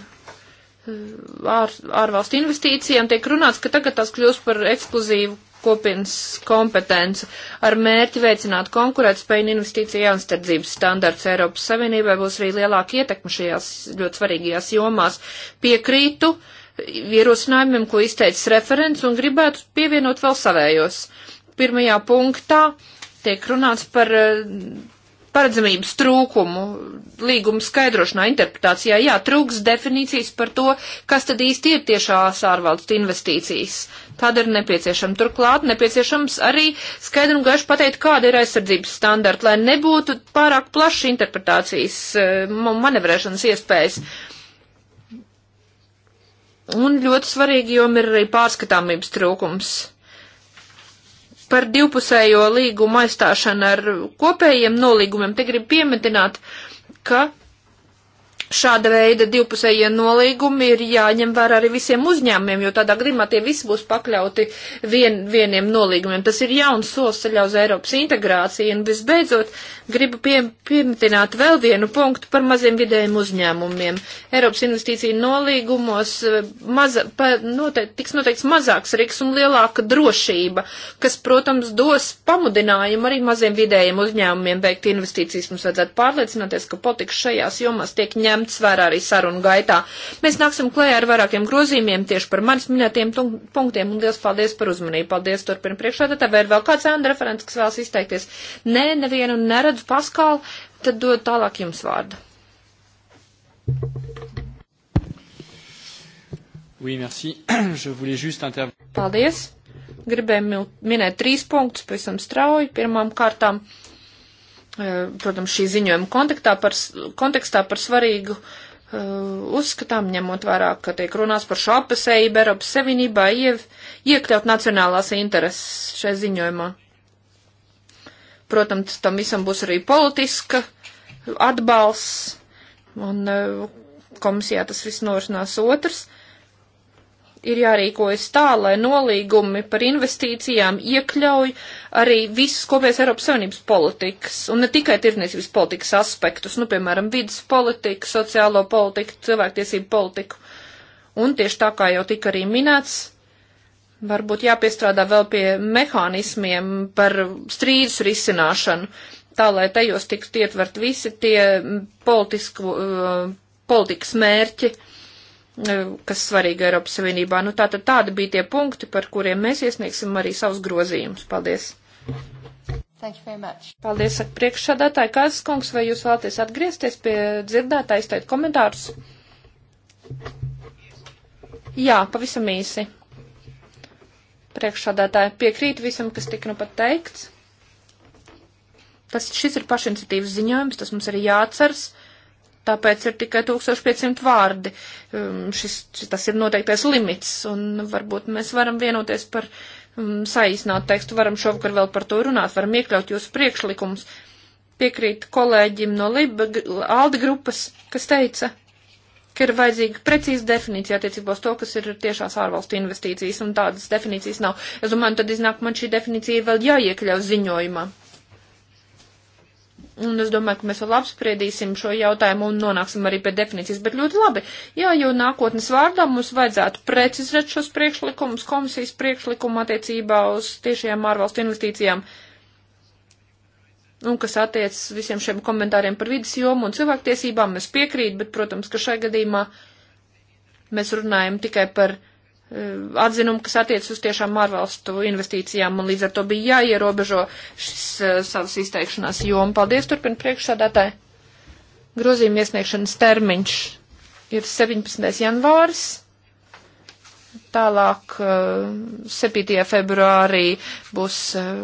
ār, ārvalstu investīcijām tiek runāts, ka tagad tas kļūs par ekskluzīvu kopienas kompetence ar mērķi veicināt konkurētspēju un investīciju jaunstedzības standarts Eiropas Savienībai būs arī lielāka ietekme šajās ļoti svarīgajās jomās. Piekrītu ierosinājumiem, ko izteicis referents un gribētu pievienot vēl savējos. Pirmajā punktā tiek runāts par uh, paredzamības trūkumu, līguma skaidrošanā, interpretācijā, jā, trūks definīcijas par to, kas tad īsti ir tiešās ārvalstu investīcijas. Tāda ir nepieciešama. Turklāt nepieciešams arī skaidri un gaiši pateikt, kāda ir aizsardzības standarta, lai nebūtu pārāk plašas interpretācijas, eh, manevrēšanas iespējas. Un ļoti svarīgi, jo ir arī pārskatāmības trūkums par divpusējo līgumu aizstāšanu ar kopējiem nolīgumiem, te gribu piemetināt, ka Šāda veida divpusējie nolīgumi ir jāņem vērā arī visiem uzņēmumiem, jo tādā gadījumā tie visi būs pakļauti vien, vieniem nolīgumiem. Tas ir jauns solis ceļā uz Eiropas integrāciju. Un visbeidzot, gribu pie, piemitināt vēl vienu punktu par maziem vidējiem uzņēmumiem. Eiropas investīcija nolīgumos eh, maza, pa, noteikti, tiks noteikts mazāks riks un lielāka drošība, kas, protams, dos pamudinājumu arī maziem vidējiem uzņēmumiem veikt investīcijas. Mums vajadzētu pārliecināties, ka politika šajās jomās tiek ņemta ņemts vērā arī sarunu gaitā. Mēs nāksim klējā ar vairākiem grozījumiem tieši par manis minētiem punktiem, un liels paldies par uzmanību. Paldies turpina priekšā, tad vēl vēl kāds ēna referents, kas vēlas izteikties. Nē, nevienu neredzu paskālu, tad dod tālāk jums vārdu. Oui, merci. Je voulais juste intervenir. Paldies. Gribēju minēt trīs punktus, pavisam strauji. Pirmām kārtām Eh, protams, šī ziņojuma kontekstā par, kontekstā par svarīgu eh, uzskatām, ņemot vērā, ka tiek runās par šo apesējību Eiropas Savienībā, iekļaut nacionālās intereses šajā ziņojumā. Protams, tam visam būs arī politiska atbalsts, un eh, komisijā tas viss norisinās otrs. Uh, ir jārīkojas tā, lai nolīgumi par investīcijām iekļauj arī visas kopējas Eiropas Savienības politikas, un ne tikai tirdzniecības politikas aspektus, nu, piemēram, vidas politiku, sociālo politiku, cilvēktiesību politiku. Un tieši tā kā jau tika arī minēts, varbūt jāpiestrādā vēl pie mehānismiem par strīdus risināšanu, tā lai tajos tiktu ietvert visi tie politisku, uh, politikas mērķi. Uh, E, kas svarīga Eiropas Savienībā. Nu, tātad tādi bija tie punkti, par kuriem mēs iesniegsim arī savus grozījumus. Paldies! Paldies, saka priekšsādātāji Kāzas kungs, vai jūs vēlaties atgriezties pie dzirdētā, izteikt komentārus? Jā, pavisam īsi. Priekšsādātāji piekrīt visam, kas tika nu pat teikts. Tas šis ir pašiniciatīvas ziņojums, tas mums arī jāatceras tāpēc ir tikai 1500 vārdi. Um, šis, tas ir noteiktais limits, un varbūt mēs varam vienoties par um, saīsnātu tekstu, varam šovakar vēl par to runāt, varam iekļaut jūsu priekšlikumus. Piekrīt kolēģim no Liba, Aldi grupas, kas teica, ka ir vajadzīga precīza definīcija attiecībā uz to, kas ir tiešās ārvalstu investīcijas, un tādas definīcijas nav. Es domāju, tad iznāk man šī definīcija vēl jāiekļauj ziņojumā. Un es domāju, ka mēs vēl apspriedīsim šo jautājumu un nonāksim arī pie definīcijas, bet ļoti labi. Jā, jo nākotnes vārdā mums vajadzētu precizēt šos priekšlikumus, komisijas priekšlikumu attiecībā uz tiešajām ārvalstu investīcijām. Un kas attiecas visiem šiem komentāriem par vidas jomu un cilvēktiesībām, mēs piekrīt, bet, protams, ka šai gadījumā mēs runājam tikai par Eh, atzinumu, kas attiec uz tiešām ārvalstu investīcijām, un līdz ar to bija jāierobežo šis uh, savas izteikšanās joma. Paldies, turpin priekšsādātāji. Grozījuma iesniegšanas termiņš ir 17. janvāris, tālāk uh, eh, 7. februārī būs uh,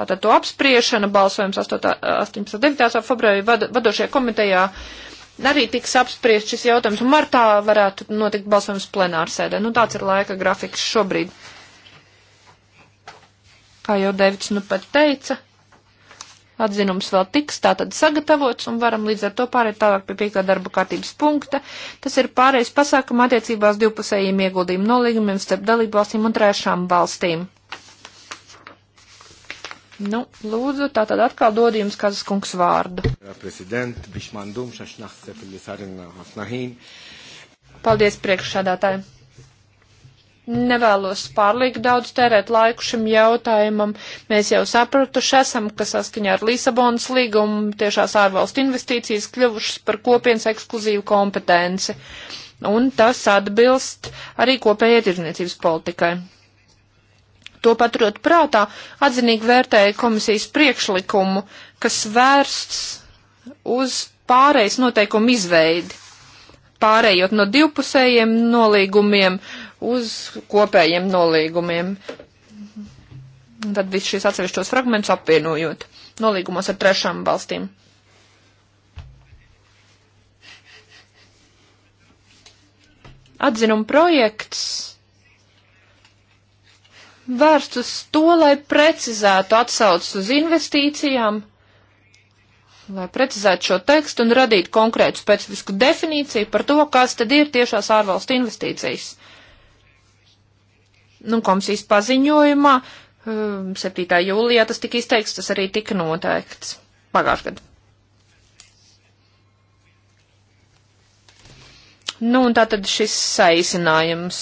tātad to apspriešana, balsojums 8. 18. 9. februārī vado, vadošajā komitejā. Uh, arī tiks apspriest šis jautājums, un martā varētu notikt balsojums plenārsēdē. Nu, tāds ir laika grafiks šobrīd. Kā jau Devits nu pat teica, atzinums vēl tiks tātad sagatavots, un varam līdz ar to pārēt tālāk pie piektā darba kārtības punkta. Tas ir pārējais pasākuma attiecībās divpusējiem ieguldījumu nolīgumiem starp dalībvalstīm un trešām valstīm. Nu, lūdzu, tā tad atkal dod jums Kazas kungs vārdu. Paldies priekšsādātājiem. Nevēlos pārlieku daudz tērēt laiku šim jautājumam. Mēs jau sapratuši esam, ka saskaņā ar Lisabonas līgumu tiešās ārvalstu investīcijas kļuvušas par kopienas ekskluzīvu kompetenci. Un tas atbilst arī kopējai tirdzniecības politikai. To paturot prātā, atzinīgi vērtēja komisijas priekšlikumu, kas vērsts uz pārējais noteikumu izveidi, pārējot no divpusējiem nolīgumiem uz kopējiem nolīgumiem. Un tad viss šīs atsevišķos fragmentus apvienojot nolīgumos ar trešām valstīm. Atzinuma projekts vērsts uz to, lai precizētu atsaucas uz investīcijām, lai precizētu šo tekstu un radītu konkrētu specifisku definīciju par to, kas tad ir tiešās ārvalstu investīcijas. Nu, komisijas paziņojumā 7. Um, jūlijā tas tika izteikts, tas arī tika noteikts pagājušajā gadā. Nu, un tā tad šis saīsinājums.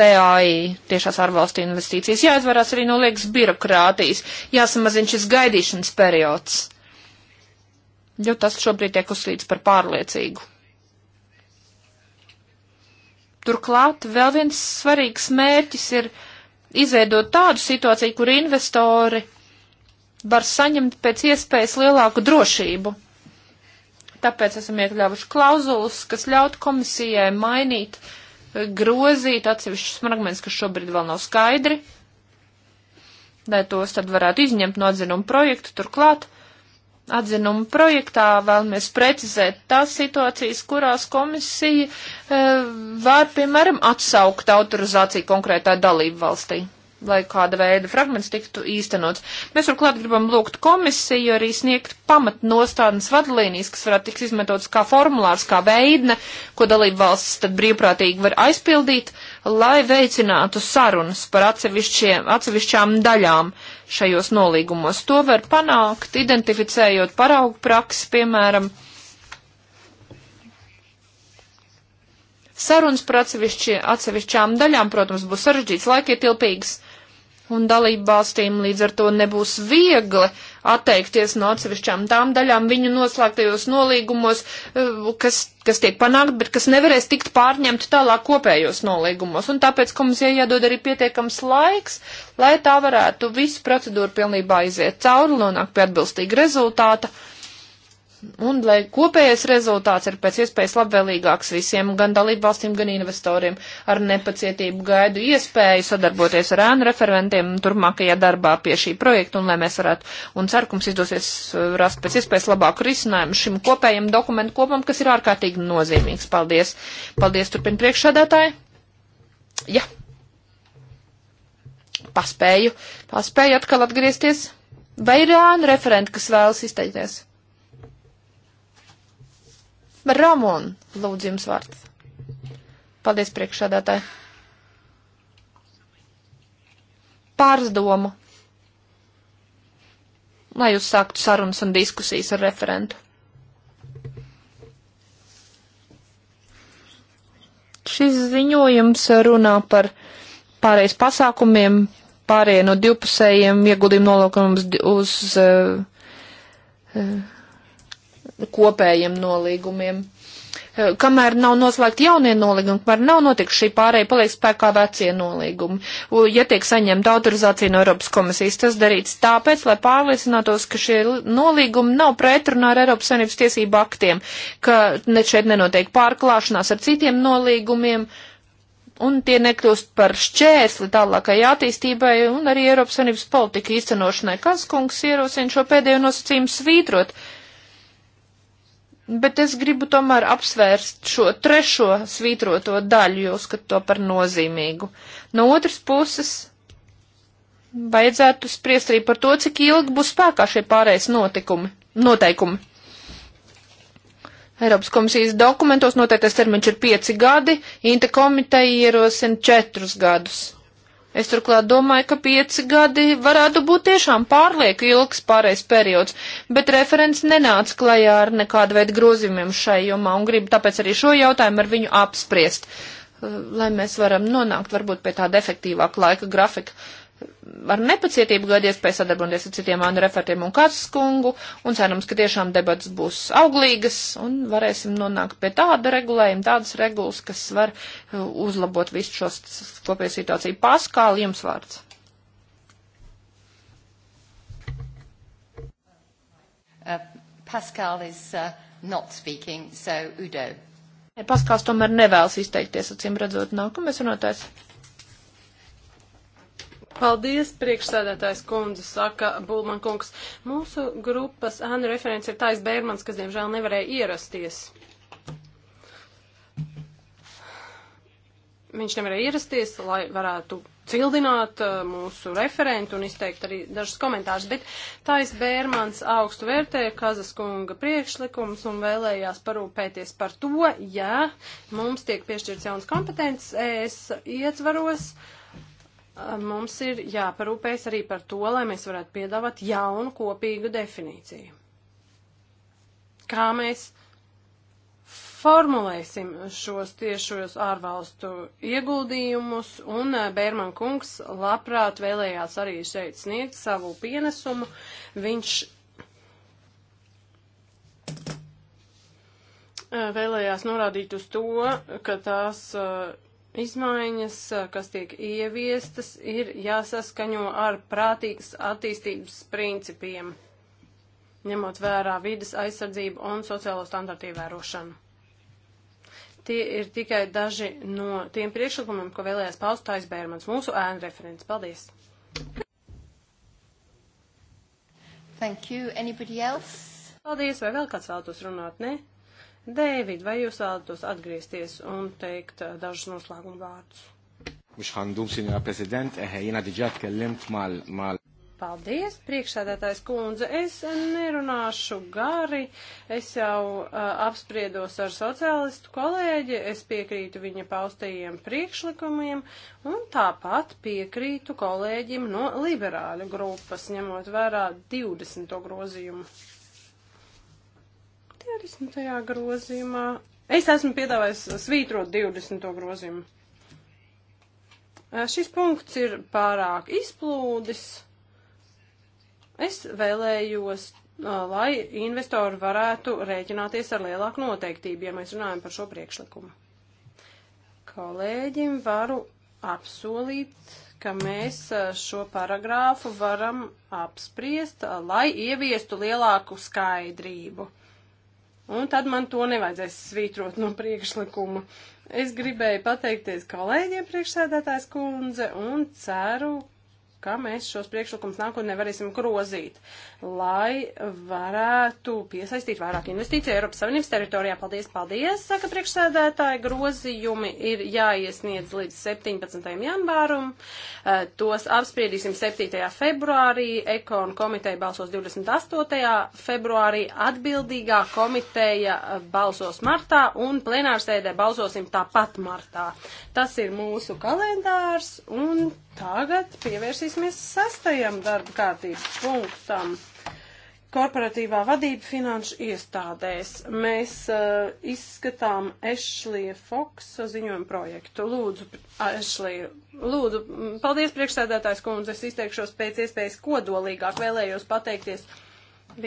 TAI tiešās ārvalstu investīcijas, jāizvarās arī no liekas birokrātijas, jāsamazina šis gaidīšanas periods, jo tas šobrīd tiek uzskatīts par pārliecīgu. Turklāt vēl viens svarīgs mērķis ir izveidot tādu situāciju, kur investori var saņemt pēc iespējas lielāku drošību. Tāpēc esam iekļāvuši klauzulas, kas ļaut komisijai mainīt uh, grozīt atsevišķus fragmentus, kas šobrīd vēl nav skaidri, lai tos tad varētu izņemt no atzinuma projekta. Turklāt atzinuma projektā vēlamies precizēt tās situācijas, kurās komisija e, var, piemēram, atsaukt autorizāciju konkrētā dalību valstī lai kāda veida fragments tiktu īstenots. Mēs turklāt gribam lūgt komisiju arī sniegt pamatnostādnes vadlīnijas, kas varētu tiks izmetotas kā formulārs, kā veidne, ko dalību valsts tad brīvprātīgi var aizpildīt, lai veicinātu sarunas par atsevišķām daļām šajos nolīgumos. To var panākt, identificējot paraugu praksi, piemēram, Sarunas par atsevišķi, atsevišķām daļām, protams, būs sarežģīts, laikietilpīgs, un dalību valstīm līdz ar to nebūs viegli atteikties no atsevišķām tām daļām viņu noslēgtajos nolīgumos, eh, kas, kas tiek panākt, bet kas nevarēs tikt pārņemt tālāk kopējos nolīgumos. Un tāpēc komisijai jādod arī pietiekams laiks, lai tā varētu visu procedūru pilnībā iziet cauri, nonākt pie atbilstīga rezultāta. Uh, un lai kopējais rezultāts ir pēc iespējas labvēlīgāks visiem, gan dalībvalstīm, gan investoriem. Ar nepacietību gaidu iespēju sadarboties ar ēnu referentiem turpmākajā darbā pie šī projekta, un lai mēs varētu, un ceru, ka mums izdosies uh, rast pēc iespējas labāku risinājumu šim kopējam dokumentu kopam, kas ir ārkārtīgi nozīmīgs. Paldies! Paldies, turpin priekšsādātāji! Jā! Paspēju, paspēju atkal atgriezties. Vai ir ēnu referenti, kas vēlas izteikties? Ramon, lūdzu jums vārds. Paldies priekšādātāji. Pārsdomu. Lai jūs sāktu sarunas un diskusijas ar referentu. Šis ziņojums runā par pārējais pasākumiem, pārējie no divpusējiem ieguldījumu nolūkumiem uz uh, uh, kopējiem nolīgumiem. Eh, kamēr nav noslēgti jaunie nolīgumi, kamēr nav notikuši šī pārēja, paliek spēkā vecie nolīgumi. Ja tiek saņemta autorizācija no Eiropas komisijas, tas darīts tāpēc, lai pārliecinātos, ka šie nolīgumi nav pretrunā ar Eiropas Savienības tiesību aktiem, ka ne šeit nenotiek pārklāšanās ar citiem nolīgumiem un tie nekļūst par šķērsli tālākai attīstībai un arī Eiropas Savienības politika īstenošanai. Kas kungs ierosina šo pēdējo nosacījumu svītrot? Bet es gribu tomēr apsvērst šo trešo svītroto daļu, jo uzskatu to par nozīmīgu. No otras puses, vajadzētu spriest arī par to, cik ilgi būs spēkā šie pārējais notikumi, noteikumi. Eiropas komisijas dokumentos noteiktais termiņš ir pieci gadi, Inte komiteja ierosina četrus gadus. Es turklāt domāju, ka pieci gadi varētu būt tiešām pārlieku ilgs pārējais periods, bet referents nenāca klajā ar nekādu veidu grozījumiem šai jomā un gribu tāpēc arī šo jautājumu ar viņu apspriest, lai mēs varam nonākt varbūt pie tāda efektīvāka laika grafika ar nepacietību gaidu iespēju sadarboties ar citiem ANU referentiem un Karskungu, un cerams, ka tiešām debats būs auglīgas, un varēsim nonākt pie tāda regulējuma, tādas regulas, kas var uh, uzlabot visu šo kopēju situāciju. Paskāli, jums vārds. Uh, Pascal is uh, not speaking, so Udo. Paskals tomēr nevēlas izteikties, acīm redzot, nākamais runātājs. Paldies, priekšsēdētājs kundze, saka Bulman kungs. Mūsu grupas ēnu referents ir Tais Bērmans, kas diemžēl nevarēja ierasties. Viņš nevarēja ierasties, lai varētu cildināt uh, mūsu referentu un izteikt arī dažus komentārus, bet Tais Bērmans augstu vērtēja Kazas kunga priekšlikums un vēlējās parūpēties par to, ja mums tiek piešķirts jauns kompetences ES ietvaros. Uh, mums ir jāparūpējas arī par to, lai mēs varētu piedāvāt jaunu kopīgu definīciju. Kā mēs formulēsim šos tiešos ārvalstu ieguldījumus, un eh, Bērman kungs labprāt vēlējās arī šeit sniegt savu pienesumu. Viņš eh, vēlējās norādīt uz to, ka tās uh, Izmaiņas, kas tiek ieviestas, ir jāsaskaņo ar prātīgas attīstības principiem, ņemot vērā vidas aizsardzību un sociālo standartu ievērošanu. Tie ir tikai daži no tiem priekšlikumiem, ko vēlējās paust aizbērmans mūsu ēnu referents. Paldies! Thank you. Anybody else? Paldies, vai vēl kāds vēlētos runāt? Nē? Dēvid, vai jūs vēlatos atgriezties un teikt eh, dažus noslēguma vārdus? مش هندوم سينيور بريزيدنت هنا ديجا اتكلمت مع مع Paldies, priekšsēdētājs kundze. Es nerunāšu gari. Es jau uh, apspriedos ar sociālistu kolēģi, es piekrītu viņa paustajiem priekšlikumiem un tāpat piekrītu kolēģim no liberāļu grupas, ņemot vērā 20. grozījumu. 20. grozījumā. Es esmu piedāvājis svītrot 20. grozījumu. Šis punkts ir pārāk izplūdis. Es vēlējos, lai investori varētu rēķināties ar lielāku noteiktību, ja mēs runājam par šo priekšlikumu. Kolēģim varu apsolīt, ka mēs šo paragrāfu varam apspriest, lai ieviestu lielāku skaidrību. Un tad man to nevajadzēs svītrot no priekšlikuma. Es gribēju pateikties kolēģiem priekšsēdētājs kundze un ceru, ka mēs šos priekšlikumus nākotnē varēsim grozīt, lai varētu piesaistīt vairāk investīciju Eiropas Savienības teritorijā. Paldies, paldies, saka priekšsēdētāji. Grozījumi ir jāiesniedz līdz 17. janvārum. Eh, tos apspriedīsim 7. februārī. Ekon komiteja balsos 28. februārī. Atbildīgā komiteja eh, balsos martā un plenārsēdē balsosim tāpat martā. Tas ir mūsu kalendārs un tagad pievērsīsim Pievērsīsimies sastajam darba kārtības punktam korporatīvā vadība finanšu iestādēs. Mēs uh, izskatām Ešlija Foksa ziņojumu projektu. Lūdzu, Ešlija, lūdzu, paldies priekšsēdētājs kundze, es izteikšos pēc iespējas kodolīgāk, vēlējos pateikties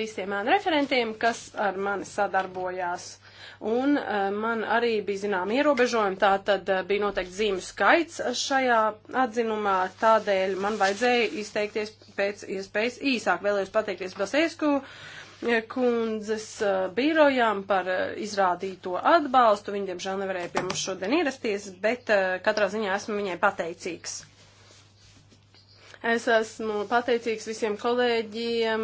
visiem man referentiem, kas ar mani sadarbojās. Un eh, man arī bija zinām ierobežojumi, tā tad eh, bija noteikti zīmju skaits šajā atzinumā, tādēļ man vajadzēja izteikties pēc iespējas īsāk. Vēlējos pateikties Basēsku eh, kundzes birojām par izrādīto atbalstu. Viņa, diemžēl, nevarēja pie mums šodien ierasties, bet katrā ziņā esmu viņai pateicīgs. Es esmu pateicīgs visiem kolēģiem,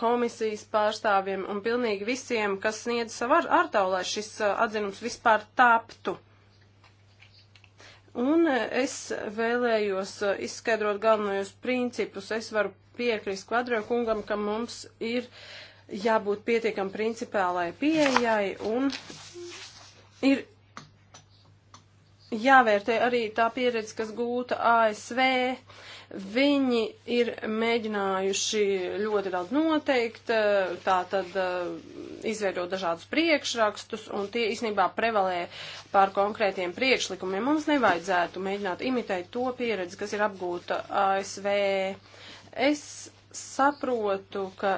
komisijas pārstāvjiem un pilnīgi visiem, kas sniedz savu ārtavu, lai šis uh, atzinums vispār taptu. Un uh, es vēlējos uh, izskaidrot galvenojos principus. Es varu piekrist kvadro kungam, ka mums ir jābūt pietiekam principālai pieejai un ir jāvērtē arī tā pieredze, kas gūta ASV. Uh, Viņi ir mēģinājuši ļoti daudz noteikt, tā tad eh, izveidot dažādus priekšrakstus, un tie īstenībā prevalē pār konkrētiem priekšlikumiem. Mums nevajadzētu mēģināt imitēt to pieredzi, kas ir apgūta ASV. Es saprotu, ka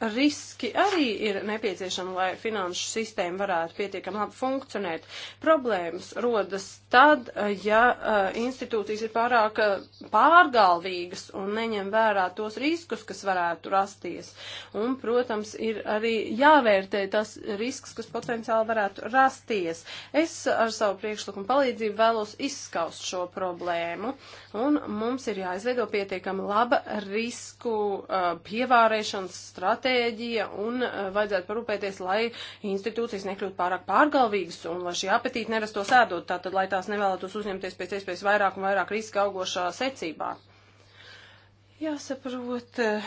riski arī ir nepieciešami, lai finanšu sistēma varētu pietiekami labi funkcionēt. Problēmas rodas tad, ja eh, institūcijas ir pārāk eh, pārgalvīgas un neņem vērā tos riskus, kas varētu rasties. Un, protams, ir arī jāvērtē tas risks, kas potenciāli varētu rasties. Es ar savu priekšlikumu palīdzību vēlos izskaust šo problēmu, un mums ir jāizveido pietiekami laba risku eh, pievārēšanas stratēģija stratēģija un eh, vajadzētu parūpēties, lai institūcijas nekļūtu pārāk pārgalvīgas un lai šī apetīte nerastos ēdot, tātad, lai tās nevēlētos uzņemties pēc iespējas vairāk un vairāk riska augošā secībā. Jāsaprot, eh,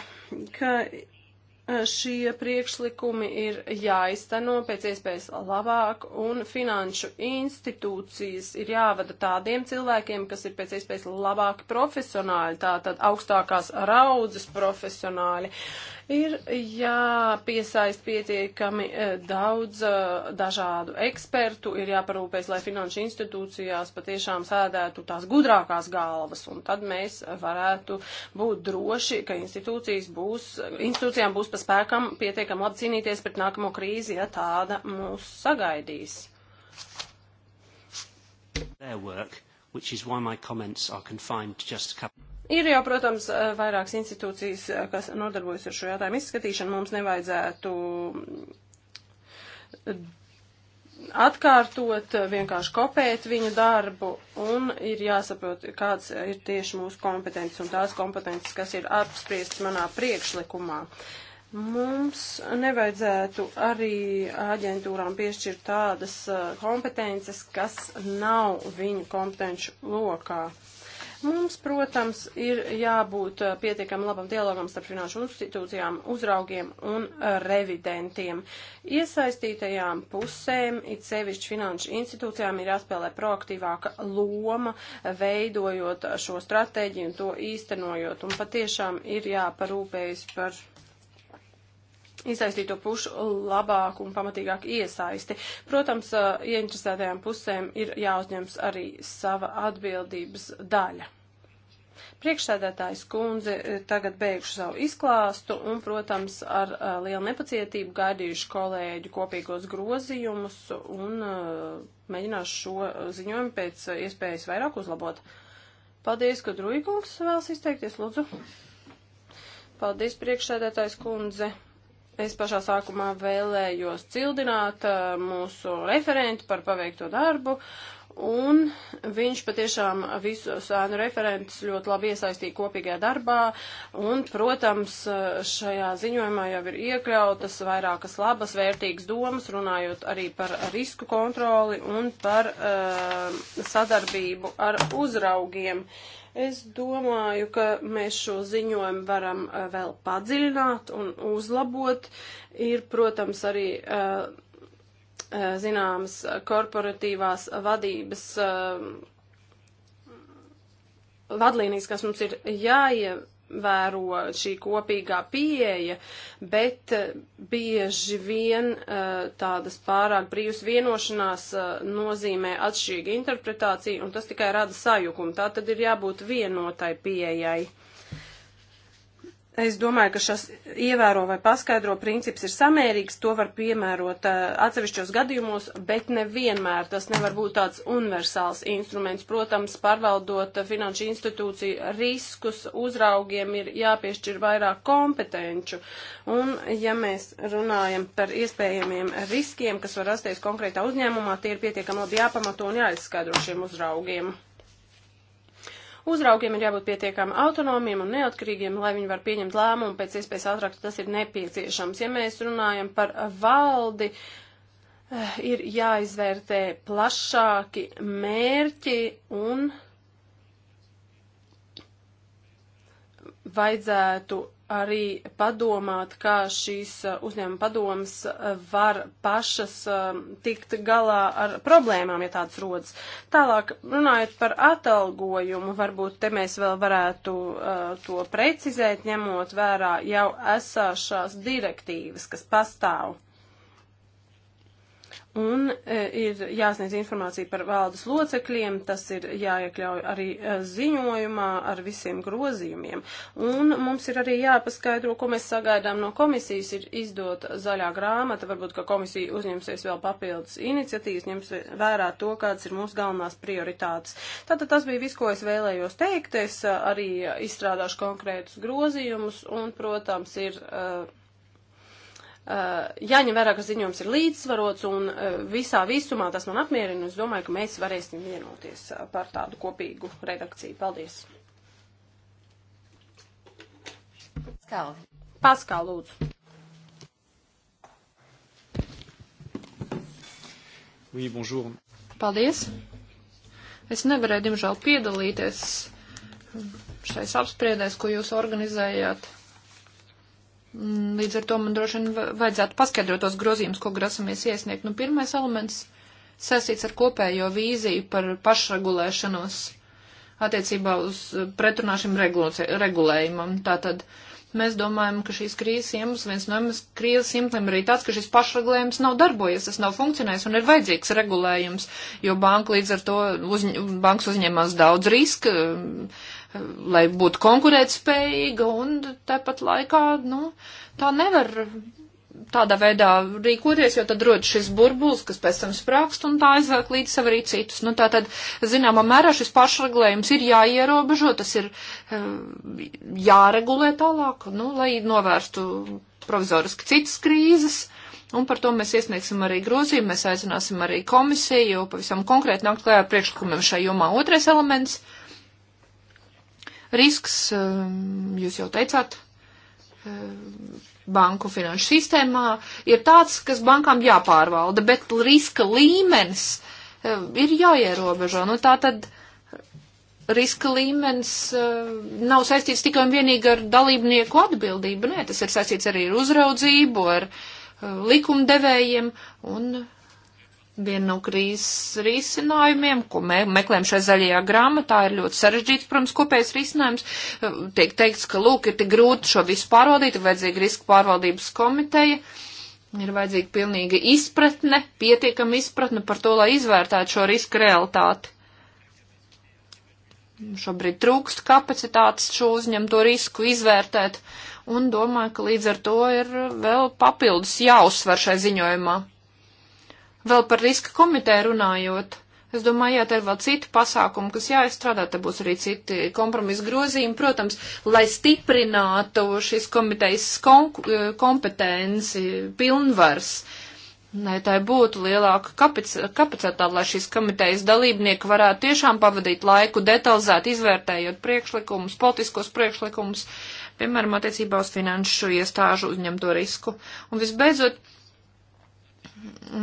ka eh, šie priekšlikumi ir jāizteno pēc iespējas labāk, un finanšu institūcijas ir jāvada tādiem cilvēkiem, kas ir pēc iespējas labāki profesionāļi, tātad augstākās raudzes profesionāļi. Uh, Ir jāpiesaist pietiekami e, daudz e, dažādu ekspertu, ir jāparūpēs, lai finanšu institūcijās patiešām sēdētu tās gudrākās galvas, un tad mēs varētu būt droši, ka institūcijas būs, institūcijām būs pa spēkam pietiekami labi cīnīties pret nākamo krīzi, ja tāda mūs sagaidīs. Their work, which is why my comments are confined to just a couple. Ir jau, protams, eh, vairākas institūcijas, eh, kas nodarbojas ar šo jautājumu izskatīšanu. Mums nevajadzētu mm, atkārtot, eh, vienkārši kopēt viņu darbu un ir jāsaprot, kāds ir tieši mūsu kompetences un tās kompetences, kas ir apspriestas manā priekšlikumā. Mums nevajadzētu arī aģentūrām piešķirt tādas kompetences, kas nav viņu kompetenču lokā. Uh, Mums, protams, ir jābūt pietiekam labam dialogam starp finanšu institūcijām, uzraugiem un revidentiem. Iesaistītajām pusēm, it sevišķi finanšu institūcijām, ir jāspēlē proaktīvāka loma, veidojot šo stratēģiju un to īstenojot. Un patiešām ir jāparūpējas par iesaistīto pušu labāku un pamatīgāku iesaisti. Protams, ieinteresētajām pusēm ir jāuzņems arī sava atbildības daļa. Priekšsēdētājs kundze tagad beigšu savu izklāstu un, protams, ar lielu nepacietību gaidījuši kolēģu kopīgos grozījumus un mēģināšu šo ziņojumu pēc iespējas vairāk uzlabot. Paldies, ka Druigungs vēlas izteikties, lūdzu. Paldies, priekšsēdētājs kundze. Es pašā sākumā vēlējos cildināt uh, mūsu referentu par paveikto darbu, un viņš patiešām visus ēnu referentus ļoti labi iesaistīja kopīgajā darbā, un, protams, uh, šajā ziņojumā jau ir iekļautas vairākas labas, vērtīgas domas, runājot arī par risku kontroli un par uh, sadarbību ar uzraugiem. Uh, Es domāju, ka mēs šo ziņojumu varam eh, vēl padziļināt un uzlabot. Ir, protams, arī eh, eh, zināmas korporatīvās vadības vadlīnijas, kas mums ir jāievēro jāievēro šī kopīgā pieeja, bet eh, bieži vien eh, tādas pārāk brīvas vienošanās eh, nozīmē atšķirīgu interpretāciju, un tas tikai rada sajukumu. Tā tad ir jābūt vienotai pieejai. Es domāju, ka šis ievēro vai paskaidro princips ir samērīgs, to var piemērot eh, atsevišķos gadījumos, bet nevienmēr tas nevar būt tāds universāls instruments. Protams, pārvaldot finanšu institūciju riskus, uzraugiem ir jāpiešķir vairāk kompetenču. Un, ja mēs runājam par iespējamiem riskiem, kas var rasties konkrētā uzņēmumā, tie ir pietiekami labi jāpamato un jāizskaidro šiem uzraugiem. Uzraugiem ir jābūt pietiekami autonomiem un neatkarīgiem, lai viņi var pieņemt lēmumu pēc iespējas ātrāk, tas ir nepieciešams. Ja mēs runājam par valdi, eh, ir jāizvērtē plašāki mērķi un vajadzētu arī padomāt, kā šīs uh, uzņēmuma padomas uh, var pašas um, tikt galā ar problēmām, ja tādas rodas. Tālāk, runājot par atalgojumu, varbūt te mēs vēl varētu uh, to precizēt, ņemot vērā jau esāšās direktīvas, kas pastāv. Un e, ir jāsniedz informācija par valdes locekļiem, tas ir jāiekļauj arī e, ziņojumā ar visiem grozījumiem. Un mums ir arī jāpaskaidro, ko mēs sagaidām no komisijas, ir izdot zaļā grāmata, varbūt, ka komisija uzņemsies vēl papildus iniciatīvas, ņems vērā to, kādas ir mūsu galvenās prioritātes. Tātad tas bija viss, ko es vēlējos teikt, es e, arī izstrādāšu konkrētus grozījumus un, protams, ir. E, Eh, jāņem vērā, ka ziņojums ir līdzsvarots un eh, visā visumā tas man apmierina. Es domāju, ka mēs varēsim vienoties eh, par tādu kopīgu redakciju. Paldies! Paskal. Paskal, lūdzu. Oui, bonjour. Paldies. Es nevarēju, dimžēl, piedalīties šais apspriedēs, ko jūs organizējāt Līdz ar to man droši vien vajadzētu paskaidrot tos grozījumus, ko grasamies iesniegt. Nu, pirmais elements sasīts ar kopējo vīziju par pašregulēšanos attiecībā uz eh, pretrunā šim regulējumam. Tātad Mēs domājam, ka šīs krīzes iemesls, viens no krīzes iemesliem ir arī tāds, ka šis pašregulējums nav darbojies, tas nav funkcionējis un ir vajadzīgs regulējums, jo banka līdz ar to uz, banks uzņemās daudz riska, lai būtu konkurētspējīga un tāpat laikā, nu, tā nevar tādā veidā rīkoties, jo tad rodas šis burbulis, kas pēc tam sprākst un tā aizvelk līdz sev arī citus. Nu, tā tad, zināmā mērā, šis pašregulējums ir jāierobežo, tas ir eh, jāregulē tālāk, nu, lai novērstu provizoriski citas krīzes. Un par to mēs iesniegsim arī grozījumu, mēs aicināsim arī komisiju, jo pavisam konkrēti nākt klājā priekšlikumiem šai jomā. Otrais elements - risks, eh, jūs jau teicāt, eh, banku finanšu sistēmā ir tāds, kas bankām jāpārvalda, bet riska līmenis eh, ir jāierobežo. Nu, tā tad riska līmenis eh, nav saistīts tikai un vienīgi ar dalībnieku atbildību, nē, tas ir saistīts arī ar uzraudzību, ar eh, likumdevējiem, un Viena no krīzes risinājumiem, ko me, meklējam šajā zaļajā grāmatā, ir ļoti sarežģīts, protams, kopējs risinājums. Tiek teikts, ka, lūk, ir tik grūti šo visu pārvaldīt, ir vajadzīga riska pārvaldības komiteja, ir vajadzīga pilnīga izpratne, pietiekama izpratne par to, lai izvērtētu šo risku realitāti. Šobrīd trūkst kapacitātes šo uzņemto risku izvērtēt, un domāju, ka līdz ar to ir vēl papildus jāuzsver šai ziņojumā Vēl par riska komiteju runājot, es domāju, jā, te ir vēl citi pasākumi, kas jāizstrādā, te būs arī citi kompromisa grozījumi, protams, lai stiprinātu šīs komitejas eh, kompetenci, pilnvars. Lai tā būtu lielāka kapacitāte, lai šīs komitejas dalībnieki varētu tiešām pavadīt laiku detalizēt, izvērtējot priekšlikumus, politiskos priekšlikumus, piemēram, attiecībā uz finanšu iestāžu uzņemto risku. Un visbeidzot,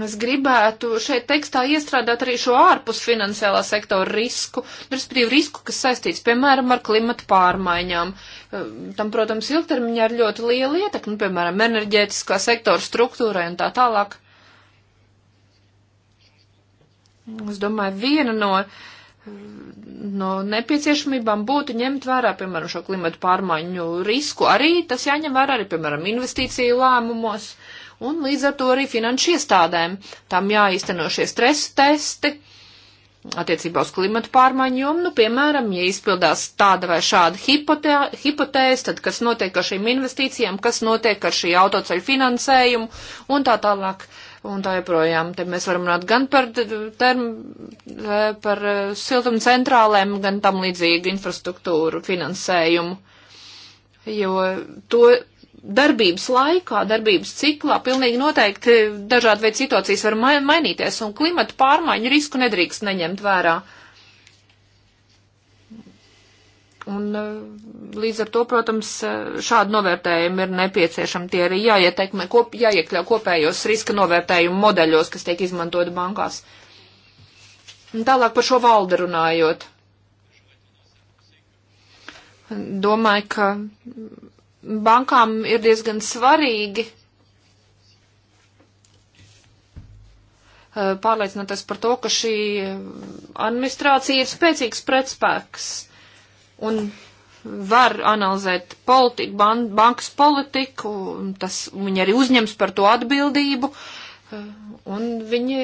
Es gribētu šeit tekstā iestrādāt arī šo ārpus finansiālā sektora risku, respektīvi risku, kas saistīts, piemēram, ar klimatu pārmaiņām. Ehm, tam, protams, ilgtermiņā ir ļoti liela ietekme, nu, piemēram, enerģētiskā sektora struktūrai un tā tālāk. Es domāju, viena no, no nepieciešamībām būtu ņemt vērā, piemēram, šo klimatu pārmaiņu risku. Arī tas jāņem vērā arī, piemēram, investīciju lēmumos. Uh, un līdz ar to arī finanšu iestādēm. Tam jāīsteno šie stresa testi attiecībā uz klimatu pārmaiņu, jo, nu, piemēram, ja izpildās tāda vai šāda hipotē, hipotēze, tad kas notiek ar šīm investīcijām, kas notiek ar šī autoceļu finansējumu un tā tālāk. Un tā joprojām, te mēs varam runāt gan par, term, e, par e, siltum centrālēm, gan tam līdzīgu infrastruktūru finansējumu, jo to darbības laikā, darbības ciklā pilnīgi noteikti dažādi veidi situācijas var mai mainīties, un klimata pārmaiņu risku nedrīkst neņemt vērā. Un eh, līdz ar to, protams, eh, šādi novērtējumi ir nepieciešami. Tie arī jāietekmē, kop, jāiekļau kopējos riska novērtējumu modeļos, kas tiek izmantoti bankās. Un tālāk par šo valdi runājot. Domāju, ka bankām ir diezgan svarīgi eh, pārliecināties par to, ka šī administrācija ir spēcīgs pretspēks un var analizēt politiku, ban bankas politiku, tas viņi arī uzņems par to atbildību, eh, un viņi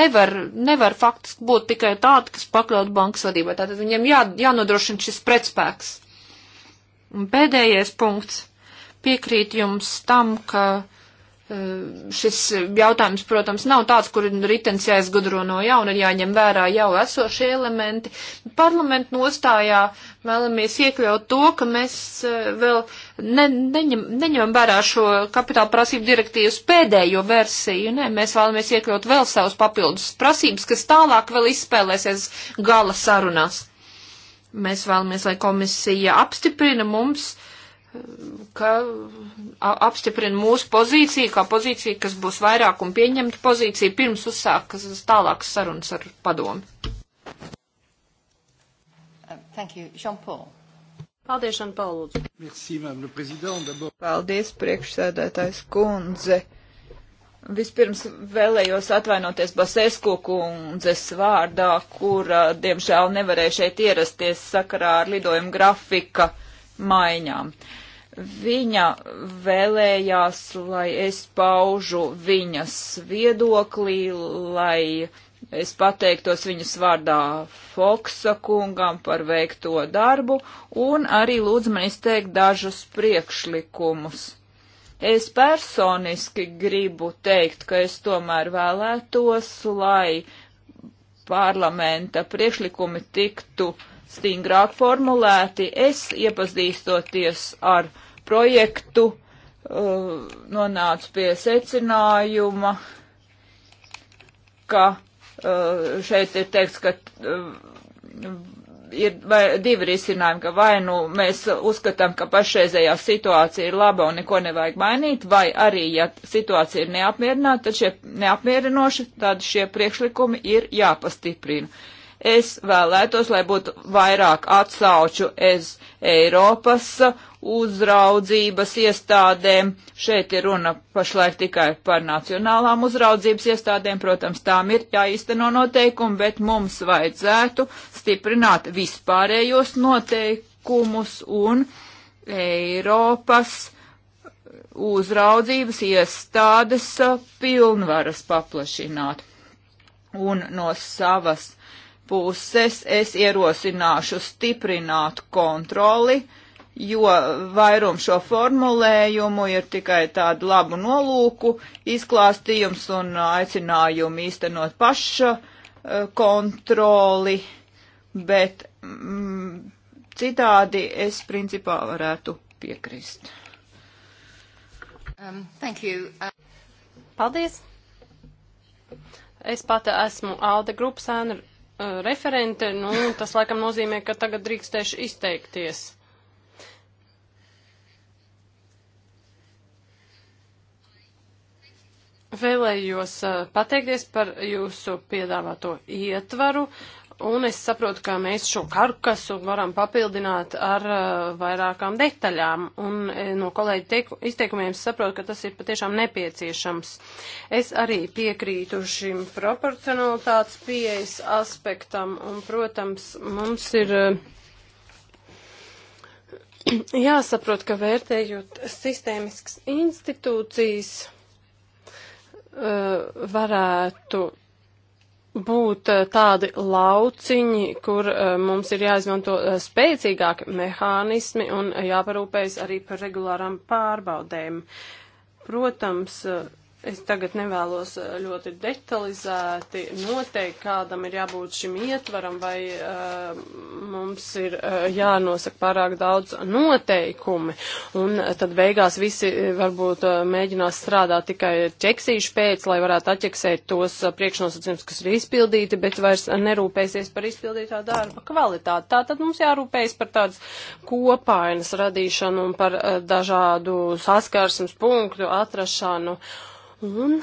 nevar, nevar faktiski būt tikai tādi, kas pakļaut bankas vadībai. Tātad viņiem jā, jānodrošina šis pretspēks. Un pēdējais punkts. Piekrīt jums tam, ka e, šis jautājums, protams, nav tāds, kur ritenis jāizgudro no jauna, ir jāņem vērā jau esošie elementi. Parlamentu nostājā vēlamies iekļaut to, ka mēs e, vēl ne, neņem, neņemam vērā šo kapitāla prasību direktīvas pēdējo versiju. Nē, mēs vēlamies iekļaut vēl savus papildus prasības, kas tālāk vēl izspēlēsies gala sarunās. Mēs vēlamies, lai komisija apstiprina mums, ka apstiprina mūsu pozīciju, kā pozīciju, kas būs vairāk un pieņemta pozīcija, pirms uzsākas tālākas sarunas ar padomu. Uh, thank you. Jean-Paul. Paldies, Jean-Paul. Merci, Madame le Président. Paldies, priekšsēdētājs kundze. Vispirms vēlējos atvainoties Basesku kundzes vārdā, kur, diemžēl, nevarēja šeit ierasties sakarā ar lidojumu grafika maiņām. Viņa vēlējās, lai es paužu viņas viedoklī, lai es pateiktos viņas vārdā Foksa kungam par veikto darbu un arī lūdzu man izteikt dažus priekšlikumus Es personiski gribu teikt, ka es tomēr vēlētos, lai parlamenta priekšlikumi tiktu stingrāk formulēti. Es iepazīstoties ar projektu, uh, nonācu pie secinājuma, ka uh, šeit ir teikts, ka uh, ir vai, divi risinājumi, ka vai nu mēs uzskatām, ka pašreizējā situācija ir laba un neko nevajag mainīt, vai arī, ja situācija ir neapmierināta, tad šie neapmierinoši, tad šie priekšlikumi ir jāpastiprina. Es vēlētos, lai būtu vairāk atsauču es Eiropas uzraudzības iestādēm. Šeit ir runa pašlaik tikai par nacionālām uzraudzības iestādēm. Protams, tām ir jāizteno noteikumi, bet mums vajadzētu stiprināt vispārējos noteikumus un Eiropas uzraudzības iestādes pilnvaras paplašināt. Un no savas puses es ierosināšu stiprināt kontroli, jo vairums šo formulējumu ir tikai tādu labu nolūku izklāstījums un aicinājumu īstenot paša eh, kontroli, bet mm, citādi es principā varētu piekrist. Um, thank you. Um... Paldies. Es pati esmu Alde grupas ēna Eh, referente, nu, tas laikam nozīmē, ka tagad drīkstēšu izteikties. Vēlējos eh, pateikties par jūsu piedāvāto ietvaru un es saprotu, ka mēs šo karkasu varam papildināt ar uh, vairākām detaļām, un e, no kolēģi teiku, izteikumiem es saprotu, ka tas ir patiešām nepieciešams. Es arī piekrītu šim proporcionalitātes pieejas aspektam, un, protams, mums ir. Uh, jāsaprot, ka vērtējot sistēmiskas institūcijas, uh, varētu būt eh, tādi lauciņi, kur eh, mums ir jāizmanto eh, spēcīgāki mehānismi un jāparūpējas arī par regulārām pārbaudēm. Protams, Es tagad nevēlos eh, ļoti detalizēti noteikt, kādam ir jābūt šim ietvaram, vai uh, mums ir uh, jānosaka pārāk daudz noteikumi. Un uh, tad beigās visi varbūt uh, mēģinās strādāt tikai ķeksīšu pēc, lai varētu atķeksēt tos uh, priekšnosacījums, kas ir izpildīti, bet vairs nerūpēsies par izpildītā darba kvalitāti. Tātad mums jārūpējas par tādas kopainas radīšanu un par uh, dažādu saskarsmes punktu atrašanu. Uh, Un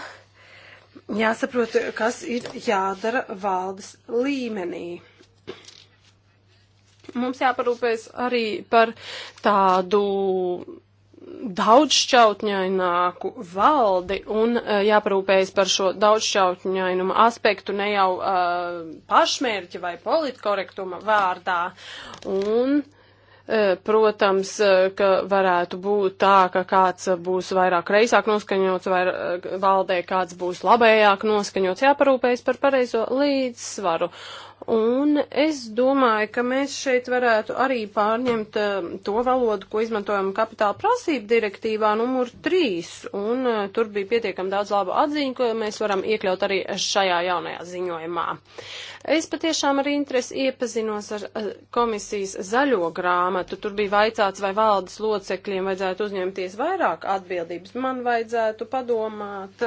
jāsaprot, kas ir jādara valdes līmenī. Mums jāparūpēs arī par tādu daudzšķautņaināku valdi un uh, jāparūpējas par šo daudzšķautņainumu aspektu ne jau uh, pašmērķa vai politkorektuma vārdā. Un E, protams, e, ka varētu būt tā, ka kāds būs vairāk reizāk noskaņots, vai e, valdē kāds būs labējāk noskaņots, jāparūpējas par pareizo līdzsvaru. Un es domāju, ka mēs šeit varētu arī pārņemt uh, to valodu, ko izmantojam kapitāla prasību direktīvā numur 3. Un uh, tur bija pietiekam daudz labu atziņu, ko mēs varam iekļaut arī šajā jaunajā ziņojumā. Es patiešām ar interesi iepazinos ar uh, komisijas zaļo grāmatu. Tur bija vaicāts, vai valdes locekļiem vajadzētu uzņemties vairāk atbildības. Man vajadzētu padomāt,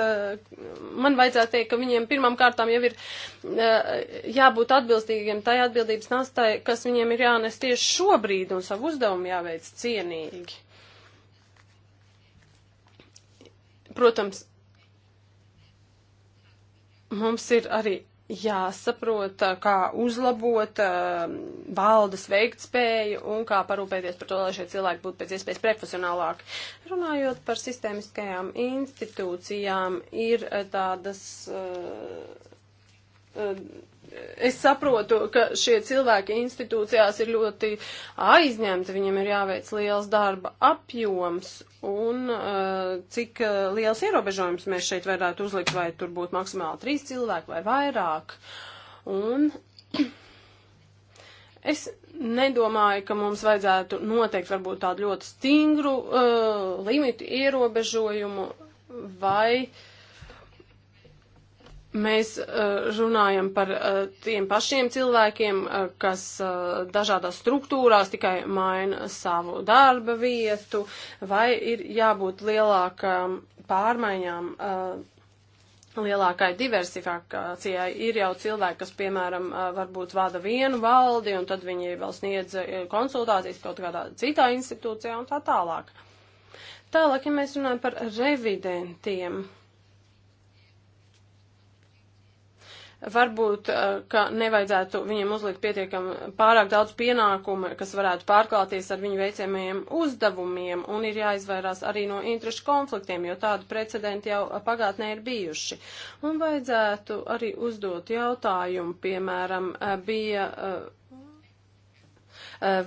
man vajadzētu teikt, ka viņiem pirmām kārtām jau ir jābūt atbildīgiem atbilstīgiem tai atbildības nastai, kas viņiem ir jānes tieši šobrīd un savu uzdevumu jāveic cienīgi. Protams, mums ir arī jāsaprot, kā uzlabot uh, valdes veiktspēju un kā parūpēties par to, lai šie cilvēki būtu pēc iespējas profesionālāki. Runājot par sistēmiskajām institūcijām, ir tādas. Uh, uh, es saprotu, ka šie cilvēki institūcijās ir ļoti aizņemti, viņiem ir jāveic liels darba apjoms un uh, cik uh, liels ierobežojums mēs šeit varētu uzlikt, vai tur būtu maksimāli trīs cilvēki vai vairāk. Un es nedomāju, ka mums vajadzētu noteikt varbūt tādu ļoti stingru uh, limitu ierobežojumu vai uh, Mēs uh, runājam par uh, tiem pašiem cilvēkiem, uh, kas uh, dažādās struktūrās tikai maina savu darba vietu, vai ir jābūt lielākām pārmaiņām, uh, lielākai diversifikācijai. Ir jau cilvēki, kas, piemēram, uh, varbūt vada vienu valdi, un tad viņi vēl sniedz konsultācijas kaut kādā citā institūcijā un tā tālāk. Tālāk, ja mēs runājam par revidentiem. Varbūt, eh, ka nevajadzētu viņiem uzlikt pietiekam pārāk daudz pienākumu, kas varētu pārklāties ar viņu veicamajiem uzdevumiem, un ir jāizvairās arī no interešu konfliktiem, jo tādu precedenti jau pagātnē ir bijuši. Un vajadzētu arī uzdot jautājumu, piemēram, eh, bija eh,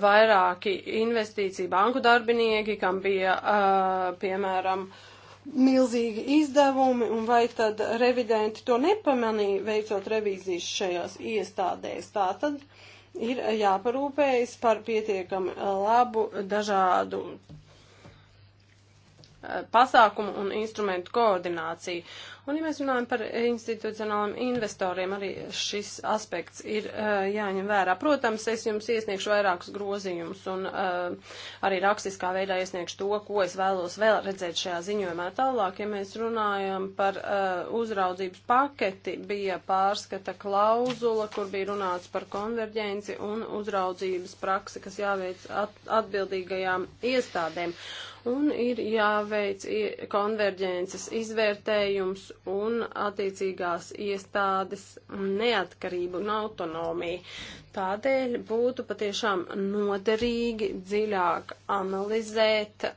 vairāki investīciju banku darbinieki, kam bija, piemēram, milzīgi izdevumi, un vai tad revidenti to nepamanīja, veicot revīzijas šajās iestādēs. Tā tad ir jāparūpējas par pietiekami eh, labu dažādu eh, pasākumu un instrumentu koordināciju. Un, ja mēs runājam par institucionāliem investoriem, arī šis aspekts ir uh, jāņem vērā. Protams, es jums iesniegšu vairākus grozījumus un uh, arī rakstiskā veidā iesniegšu to, ko es vēlos vēl redzēt šajā ziņojumā. Tālāk, ja mēs runājam par uh, uzraudzības paketi, bija pārskata klauzula, kur bija runāts par konverģenci un uzraudzības praksi, kas jāveic at atbildīgajām iestādēm un ir jāveic konverģences izvērtējums un attiecīgās iestādes neatkarību un autonomiju. Tādēļ būtu patiešām noderīgi dziļāk analizēt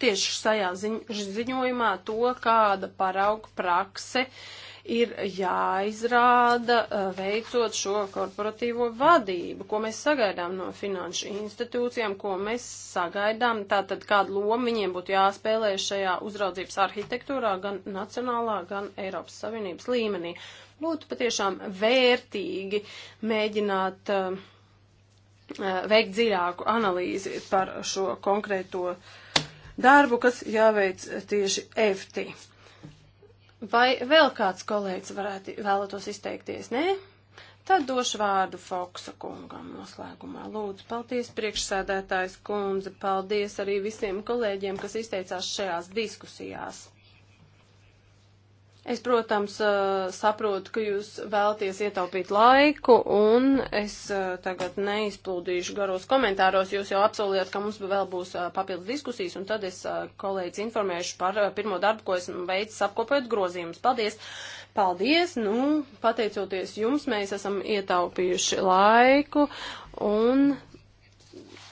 tieši šajā ziņ ziņojumā to, kāda parauga prakse uh, ir jāizrāda veicot šo korporatīvo vadību, ko mēs sagaidām no finanšu institūcijām, ko mēs sagaidām, tātad kādu lomu viņiem būtu jāspēlē šajā uzraudzības arhitektūrā gan nacionālā, gan Eiropas Savienības līmenī. Būtu patiešām vērtīgi mēģināt uh, veikt dziļāku analīzi par šo konkrēto darbu, kas jāveic tieši EFTI. Vai vēl kāds kolēģis varētu vēlētos izteikties? Nē? Tad došu vārdu Foksa kungam noslēgumā. Lūdzu, paldies priekšsēdētājs kundze, paldies arī visiem kolēģiem, kas izteicās šajās diskusijās. Es, protams, saprotu, ka jūs vēlties ietaupīt laiku, un es tagad neizplūdīšu garos komentāros. Jūs jau apsolījāt, ka mums vēl būs papildus diskusijas, un tad es kolēģis informēšu par pirmo darbu, ko esmu veicis apkopējot grozījumus. Paldies! Paldies! Nu, pateicoties jums, mēs esam ietaupījuši laiku, un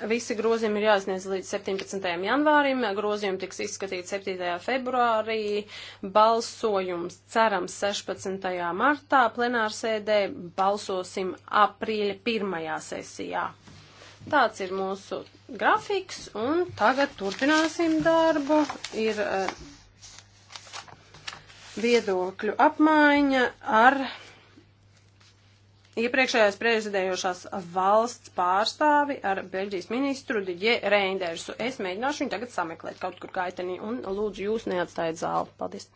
Visi grozījumi ir jāizniedz līdz 17. janvārim, grozījumi tiks izskatīti 7. februārī, balsojums cerams 16. martā, plenārsēdē balsosim aprīļa pirmajā sesijā. Tāds ir mūsu grafiks, un tagad turpināsim darbu. Ir uh, viedokļu apmaiņa ar. Iepriekšējās prezidējošās valsts pārstāvi ar Beļģijas ministru Diģie Reindersu. Es mēģināšu viņu tagad sameklēt kaut kur kaitenī un lūdzu jūs neatstājiet zāli. Paldies!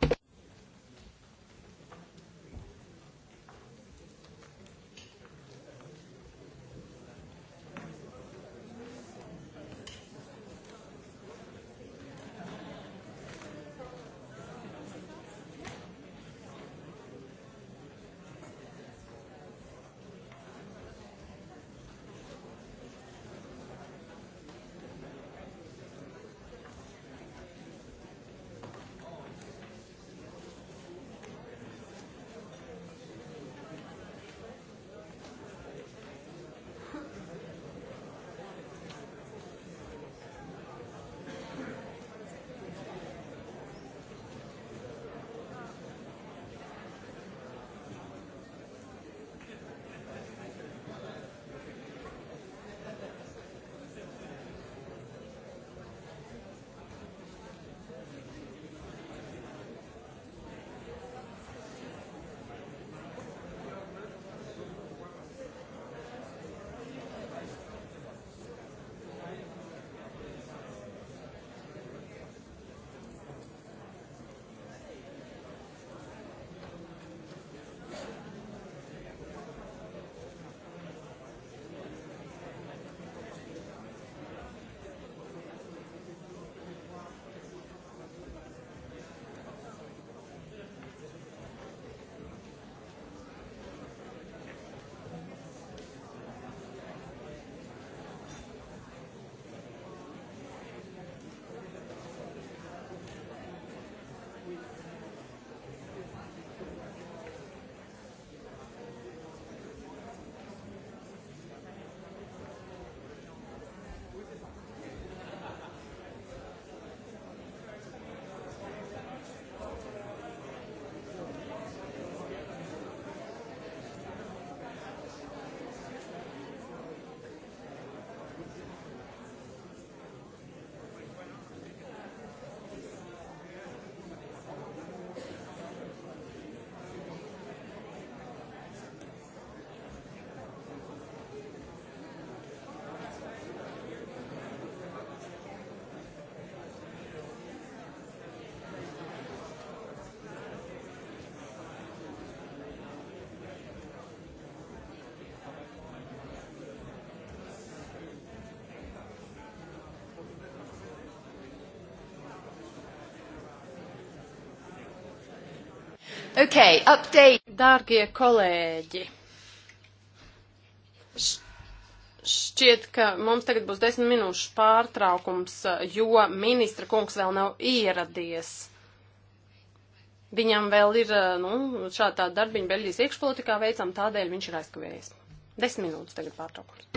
Okay, update. Dārgie kolēģi, šķiet, ka mums tagad būs desmit minūšu pārtraukums, jo ministra kungs vēl nav ieradies. Viņam vēl ir, nu, šāda darbiņa Beļģijas iekšpolitikā veicam, tādēļ viņš ir aizkavējies. Desmit minūtes tagad pārtraukums.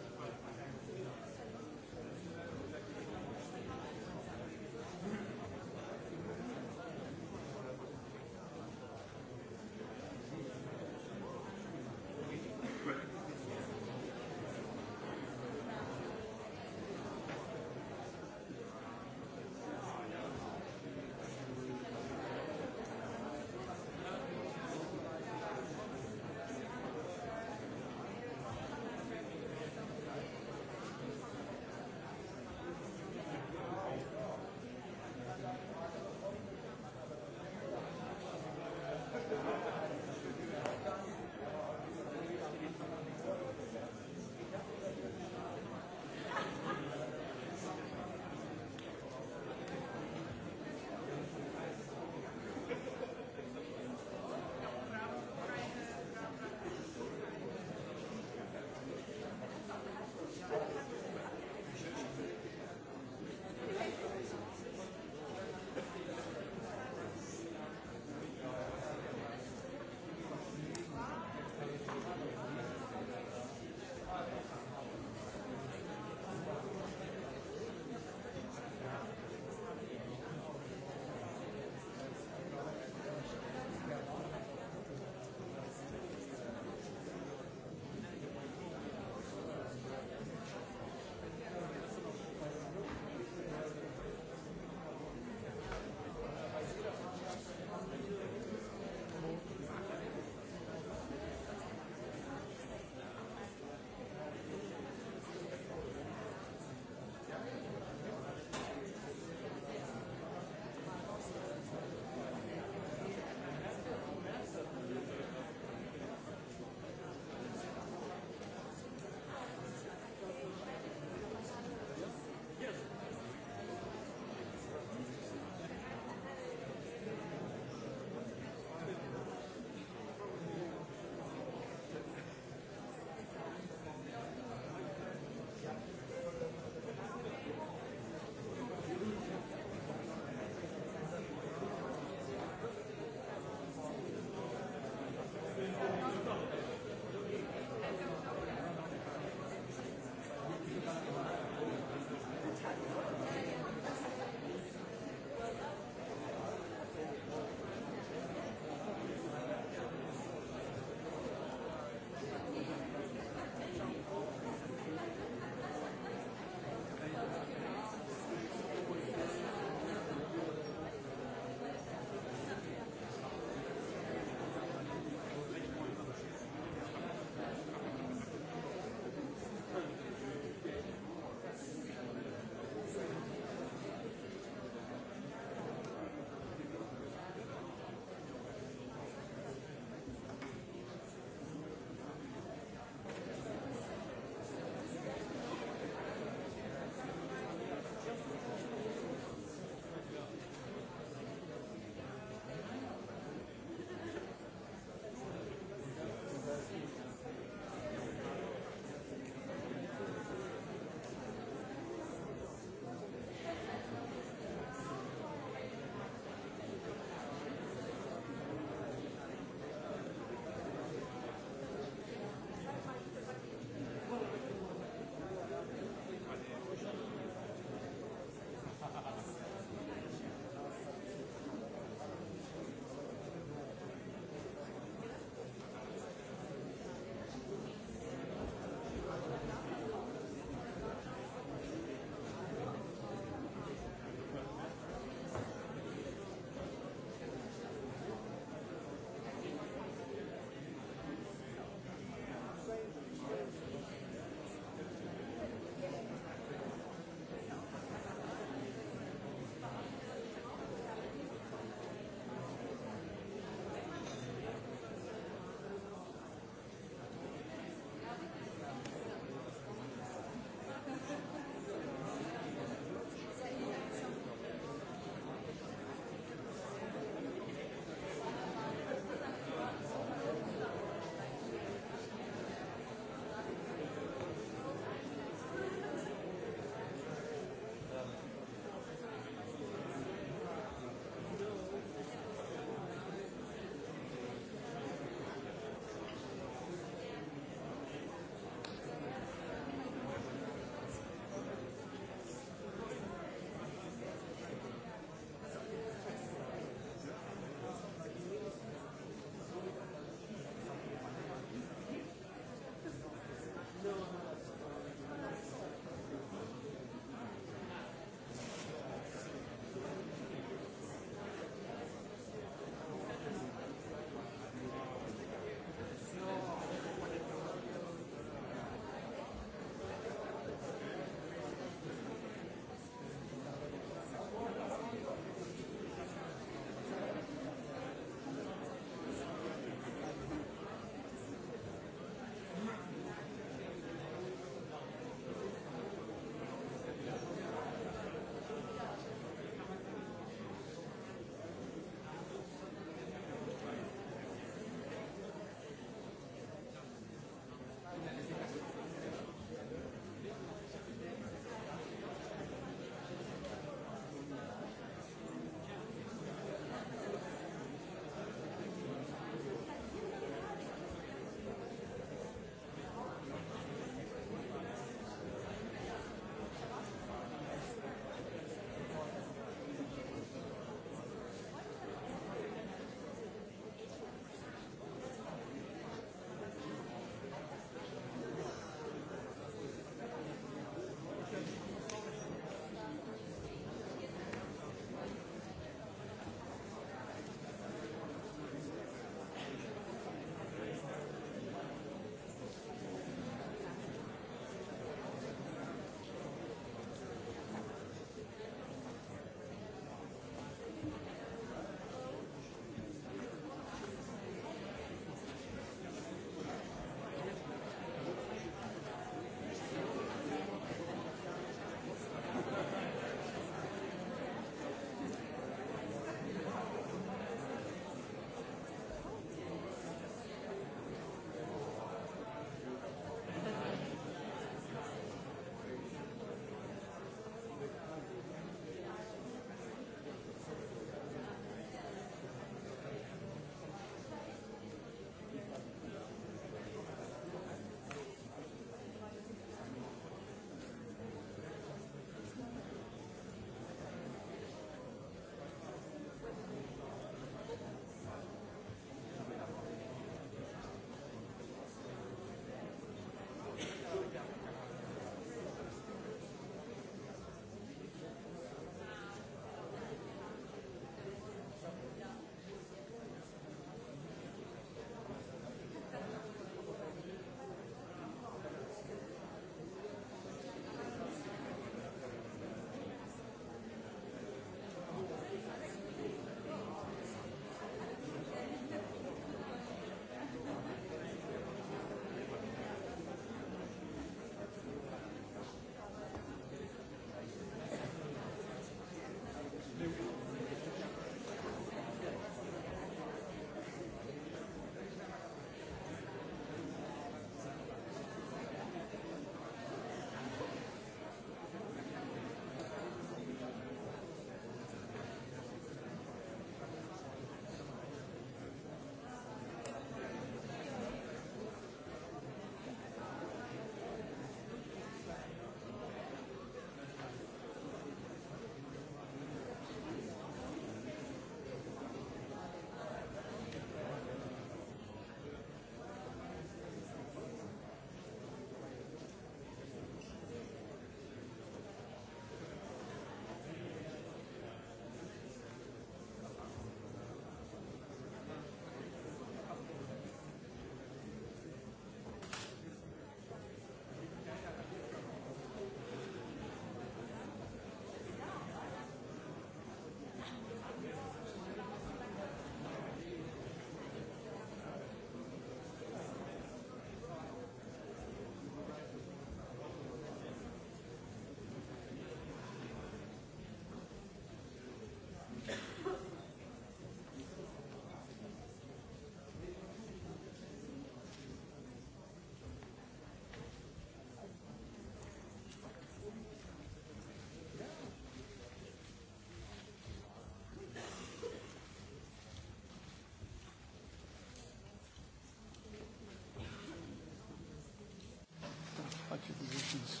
questions.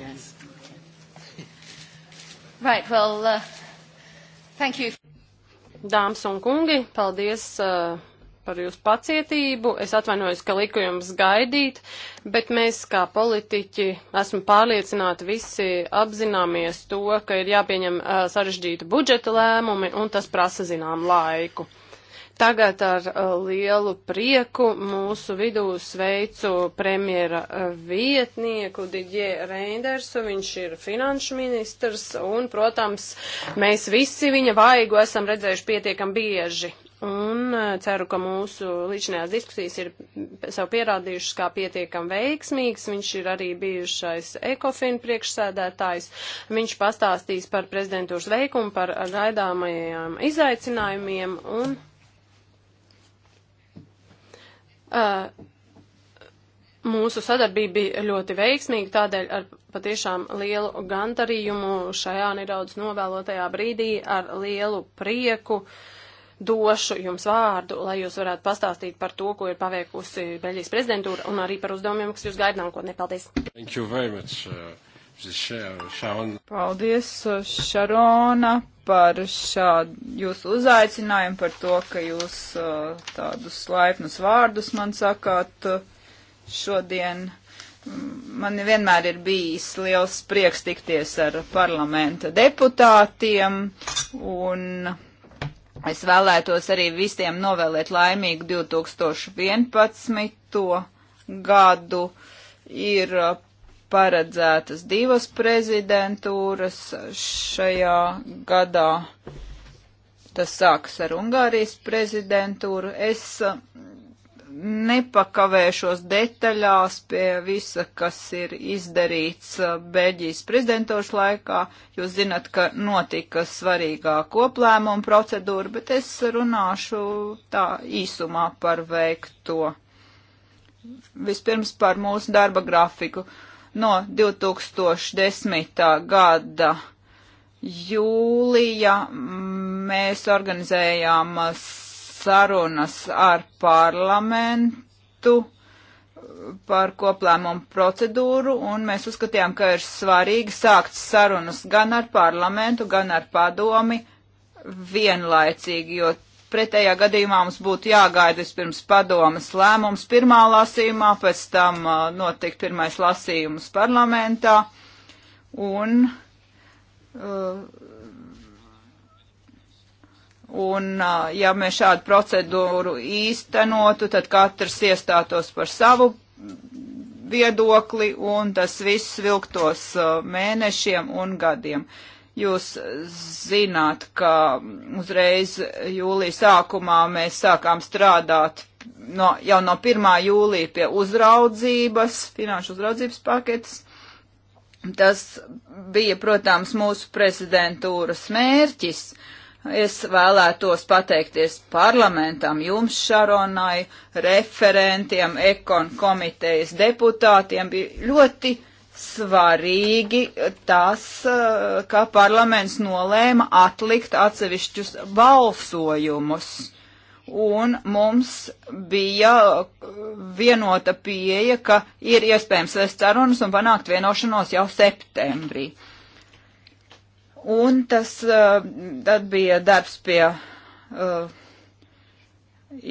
Yes. Okay. Right, well, uh, thank you. Dāmas un kungi, paldies uh, par jūsu pacietību. Es atvainojos, ka liku jums gaidīt, bet mēs kā politiķi esmu pārliecināti visi apzināmies to, ka ir jāpieņem uh, sarežģīti budžeta lēmumi un tas prasa zinām laiku. Tagad ar uh, lielu prieku mūsu vidū sveicu premjera uh, vietnieku Didie Reindersu, viņš ir finanšu ministrs un, protams, mēs visi viņa vaigu esam redzējuši pietiekam bieži. Un uh, ceru, ka mūsu līdzinājās diskusijas ir sev pierādījušas kā pietiekam veiksmīgs. Viņš ir arī bijušais ECOFIN priekšsēdētājs. Viņš pastāstīs par prezidentūras veikumu, par raidāmajiem izaicinājumiem un Uh, mūsu sadarbība bija ļoti veiksmīga, tādēļ ar patiešām lielu gandarījumu šajā nedaudz novēlotajā brīdī ar lielu prieku došu jums vārdu, lai jūs varētu pastāstīt par to, ko ir paveikusi Beļģijas prezidentūra un arī par uzdevumiem, kas jūs gaida nākotnē. Paldies! Thank you very much. Uh... Paldies, Šarona, par šādu jūsu uzaicinājumu, par to, ka jūs uh, tādus laipnus vārdus man sakāt uh, šodien. Mm, man vienmēr ir bijis liels prieks tikties ar parlamenta deputātiem, un es vēlētos arī visiem novēlēt laimīgu 2011. gadu. Ir uh, paredzētas divas prezidentūras šajā gadā. Tas sākas ar Ungārijas prezidentūru. Es mm, nepakavēšos detaļās pie visa, kas ir izdarīts uh, Beļģijas prezidentūras laikā. Jūs zinat, ka notika svarīgā koplēmuma procedūra, bet es runāšu tā īsumā par veikto. Vispirms par mūsu darba grafiku. Uh, no 2010. gada jūlija mēs organizējām sarunas ar parlamentu par koplēmumu procedūru, un mēs uzskatījām, ka ir svarīgi sākt sarunas gan ar parlamentu, gan ar padomi vienlaicīgi, jo Pretējā gadījumā mums būtu jāgaida vispirms padomas lēmums pirmā lasījumā, pēc tam uh, notika pirmais lasījums parlamentā. Un, uh, un uh, ja mēs šādu procedūru īstenotu, tad katrs iestātos par savu viedokli un tas viss vilktos uh, mēnešiem un gadiem. Uh, Jūs zināt, ka uzreiz jūlija sākumā mēs sākām strādāt no, jau no 1. jūlija pie uzraudzības, finanšu uzraudzības paketes. Tas bija, protams, mūsu prezidentūras mērķis. Es vēlētos pateikties parlamentam, jums, Šaronai, referentiem, ekon komitejas deputātiem. Bija ļoti uh, svarīgi tas, ka parlaments nolēma atlikt atsevišķus balsojumus. Un mums bija vienota pieeja, ka ir iespējams vest sarunas un panākt vienošanos jau septembrī. Un tas tad bija darbs pie uh,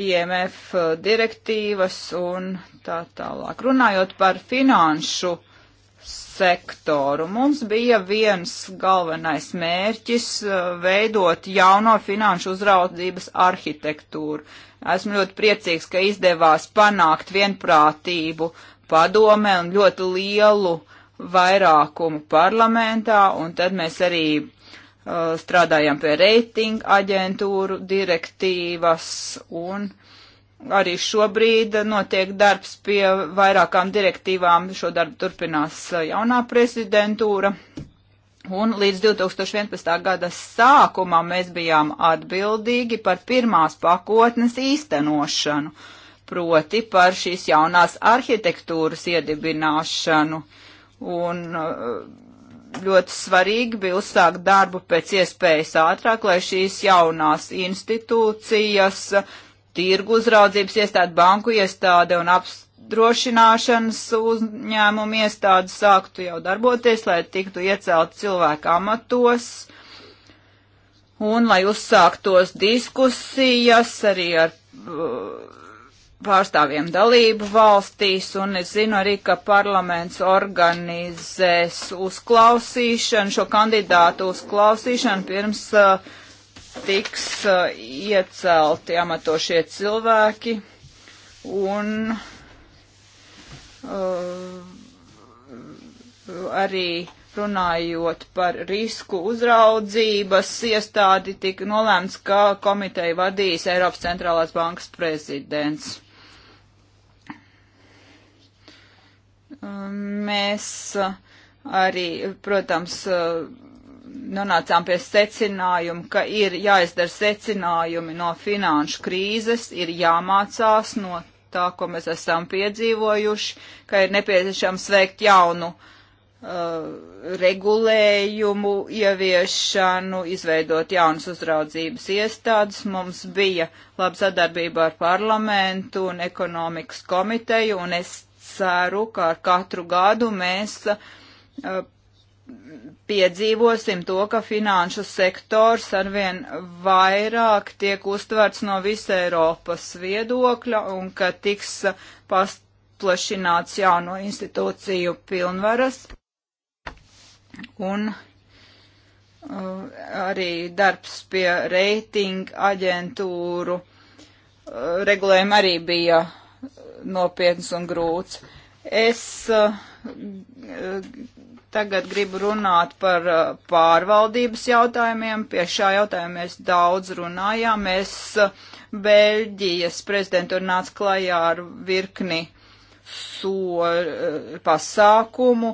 IMF direktīvas un tā tālāk. Runājot par finanšu uh, sektoru. Mums bija viens galvenais mērķis uh, veidot jauno finanšu uzraudzības arhitektūru. Esmu ļoti priecīgs, ka izdevās panākt vienprātību padome un ļoti lielu vairākumu parlamentā, un tad mēs arī uh, strādājam pie reitinga aģentūru direktīvas un uh, arī šobrīd notiek darbs pie vairākām direktīvām. Šo darbu turpinās uh, jaunā prezidentūra. Un līdz 2011. gada sākumam mēs bijām atbildīgi par pirmās pakotnes īstenošanu, proti par šīs jaunās arhitektūras iedibināšanu. Un uh, ļoti svarīgi bija uzsākt darbu pēc iespējas ātrāk, lai šīs jaunās institūcijas tirgu uzraudzības iestāde, banku iestāde un apdrošināšanas uzņēmumu iestāde sāktu jau darboties, lai tiktu iecelt cilvēku amatos un lai uzsāktos diskusijas arī ar uh, pārstāvjiem dalību valstīs, un es zinu arī, ka parlaments organizēs uzklausīšanu, šo kandidātu uzklausīšanu pirms uh, tiks uh, iecelti amatošie cilvēki un uh, arī runājot par risku uzraudzības iestādi, tika nolēmts, ka komiteju vadīs Eiropas centrālās bankas prezidents. Mēs arī, protams, nonācām pie secinājuma, ka ir jāizdara secinājumi no finanšu krīzes, ir jāmācās no tā, ko mēs esam piedzīvojuši, ka ir nepieciešams veikt jaunu uh, regulējumu ieviešanu, izveidot jaunas uzraudzības iestādes. Mums bija laba sadarbība ar parlamentu un ekonomikas komiteju, un es ceru, ka ar katru gadu mēs uh, piedzīvosim to, ka finanšu sektors arvien vairāk tiek uztverts no visa Eiropas viedokļa un ka tiks paplašināts jauno institūciju pilnvaras. Un uh, arī darbs pie reitingu aģentūru uh, regulējuma arī bija nopietns un grūts. Es uh, Tagad gribu runāt par uh, pārvaldības jautājumiem. Pie šā jautājuma mēs daudz runājām. Mēs uh, Beļģijas prezidentu nāca klajā ar virkni so uh, pasākumu.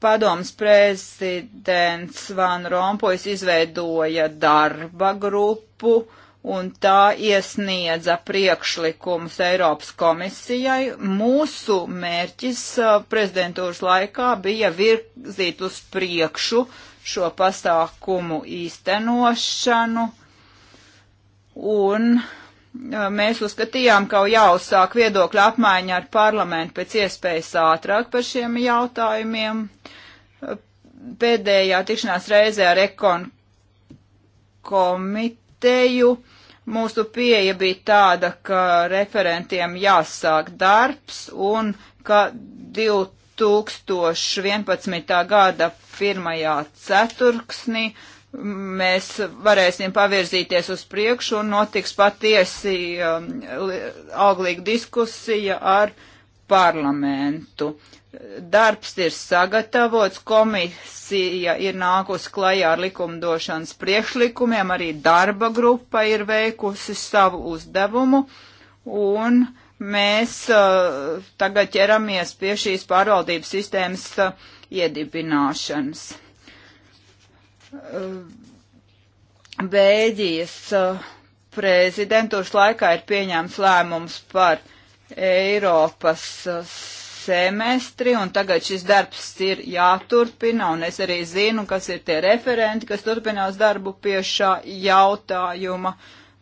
Padoms prezidents Van Rompuis izveidoja darba grupu, uh, un tā iesniedza priekšlikumus Eiropas komisijai. Mūsu mērķis uh, prezidentūras laikā bija virzīt uz priekšu šo pasākumu īstenošanu, un uh, mēs uzskatījām, ka jāuzsāk viedokļa apmaiņa ar parlamentu pēc iespējas ātrāk par šiem jautājumiem. Uh, pēdējā tikšanās reizē ar ekonu komiteju komiteju. Mūsu pieeja bija tāda, ka referentiem jāsāk darbs un ka 2011. gada pirmajā ceturksnī mēs varēsim pavirzīties uz priekšu un notiks patiesi um, auglīga diskusija ar parlamentu. Uh, Darbs ir sagatavots, komisija ir nākusi klajā ar likumdošanas priekšlikumiem, arī darba grupa ir veikusi savu uzdevumu, un mēs uh, tagad ķeramies pie šīs pārvaldības sistēmas uh, iedibināšanas. Uh, Bēģijas uh, prezidentūras laikā ir pieņēmts lēmums par Eiropas uh, semestri, un tagad šis darbs ir jāturpina, un es arī zinu, kas ir tie referenti, kas turpinās darbu pie šā jautājuma.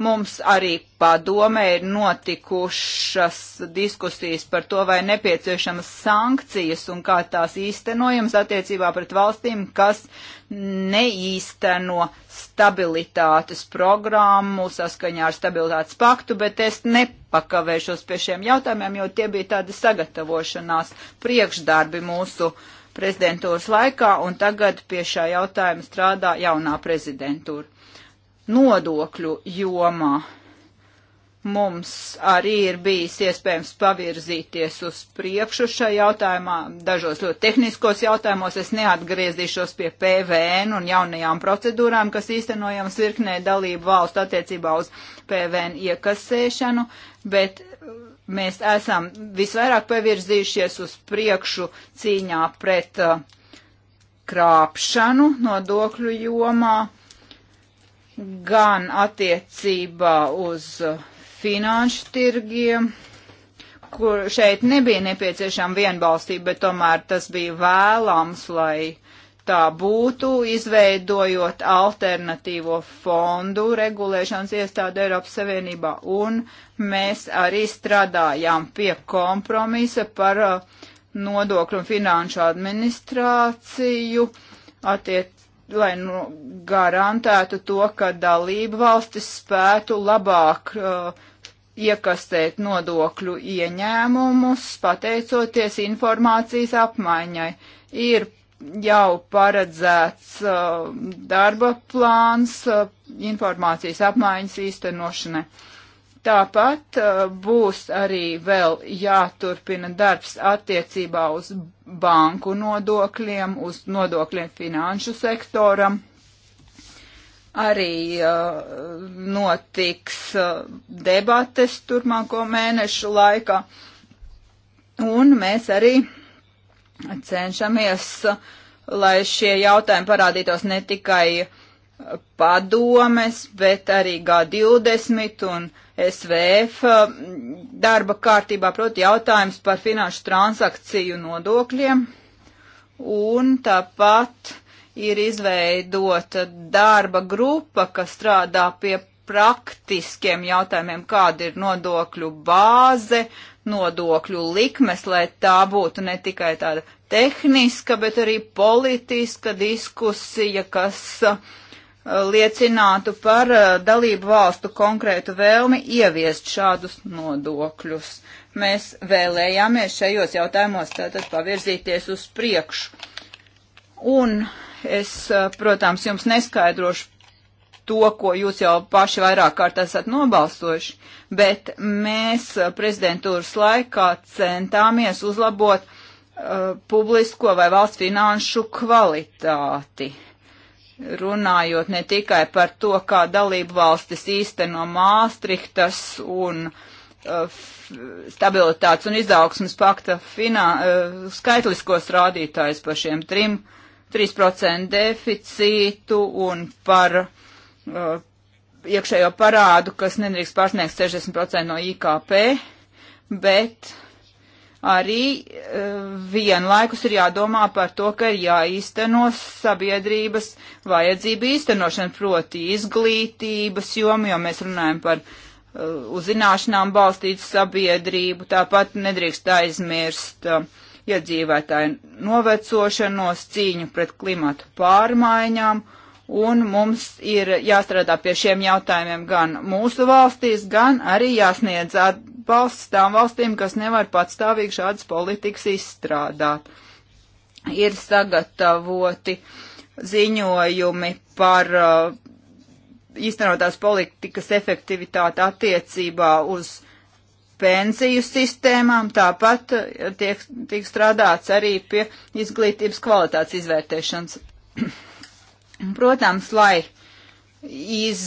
Mums arī padome ir notikušas diskusijas par to, vai nepieciešamas sankcijas un kā tās īstenojams attiecībā pret valstīm, kas uh, neīsteno stabilitātes programmu saskaņā ar stabilitātes paktu, bet es nepakavēšos pie šiem jautājumiem, jo tie bija tādi sagatavošanās priekšdarbi mūsu prezidentūras laikā, un tagad pie šā jautājuma strādā jaunā prezidentūra. Nodokļu jomā Mums arī ir bijis iespējams pavirzīties uz priekšu šajā jautājumā. Dažos ļoti tehniskos jautājumos es neatgriezīšos pie PVN un jaunajām procedūrām, kas īstenojams virknē dalību valstu attiecībā uz PVN iekasēšanu, bet uh, mēs esam visvairāk pavirzījušies uz priekšu cīņā pret uh, krāpšanu nodokļu jomā, gan attiecībā uz uh, finanšu tirgiem, kur šeit nebija nepieciešama vienbalstība, bet tomēr tas bija vēlams, lai tā būtu, izveidojot alternatīvo fondu regulēšanas iestādi Eiropas Savienībā. Un mēs arī strādājām pie kompromisa par uh, nodokļu un finanšu administrāciju, attiec, lai nu, garantētu to, ka dalību valstis spētu labāk uh, iekasēt nodokļu ieņēmumus, pateicoties informācijas apmaiņai. Ir jau paredzēts uh, darba plāns uh, informācijas apmaiņas īstenošanai. Tāpat uh, būs arī vēl jāturpina darbs attiecībā uz banku nodokļiem, uz nodokļiem finanšu sektoram arī uh, notiks uh, debates turpmāko mēnešu laikā. Un mēs arī cenšamies, uh, lai šie jautājumi parādītos ne tikai uh, padomes, bet arī G20 un SVF uh, darba kārtībā, proti jautājums par finanšu transakciju nodokļiem. Un tāpat uh, ir izveidota darba grupa, kas strādā pie praktiskiem jautājumiem, kāda ir nodokļu bāze, nodokļu likmes, lai tā būtu ne tikai tāda tehniska, bet arī politiska diskusija, kas uh, liecinātu par uh, dalību valstu konkrētu vēlmi ieviest šādus nodokļus. Mēs vēlējāmies šajos jautājumos tātad pavirzīties uz priekšu. Un uh, Es, eh, protams, jums neskaidrošu to, ko jūs jau paši vairāk kārt esat nobalstojuši, bet mēs eh, prezidentūras laikā centāmies uzlabot uh, publisko vai valsts finanšu kvalitāti. Runājot ne tikai par to, kā dalību valstis īsteno Māstrihtas un uh, stabilitātes un izaugsmas pakta finā, uh, skaitliskos rādītājus par šiem trim uh, 3% deficītu un par uh, iekšējo parādu, kas nedrīkst pārsniegt 60% no IKP, bet arī uh, vienlaikus ir jādomā par to, ka ir jāīsteno sabiedrības vajadzību īstenošana, proti izglītības jomu, jo mēs runājam par uh, uzzināšanām balstītu sabiedrību, tāpat nedrīkst aizmirst uh, iedzīvotāju novecošanos, cīņu pret klimatu pārmaiņām, un mums ir jāstrādā pie šiem jautājumiem gan mūsu valstīs, gan arī jāsniedz atbalsts tām valstīm, kas nevar patstāvīgi šādas politikas izstrādāt. Ir sagatavoti ziņojumi par uh, īstenotās politikas efektivitāti attiecībā uz pensiju sistēmām, tāpat tiek, tiek strādāts arī pie izglītības kvalitātes izvērtēšanas. Protams, lai iz,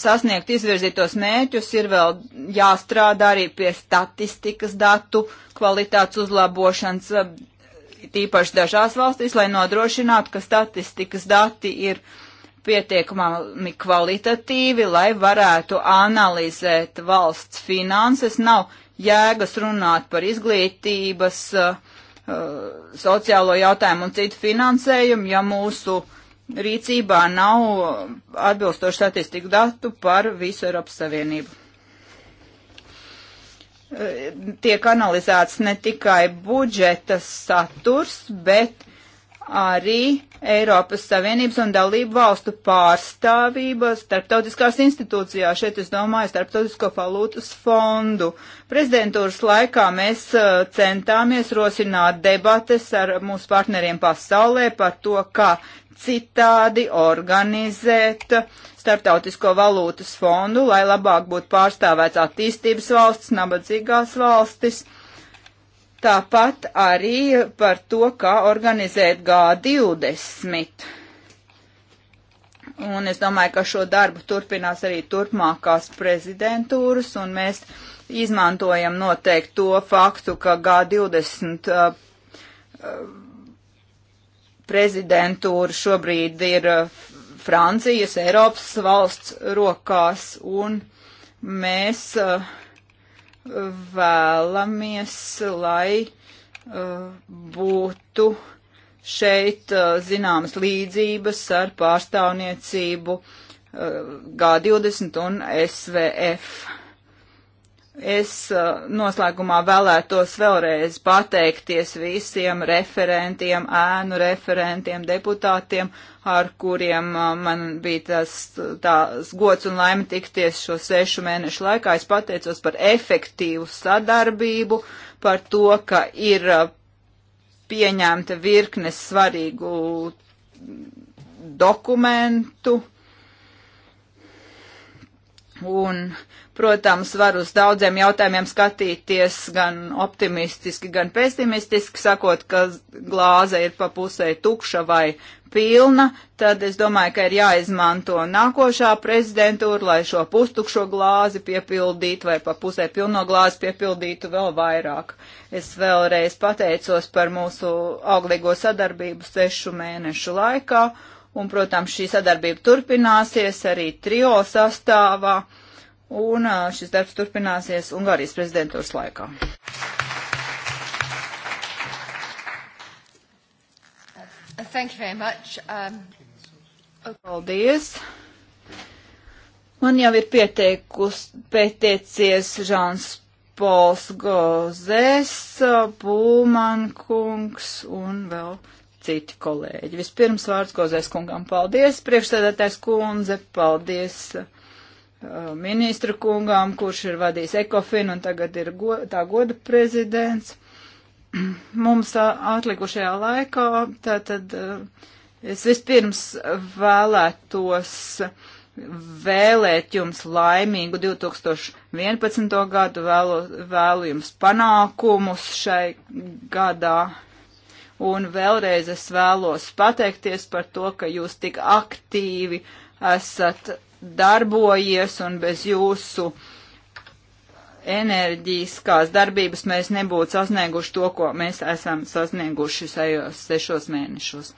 sasniegt izvirzītos mērķus, ir vēl jāstrādā arī pie statistikas datu kvalitātes uzlabošanas, tīpaši dažās valstīs, lai nodrošinātu, ka statistikas dati ir pietiekamami kvalitatīvi, lai varētu analizēt valsts finanses. Nav jēgas runāt par izglītības, eh, sociālo jautājumu un citu finansējumu, ja mūsu rīcībā nav atbilstošu statistiku datu par visu Eiropas Savienību. Eh, tiek analizēts ne tikai budžeta saturs, bet arī Eiropas Savienības un dalību valstu pārstāvība starptautiskās institūcijās. Šeit es domāju starptautisko valūtas fondu. Prezidentūras laikā mēs uh, centāmies rosināt debates ar mūsu partneriem pasaulē par to, kā citādi organizēt starptautisko valūtas fondu, lai labāk būtu pārstāvēts attīstības valsts, nabadzīgās valstis. Tāpat arī par to, kā organizēt G20. Un es domāju, ka šo darbu turpinās arī turpmākās prezidentūras, un mēs izmantojam noteikti to faktu, ka G20 uh, uh prezidentūra šobrīd ir uh, Francijas, Eiropas valsts rokās, un mēs uh, vēlamies, lai uh, būtu šeit uh, zināmas līdzības ar pārstāvniecību uh, G20 un SVF. Es uh, noslēgumā vēlētos vēlreiz pateikties visiem referentiem, ēnu referentiem, deputātiem, ar kuriem uh, man bija tas tās gods un laime tikties šo sešu mēnešu laikā. Es pateicos par efektīvu sadarbību, par to, ka ir uh, pieņemta virknes svarīgu dokumentu Un, protams, var uz daudziem jautājumiem skatīties gan optimistiski, gan pesimistiski, sakot, ka glāze ir pa pusē tukša vai pilna, tad es domāju, ka ir jāizmanto nākošā prezidentūra, lai šo pustukšo glāzi piepildītu vai pa pusē pilno glāzi piepildītu vēl vairāk. Es vēlreiz pateicos par mūsu auglīgo sadarbību sešu mēnešu laikā un, protams, šī sadarbība turpināsies arī trio sastāvā, un šis darbs turpināsies Ungārijas prezidentūras laikā. Thank you very much. Um, Paldies. Man jau ir pieteikus, pieteicies Žāns Pols Gozēs, Pūman kungs un vēl citi kolēģi. Vispirms vārds Gozēs kungam paldies, priekšsēdētājs kundze, paldies uh, ministru kungām, kurš ir vadījis Ekofin un tagad ir go, tā goda prezidents. Mums uh, atlikušajā laikā, tātad uh, es vispirms vēlētos vēlēt jums laimīgu 2011. gadu, vēlu, vēlu jums panākumus šai gadā Un vēlreiz es vēlos pateikties par to, ka jūs tik aktīvi esat darbojies un bez jūsu enerģiskās darbības mēs nebūtu sasnieguši to, ko mēs esam sasnieguši sajos sešos mēnešos.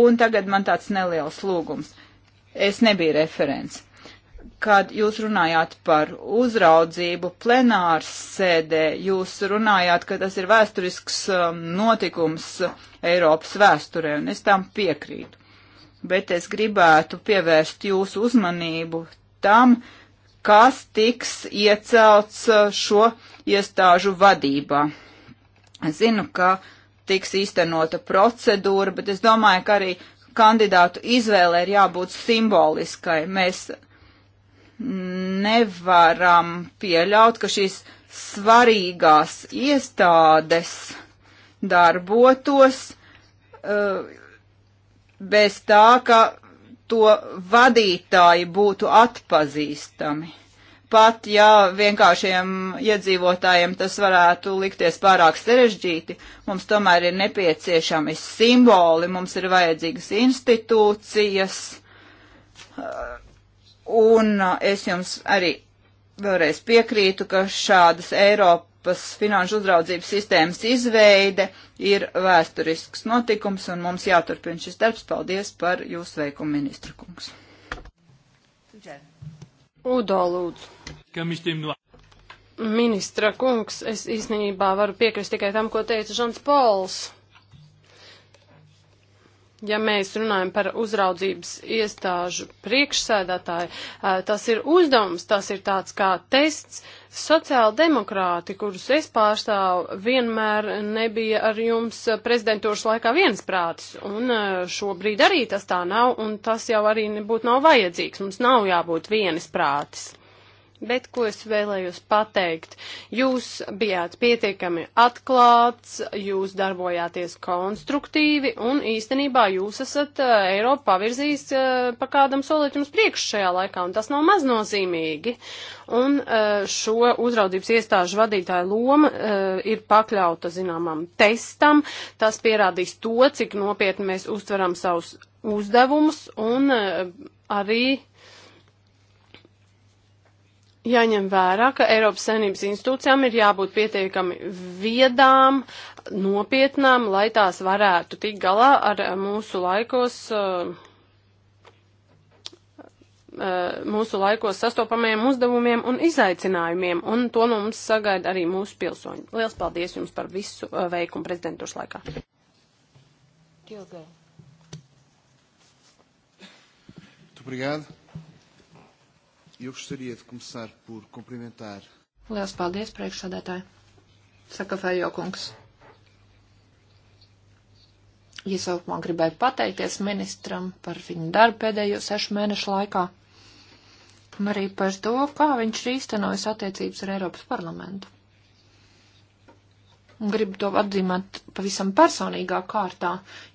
Un tagad man tāds neliels lūgums. Es nebiju referents kad jūs runājāt par uzraudzību plenārs sēdē, jūs runājāt, ka tas ir vēsturisks um, notikums Eiropas vēsturē, un es tam piekrītu. Bet es gribētu pievērst jūsu uzmanību tam, kas tiks iecelts uh, šo iestāžu vadībā. Es zinu, ka tiks īstenota procedūra, bet es domāju, ka arī kandidātu izvēle ir jābūt simboliskai. Mēs nevaram pieļaut, ka šīs svarīgās iestādes darbotos uh, bez tā, ka to vadītāji būtu atpazīstami. Pat ja vienkāršiem iedzīvotājiem tas varētu likties pārāk sarežģīti, mums tomēr ir nepieciešami simboli, mums ir vajadzīgas institūcijas, uh, Un uh, es jums arī vēlreiz piekrītu, ka šādas Eiropas finanšu uzraudzības sistēmas izveide ir vēsturisks notikums, un mums jāturpina šis darbs. Paldies par jūsu veikumu, ministra kungs. Udo, lūdzu. Ministra kungs, es īstenībā varu piekrist tikai tam, ko teica Žants Pols ja mēs runājam par uzraudzības iestāžu priekšsēdētāju, eh, tas ir uzdevums, tas ir tāds kā tests. Sociāla demokrāti, kurus es pārstāvu, vienmēr nebija ar jums prezidentūras laikā viensprātis, un eh, šobrīd arī tas tā nav, un tas jau arī nebūtu nav vajadzīgs, mums nav jābūt viensprātis. Bet ko es vēlējos pateikt? Jūs bijāt pietiekami atklāts, jūs darbojāties konstruktīvi un īstenībā jūs esat eh, Eiropu pavirzījis eh, pa kādam solītam uz priekšu šajā laikā un tas nav maznozīmīgi. Un eh, šo uzraudzības iestāžu vadītāju loma ir pakļauta zināmam testam. Tas pierādīs to, cik nopietni mēs uztveram savus uzdevumus un arī Jāņem vērā, ka Eiropas saimnības institūcijām ir jābūt pietiekami viedām, nopietnām, lai tās varētu tikt galā ar mūsu laikos, eh, eh, mūsu laikos sastopamajiem uzdevumiem un izaicinājumiem, un to no nu mums sagaida arī mūsu pilsoņi. Liels paldies jums par visu eh, veikumu prezidentūras laikā. Muito obrigado. Eu gostaria de começar por cumprimentar. Lielas paldies, priekšsādātāji. Saka Fejo kungs. Iesaukumā gribēju pateikties ministram par viņu darbu pēdējo sešu mēnešu laikā un arī par to, kā viņš ir īstenojis attiecības ar Eiropas parlamentu un gribu to atzīmēt pavisam personīgā kārtā,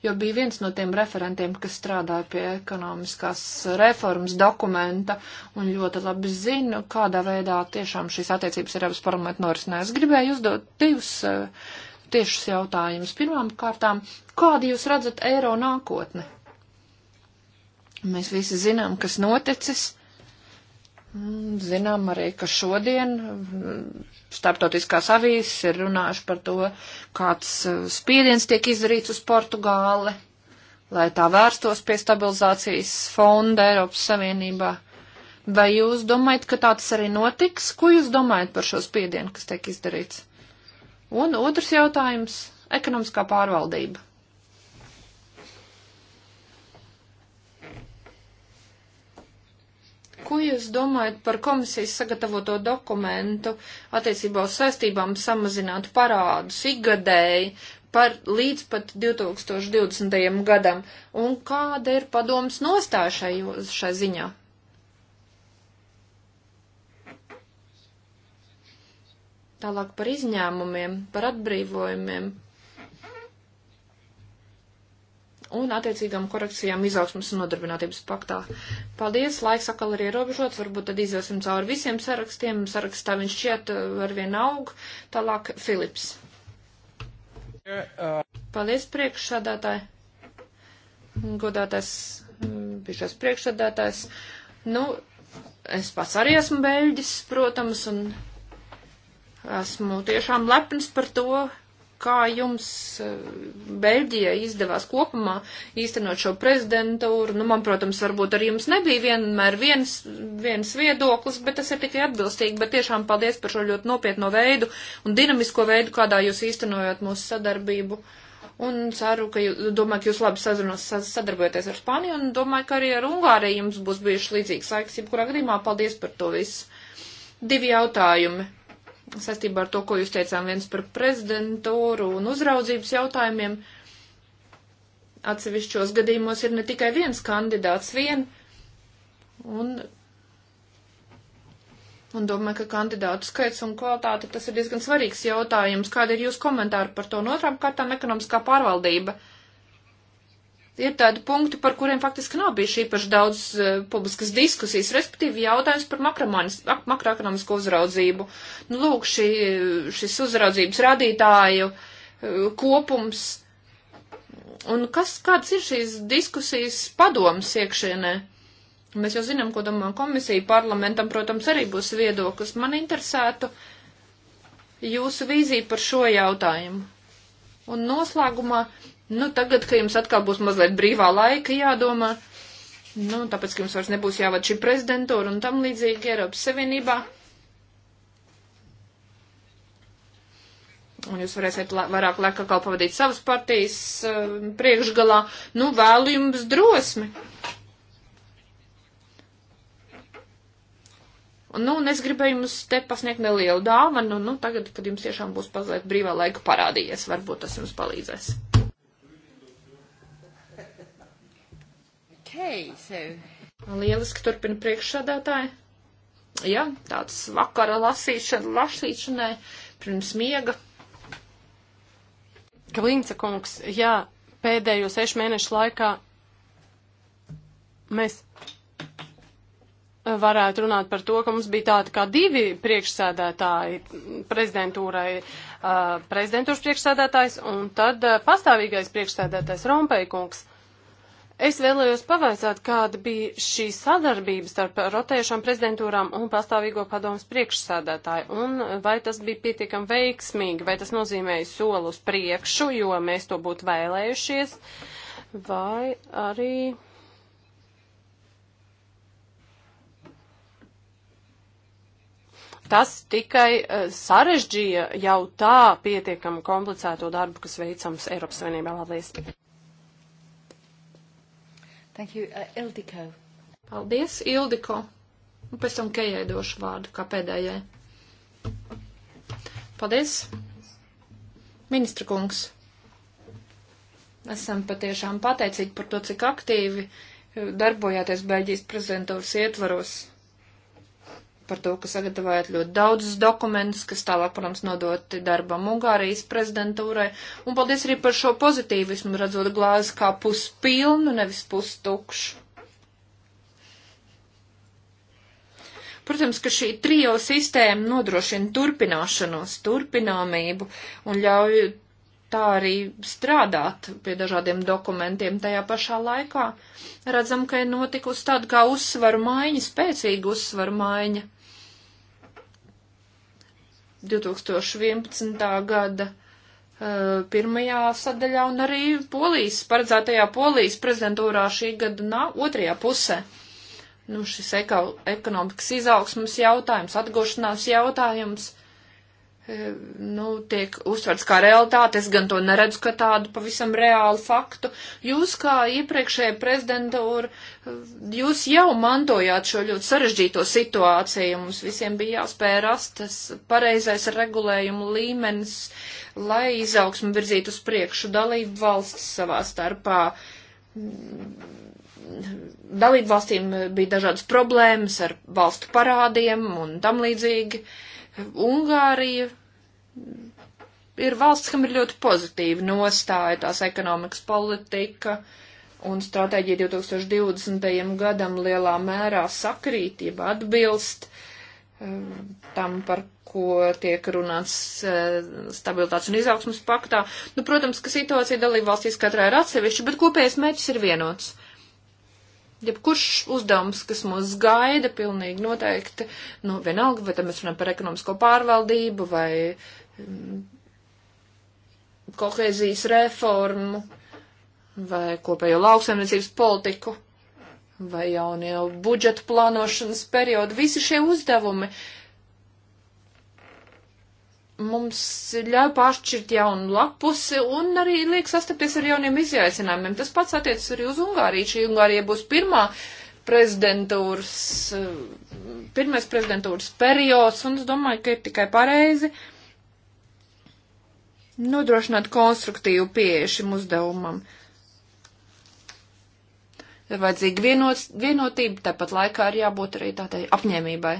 jo bija viens no tiem referentiem, kas strādāja pie ekonomiskās reformas dokumenta un ļoti labi zinu, kādā veidā tiešām šīs attiecības Eiropas parlamentu norisinājās. Gribēju uzdot divus eh, tiešus jautājumus. Pirmām kārtām, kādu jūs redzat eiro nākotni? Mēs visi zinām, kas noticis Mm, zinām arī, ka šodien mm, starptautiskās avīzes ir runājuši par to, kāds eh, spiediens tiek izdarīts uz Portugāli, lai tā vērstos pie stabilizācijas fonda Eiropas Savienībā. Vai jūs domājat, ka tāds arī notiks? Ko jūs domājat par šo spiedienu, kas tiek izdarīts? Un otrs jautājums - ekonomiskā pārvaldība. Ko jūs domājat par komisijas sagatavoto dokumentu attiecībā uz saistībām samazināt parādus ikgadēji par līdz pat 2020. gadam? Un kāda ir padomas nostāja šai, šai ziņā? Tālāk par izņēmumiem, par atbrīvojumiem. un attiecīgām korekcijām izaugsmas un nodarbinātības paktā. Paldies, laiks atkal ir ierobežots, varbūt tad iziesim cauri visiem sarakstiem, sarakstā viņš šķiet eh, arvien aug, tālāk Filips. Paldies, priekšsādātāji, godātais, mm, bišais priekšsādātājs. Nu, es pats arī esmu beļģis, protams, un esmu tiešām lepns par to, kā jums eh, Beļģija izdevās kopumā īstenot šo prezidentūru? Nu, man, protams, varbūt arī jums nebija vienmēr viens, viens viedoklis, bet tas ir tikai atbilstīgi, bet tiešām paldies par šo ļoti nopietno veidu un dinamisko veidu, kādā jūs īstenojot mūsu sadarbību. Un ceru, ka jūs, domāju, ka jūs labi sazinos, sadarbojaties ar Spāniju un domāju, ka arī ar Ungāriju jums būs bijuši līdzīgs laiks, jebkurā gadījumā paldies par to visu. Divi jautājumi saistībā ar to, ko jūs teicām viens par prezidentūru un uzraudzības jautājumiem. Atsevišķos gadījumos ir ne tikai viens kandidāts vien, un, un domāju, ka kandidātu skaits un kvalitāte tas ir diezgan svarīgs jautājums. Kāda ir jūsu komentāra par to? Un otrām kārtām ekonomiskā pārvaldība. Uh, ir tādi punkti, par kuriem faktiski nav bijuši īpaši daudz uh, publiskas diskusijas, respektīvi jautājums par makroekonomisko uzraudzību. Nu, lūk, šī, šis uzraudzības rādītāju uh, eh, kopums. Un kas, kāds ir šīs diskusijas padomas iekšienē? Mēs jau zinām, ko domā komisija, parlamentam, protams, arī būs viedoklis. Man interesētu jūsu vīzija par šo jautājumu. Un noslēgumā Nu, tagad, ka jums atkal būs mazliet brīvā laika jādomā, nu, tāpēc, ka jums vairs nebūs jāvad šī prezidentūra un tam līdzīgi Eiropas Savienībā. un jūs varēsiet la vairāk laika kā pavadīt savas partijas uh, priekšgalā. Nu, vēlu jums drosmi! Nu, un es gribēju jums te pasniegt nelielu dāvanu, nu, tagad, kad jums tiešām būs pazliet brīvā laika parādījies, varbūt tas jums palīdzēs. Okay, so. Lieliski turpina priekšsādātāji. Jā, tāds vakara lasīšana, lasīšanai pirms miega. Klinca kungs, jā, pēdējo sešu mēnešu laikā mēs varētu runāt par to, ka mums bija tādi kā divi priekšsēdētāji prezidentūrai, prezidentūras priekšsēdētājs un tad pastāvīgais priekšsēdētājs Rompeikungs. kungs. Es vēlējos pavaicāt, kāda bija šī sadarbība starp rotējušām prezidentūrām un pastāvīgo padomus priekšsādātāju, un vai tas bija pietiekami veiksmīgi, vai tas nozīmēja soli uz priekšu, jo mēs to būtu vēlējušies, vai arī. Tas tikai eh, sarežģīja jau tā pietiekami komplicēto darbu, kas veicams Eiropas Savienībā. Paldies! Thank you, uh, Ildiko. Paldies, Ildiko. Un pēc tam Kejai došu vārdu, kā pēdējai. Paldies. Ministra kungs. Esam patiešām pateicīgi par to, cik aktīvi eh, darbojāties Beļģijas prezidentūras ietvaros par to, ka sagatavojāt ļoti daudzus dokumentus, kas tālāk, protams, nodoti darbam Ungārijas prezidentūrai. Un paldies arī par šo pozitīvismu, redzot glāzi kā puspilnu, nevis pustukšu. Protams, ka šī trijo sistēma nodrošina turpināšanos, turpināmību un ļauj tā arī strādāt pie dažādiem dokumentiem tajā pašā laikā. Redzam, ka ir notikusi tāda kā uzsvaru maiņa, spēcīga uzsvaru maiņa 2011. gada eh, pirmajā sadaļā un arī polijas, paredzētajā polijas prezidentūrā šī gada nā, otrajā pusē. Nu, šis eko, ekonomikas izaugsmas jautājums, atgūšanās jautājums. Uh, nu, tiek uztverts kā realitāte. Es gan to neredzu, ka tādu pavisam reālu faktu. Jūs kā iepriekšējā prezidentūra, jūs jau mantojāt šo ļoti sarežģīto situāciju. Mums visiem bija jāspēj rast tas pareizais regulējumu līmenis, lai izaugsmu virzītu uz priekšu dalību valsts savā starpā dalību valstīm bija dažādas problēmas ar valstu parādiem un tam līdzīgi. Uh, Ungārija ir valsts, kam ir ļoti pozitīva nostāja tās ekonomikas politika un stratēģija 2020. gadam lielā mērā sakrītība atbilst um, tam, par ko tiek runāts uh, stabilitātes un izaugsmas paktā. Nu, protams, ka situācija dalība valstīs katrā ir atsevišķa, bet kopējais mērķis ir vienots jebkurš uzdevums, kas mūs gaida, pilnīgi noteikti, nu, vienalga, vai tam mēs runājam par ekonomisko pārvaldību vai mm, kohēzijas reformu vai kopējo lauksaimniecības politiku vai jaunie budžeta plānošanas periodu. Visi šie uzdevumi mums ļauj pāršķirt jaunu lapusi un arī liek sastapties ar jauniem izaicinājumiem. Tas pats attiecas arī uz Ungāriju. Šī Ungārija būs pirmā prezidentūras, pirmais prezidentūras periods, un es domāju, ka ir tikai pareizi nodrošināt konstruktīvu pieeju šim uzdevumam. Ir vajadzīga vienot, vienotība, tāpat laikā ir jābūt arī tādai apņēmībai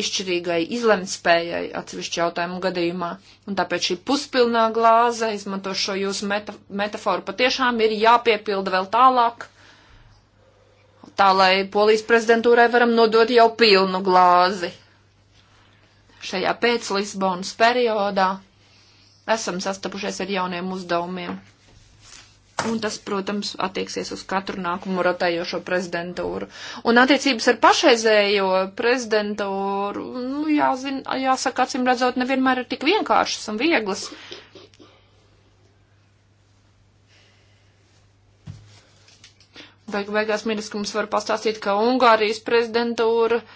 izšķirīgai izlemtspējai atsevišķu jautājumu gadījumā. Un tāpēc šī puspilnā glāze, izmanto šo jūsu meta, metaforu, patiešām ir jāpiepilda vēl tālāk, tā lai polijas prezidentūrai varam nodot jau pilnu glāzi. Šajā pēc Lisbonas periodā esam sastapušies ar jauniem uzdevumiem. Un tas, protams, attieksies uz katru nākamo rotējošo prezidentūru. Un attiecības ar pašreizējo prezidentūru, nu, jāzina, jāsaka, acīm redzot, nevienmēr ir tik vienkāršas un vieglas. Beig beigās Miris, ka mums var pastāstīt, ka Ungārijas prezidentūra eh,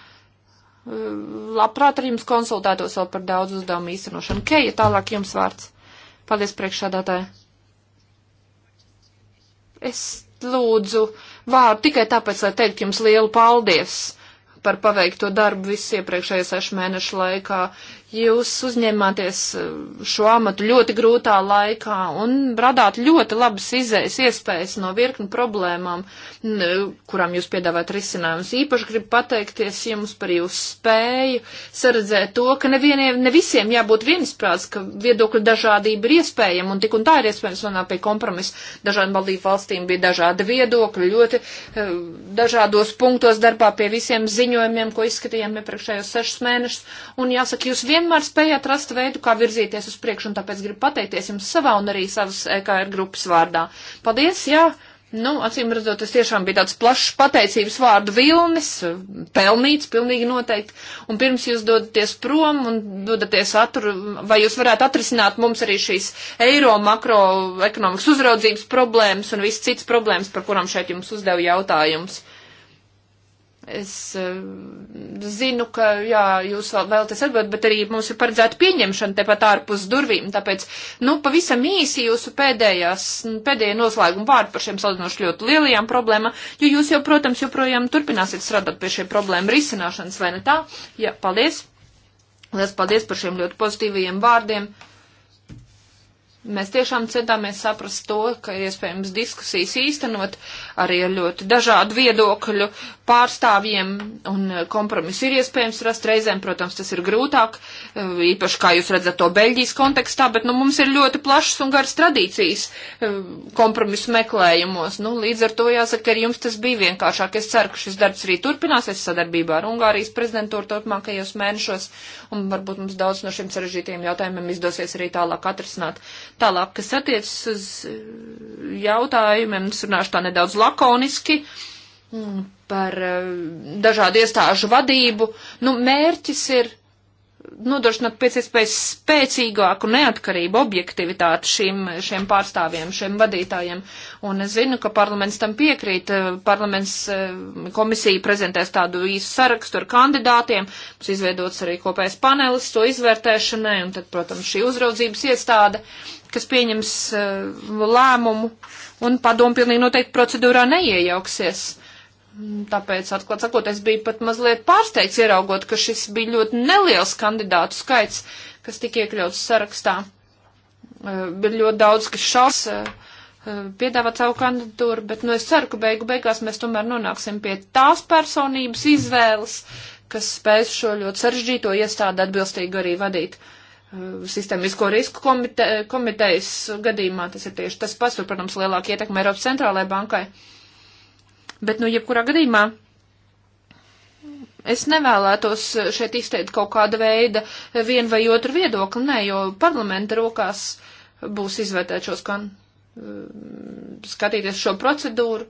labprāt ar jums konsultētos vēl par daudz uzdevumu īstenošanu. Keja, tālāk jums vārds. Paldies priekšādātāji. Es lūdzu vārdu tikai tāpēc, lai teikt jums lielu paldies par paveikto darbu visu iepriekšējo sešu mēnešu laikā, Jūs uzņēmāties eh, šo amatu ļoti grūtā laikā un radāt ļoti labas izējas iespējas no virkni problēmām, kurām jūs piedāvājat risinājumus. Īpaši gribu pateikties jums par jūsu spēju saredzēt to, ka nevieniem, ne visiem jābūt viensprāts, ka viedokļu dažādība ir iespējama un tik un tā ir iespējams nonākt pie kompromisa. Dažādām valdību valstīm bija dažādi viedokļi, ļoti eh, dažādos punktos darbā pie visiem ziņojumiem, ko izskatījām iepriekšējos sešus mēnešus. Un jāsaka, jūs vien vienmēr spējāt rast veidu, kā virzīties uz priekšu, un tāpēc gribu pateikties jums savā un arī savas EKR grupas vārdā. Paldies, jā! Nu, acīm redzot, tas tiešām bija tāds plašs pateicības vārdu vilnis, pelnīts, pilnīgi noteikti. Un pirms jūs dodaties prom un dodaties atur, vai jūs varētu atrisināt mums arī šīs eiro makroekonomikas uzraudzības problēmas un viss cits problēmas, par kurām šeit jums uzdevu jautājums. Es eh, zinu, ka, jā, jūs vēl vēlaties atbildēt, bet arī mums ir paredzēta pieņemšana tepat ārpus durvīm, tāpēc, nu, pavisam īsi jūsu pēdējās, pēdējie noslēguma vārdi par šiem salīdzinoši ļoti lielajām problēmām, jo jūs jau, protams, joprojām turpināsiet strādāt pie šiem problēmu risināšanas, vai ne tā? Jā, paldies! Lielas paldies par šiem ļoti pozitīvajiem vārdiem. Mēs tiešām centāmies saprast to, ka iespējams diskusijas īstenot arī ar ļoti dažādu viedokļu pārstāvjiem un eh, kompromisu ir iespējams rast reizēm, protams, tas ir grūtāk, eh, īpaši kā jūs redzat to Beļģijas kontekstā, bet nu, mums ir ļoti plašas un garas tradīcijas eh, kompromisu meklējumos. Nu, līdz ar to jāsaka, ka ar jums tas bija vienkāršāk. Es ceru, ka šis darbs arī turpināsies sadarbībā ar Ungārijas prezidentūru turpmākajos mēnešos, un varbūt mums daudz no šiem sarežģītiem jautājumiem izdosies arī tālāk atrisināt. Tālāk, kas attiecas uz jautājumiem, es runāšu tā nedaudz lakoniski. Uh, Mm, par eh, dažādu iestāžu vadību. Nu, mērķis ir nodrošināt pēc iespējas spēcīgāku neatkarību, objektivitāti šīm, šiem pārstāvjiem, šiem vadītājiem. Un es zinu, ka parlaments tam piekrīt. Eh, parlaments eh, komisija prezentēs tādu īsu sarakstu ar kandidātiem. Mums izveidots arī kopējs panelis to izvērtēšanai, un tad, protams, šī uzraudzības iestāde, kas pieņems lēmumu, un padomu pilnīgi noteikti procedūrā neiejauksies. Uh, Tāpēc, atklāt sakot, es biju pat mazliet pārsteigts ieraugot, ka šis bija ļoti neliels kandidātu skaits, kas tika iekļauts sarakstā. Bija eh, ļoti daudz, kas šaus eh, eh, piedāvāt savu kandidatūru, bet, nu, es ceru, ka beigu beigās mēs tomēr nonāksim pie tās personības izvēles, kas spēs šo ļoti sarežģīto iestādi atbilstīgi arī vadīt sistēmisko risku komite, komitejas gadījumā. Tas ir tieši tas pats, tur, protams, lielāka ietekme Eiropas centrālajai bankai. Uh, Bet, nu, jebkurā gadījumā es nevēlētos šeit izteikt kaut kāda veida vienu vai otru viedokli, nē, jo parlamenta rokās būs izvērtēt šos, kan, mm, skatīties šo procedūru.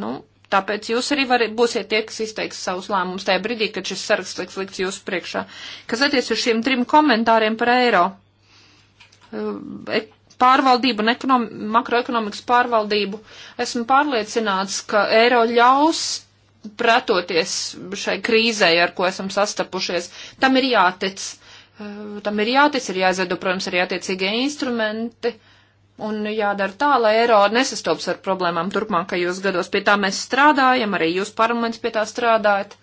Nu, Tāpēc jūs arī var, būsiet tie, kas izteiks savus lēmumus tajā brīdī, kad šis saraksts liks likts jūsu priekšā. Kas attiec uz šiem trim komentāriem par eiro? pārvaldību un ekonom, makroekonomikas pārvaldību. Esmu pārliecināts, ka eiro ļaus pretoties šai krīzē, ar ko esam sastapušies. Tam ir jātic. Eh, tam ir jātic, ir jāizveido, protams, arī attiecīgie instrumenti. Un jādara tā, lai eiro nesastops ar problēmām turpmākajos gados. Pie tā mēs strādājam, arī jūs parlaments pie tā strādājat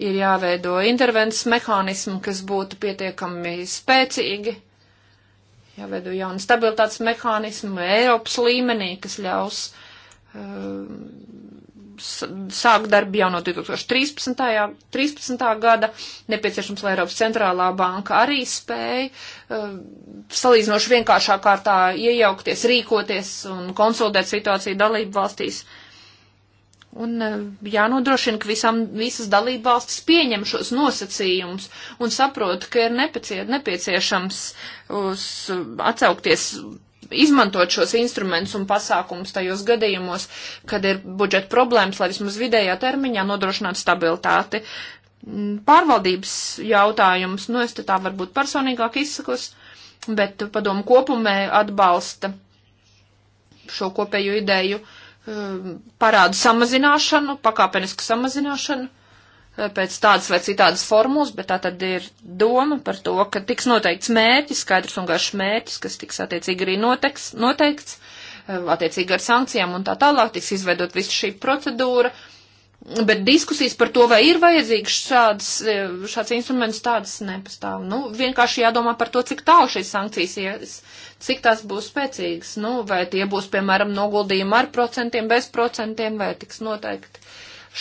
ir jāveido intervences mehānismi, kas būtu pietiekami spēcīgi, jāveido jauna stabilitātes mehānismu Eiropas līmenī, kas ļaus uh, sākt darbu jau no 2013. 13. gada. Nepieciešams, lai Eiropas centrālā banka arī spēja uh, um, salīdzinoši vienkāršā kārtā iejaukties, rīkoties un konsolidēt situāciju dalību valstīs. Uh, Un eh, jānodrošina, ka visam, visas dalībvalstis pieņem šos nosacījumus un saprot, ka ir nepecie, nepieciešams uz, uh, atsaukties, izmantot šos instrumentus un pasākumus tajos gadījumos, kad ir budžeta problēmas, lai vismaz vidējā termiņā nodrošinātu stabilitāti. Mm, pārvaldības jautājums, nu es te tā varbūt personīgāk izsakos, bet padomu kopumē atbalsta šo kopējo ideju. Uh, Um, parādu samazināšanu, pakāpenisku samazināšanu uh, pēc tādas vai citādas formulas, bet tā tad ir doma par to, ka tiks noteikts mērķis, skaidrs un garš mērķis, kas tiks attiecīgi arī noteks, noteikts, uh, attiecīgi ar sankcijām un tā tālāk, tiks izveidot visu šī procedūra, Bet diskusijas par to, vai ir vajadzīgs šāds, e, šāds instruments, tādas nepastāv. Nu, vienkārši jādomā par to, cik tālu šīs sankcijas ies, cik tās būs spēcīgas. Nu, vai tie būs, piemēram, noguldījumi ar procentiem, bez procentiem, vai tiks noteikti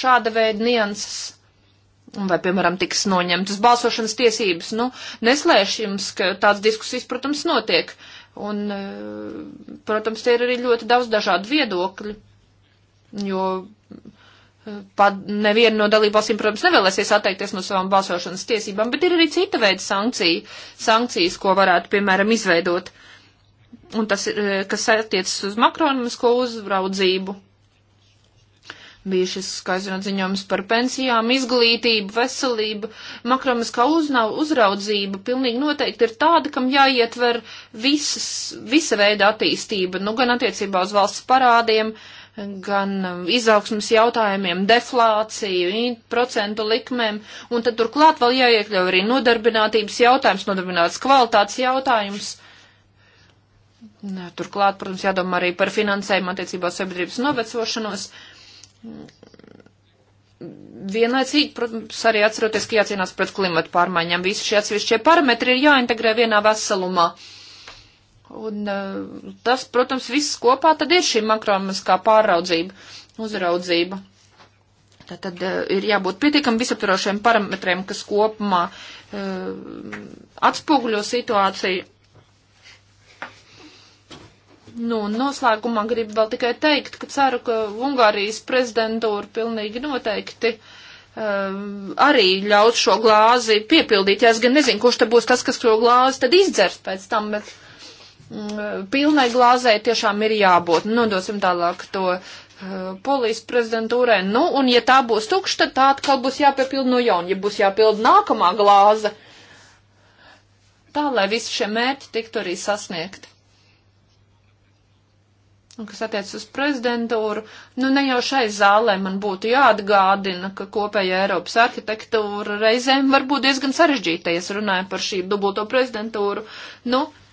šāda veida nianses. Vai, piemēram, tiks noņemtas balsošanas tiesības. Nu, neslēš jums, ka tāds diskusijas, protams, notiek. Un, e, protams, tie ir arī ļoti daudz dažādu viedokļu. Jo Pat neviena no dalībvalstīm, protams, nevēlēsies atteikties no savām balsošanas tiesībām, bet ir arī cita veida sankcija, sankcijas, ko varētu, piemēram, izveidot. Un tas ir, e, kas attiecas uz makronisko uzraudzību. Bija šis, kā zināt, ziņojums par pensijām, izglītību, veselību. Makroniskā uzraudzība pilnīgi noteikti ir tāda, kam jāietver visas, visa veida attīstība, nu gan attiecībā uz valsts parādiem, uh, gan izaugsmas jautājumiem, deflāciju, procentu likmēm, un tad turklāt vēl jāiekļauj arī nodarbinātības jautājums, nodarbinātas kvalitātes jautājums. Turklāt, protams, jādomā arī par finansējumu attiecībā sabiedrības novecošanos. Vienlaicīgi, protams, arī atceroties, ka jācīnās pret klimatu pārmaiņām. Visi šie atsevišķie parametri ir jāintegrē vienā veselumā. Uh, Un e, tas, protams, viss kopā tad ir šī makromiskā pāraudzība, uzraudzība. Tad, tad e, ir jābūt pietiekam visaptvarošiem parametriem, kas kopumā uh, atspoguļo situāciju. Nu, noslēgumā gribu vēl tikai teikt, ka ceru, ka Ungārijas prezidentūra pilnīgi noteikti um, arī ļaus šo glāzi piepildīt. Ja es gan nezinu, kurš te būs tas, kas šo glāzi tad izdzers pēc tam, bet. Uh, Mm, pilnai glāzē tiešām ir jābūt. Nodosim nu, tālāk to uh, polijas prezidentūrē. Nu, un ja tā būs tukša, tad tā atkal būs jāpiepilda no jauna, ja būs jāpilda nākamā glāze. Tā, lai visi šie mērķi tiktu arī sasniegti. Un kas attiec uz prezidentūru, nu ne jau šai zālē man būtu jāatgādina, ka kopēja Eiropas arhitektūra reizēm var būt diezgan sarežģīta, ja runājam par šī dubulto prezidentūru. Nu, uh,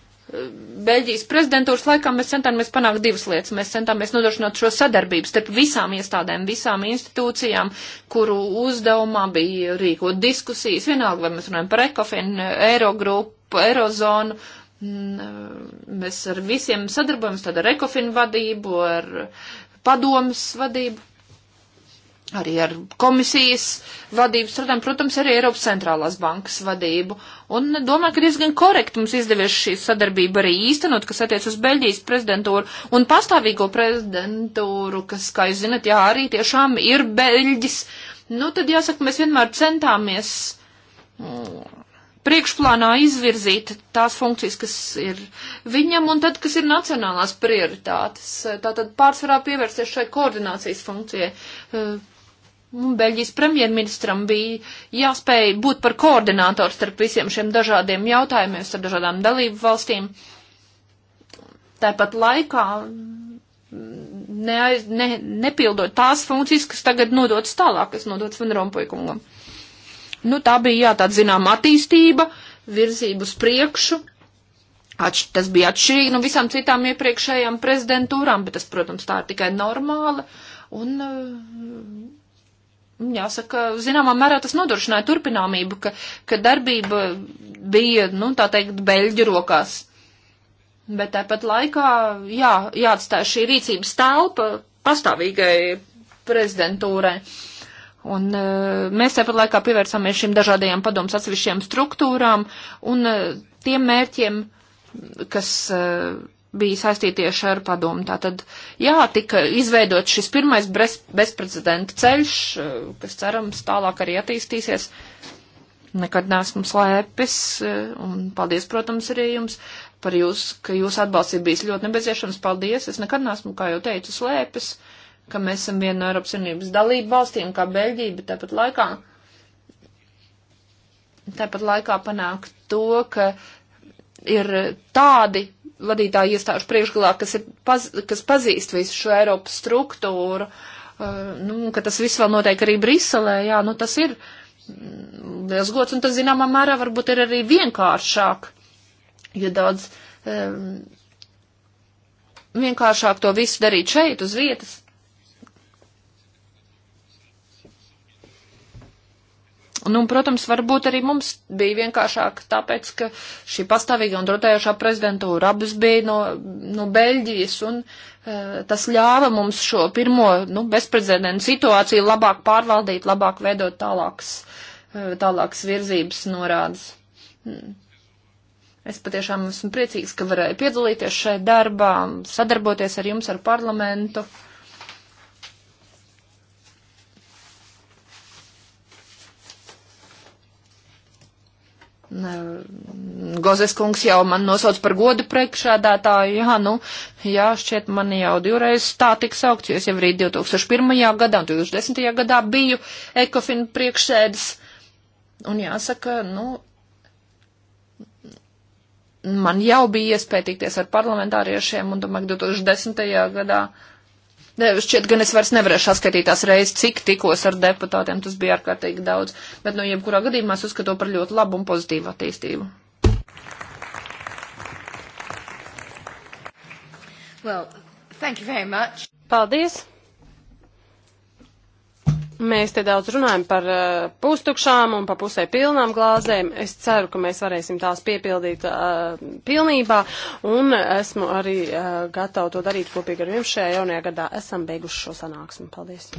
Beļģijas prezidentūras laikā mēs centāmies panākt divas lietas. Mēs centāmies nodrošināt šo sadarbību starp visām iestādēm, visām institūcijām, kuru uzdevumā bija rīkot diskusijas. Vienalga, vai mēs runājam par ekofinu, eirogrupu, eirozonu. Mm, eh, mēs ar visiem sadarbojamies, tad ar ekofinu vadību, ar padomas vadību arī ar komisijas vadību strādājam, protams, arī Eiropas centrālās bankas vadību. Un domāju, ka diezgan korekti mums izdevies šī sadarbība arī īstenot, kas attiec uz Beļģijas prezidentūru un pastāvīgo prezidentūru, kas, kā jūs zinat, jā, arī tiešām ir Beļģis. Nu, tad jāsaka, mēs vienmēr centāmies mm, priekšplānā izvirzīt tās funkcijas, kas ir viņam un tad, kas ir nacionālās prioritātes. Tātad pārsvarā pievērsties šai koordinācijas funkcijai Un Beļģijas premjerministram bija jāspēj būt par koordinātoru starp visiem šiem dažādiem jautājumiem, starp dažādām dalību valstīm. Tāpat laikā mm, neaiz, ne, nepildot tās funkcijas, kas tagad nodotas tālāk, kas nodotas Van Rompuykumam. Nu, tā bija, jā, tāda zinām attīstība, virzība uz priekšu. Atš, tas bija atšķirīgi no visām citām iepriekšējām prezidentūrām, bet tas, protams, tā ir tikai normāla. Un, uh, Jāsaka, zināmā mērā tas nodrošināja turpināmību, ka, ka darbība bija, nu, tā teikt, beļģu rokās. Bet tāpat laikā, jā, jāatstāja šī rīcības telpa pastāvīgai prezidentūrai. Un e, mēs tāpat laikā pievērsāmies šīm dažādajām padomus atsevišķiem struktūrām un e, tiem mērķiem, kas. E, bija saistīti tieši ar padomu. Tātad, jā, tika izveidot šis pirmais bezprecedenta ceļš, eh, kas cerams tālāk arī attīstīsies. Nekad neesmu slēpis, eh, un paldies, protams, arī jums par jūs, ka jūsu atbalsts ir bijis ļoti nebeziešanas. Paldies! Es nekad neesmu, kā jau teicu, slēpis, ka mēs esam viena no Eiropas Savienības dalību valstīm, kā Beļģija, bet tāpat laikā, tāpat laikā panākt to, ka ir tādi vadītāju iestāžu priekšgalā, kas, ir, paz, kas pazīst visu šo Eiropas struktūru, uh, nu, ka tas viss vēl notiek arī Briselē, jā, nu tas ir mm, liels gods, un tas zināmā mērā varbūt ir arī vienkāršāk, jo daudz um, vienkāršāk to visu darīt šeit, uz vietas. Un, nu, un, protams, varbūt arī mums bija vienkāršāk tāpēc, ka šī pastāvīga un rotējošā prezidentūra abas bija no, no Beļģijas, un e, tas ļāva mums šo pirmo, nu, bezprezidentu situāciju labāk pārvaldīt, labāk veidot tālākas, e, tālākas virzības norādes. Mm. Es patiešām esmu priecīgs, ka varēju piedalīties šajā darbā, sadarboties ar jums, ar parlamentu. Gozes kungs jau man nosauc par godu priekšādātāju, jā, nu, jā, šķiet man jau divreiz tā tik saukt, jo es jau arī 2001. gadā un 2010. gadā biju Ekofin priekšsēdis. Un jāsaka, nu, man jau bija iespēja tikties ar parlamentāriešiem un, domāju, 2010. gadā. Uh, Šķiet, gan es vairs nevarēšu atskaitītās reizes, cik tikos ar deputātiem, tas bija ārkārtīgi daudz, bet no nu, jebkurā gadījumā es uzskatu par ļoti labu un pozitīvu attīstību. Well, thank you very much. Paldies! Mēs te daudz runājam par uh, pustukšām un pa pusē pilnām glāzēm. Es ceru, ka mēs varēsim tās piepildīt uh, pilnībā un esmu arī uh, gatava to darīt kopīgi ar jums šajā jaunajā gadā. Esam beiguši šo sanāksmi. Paldies!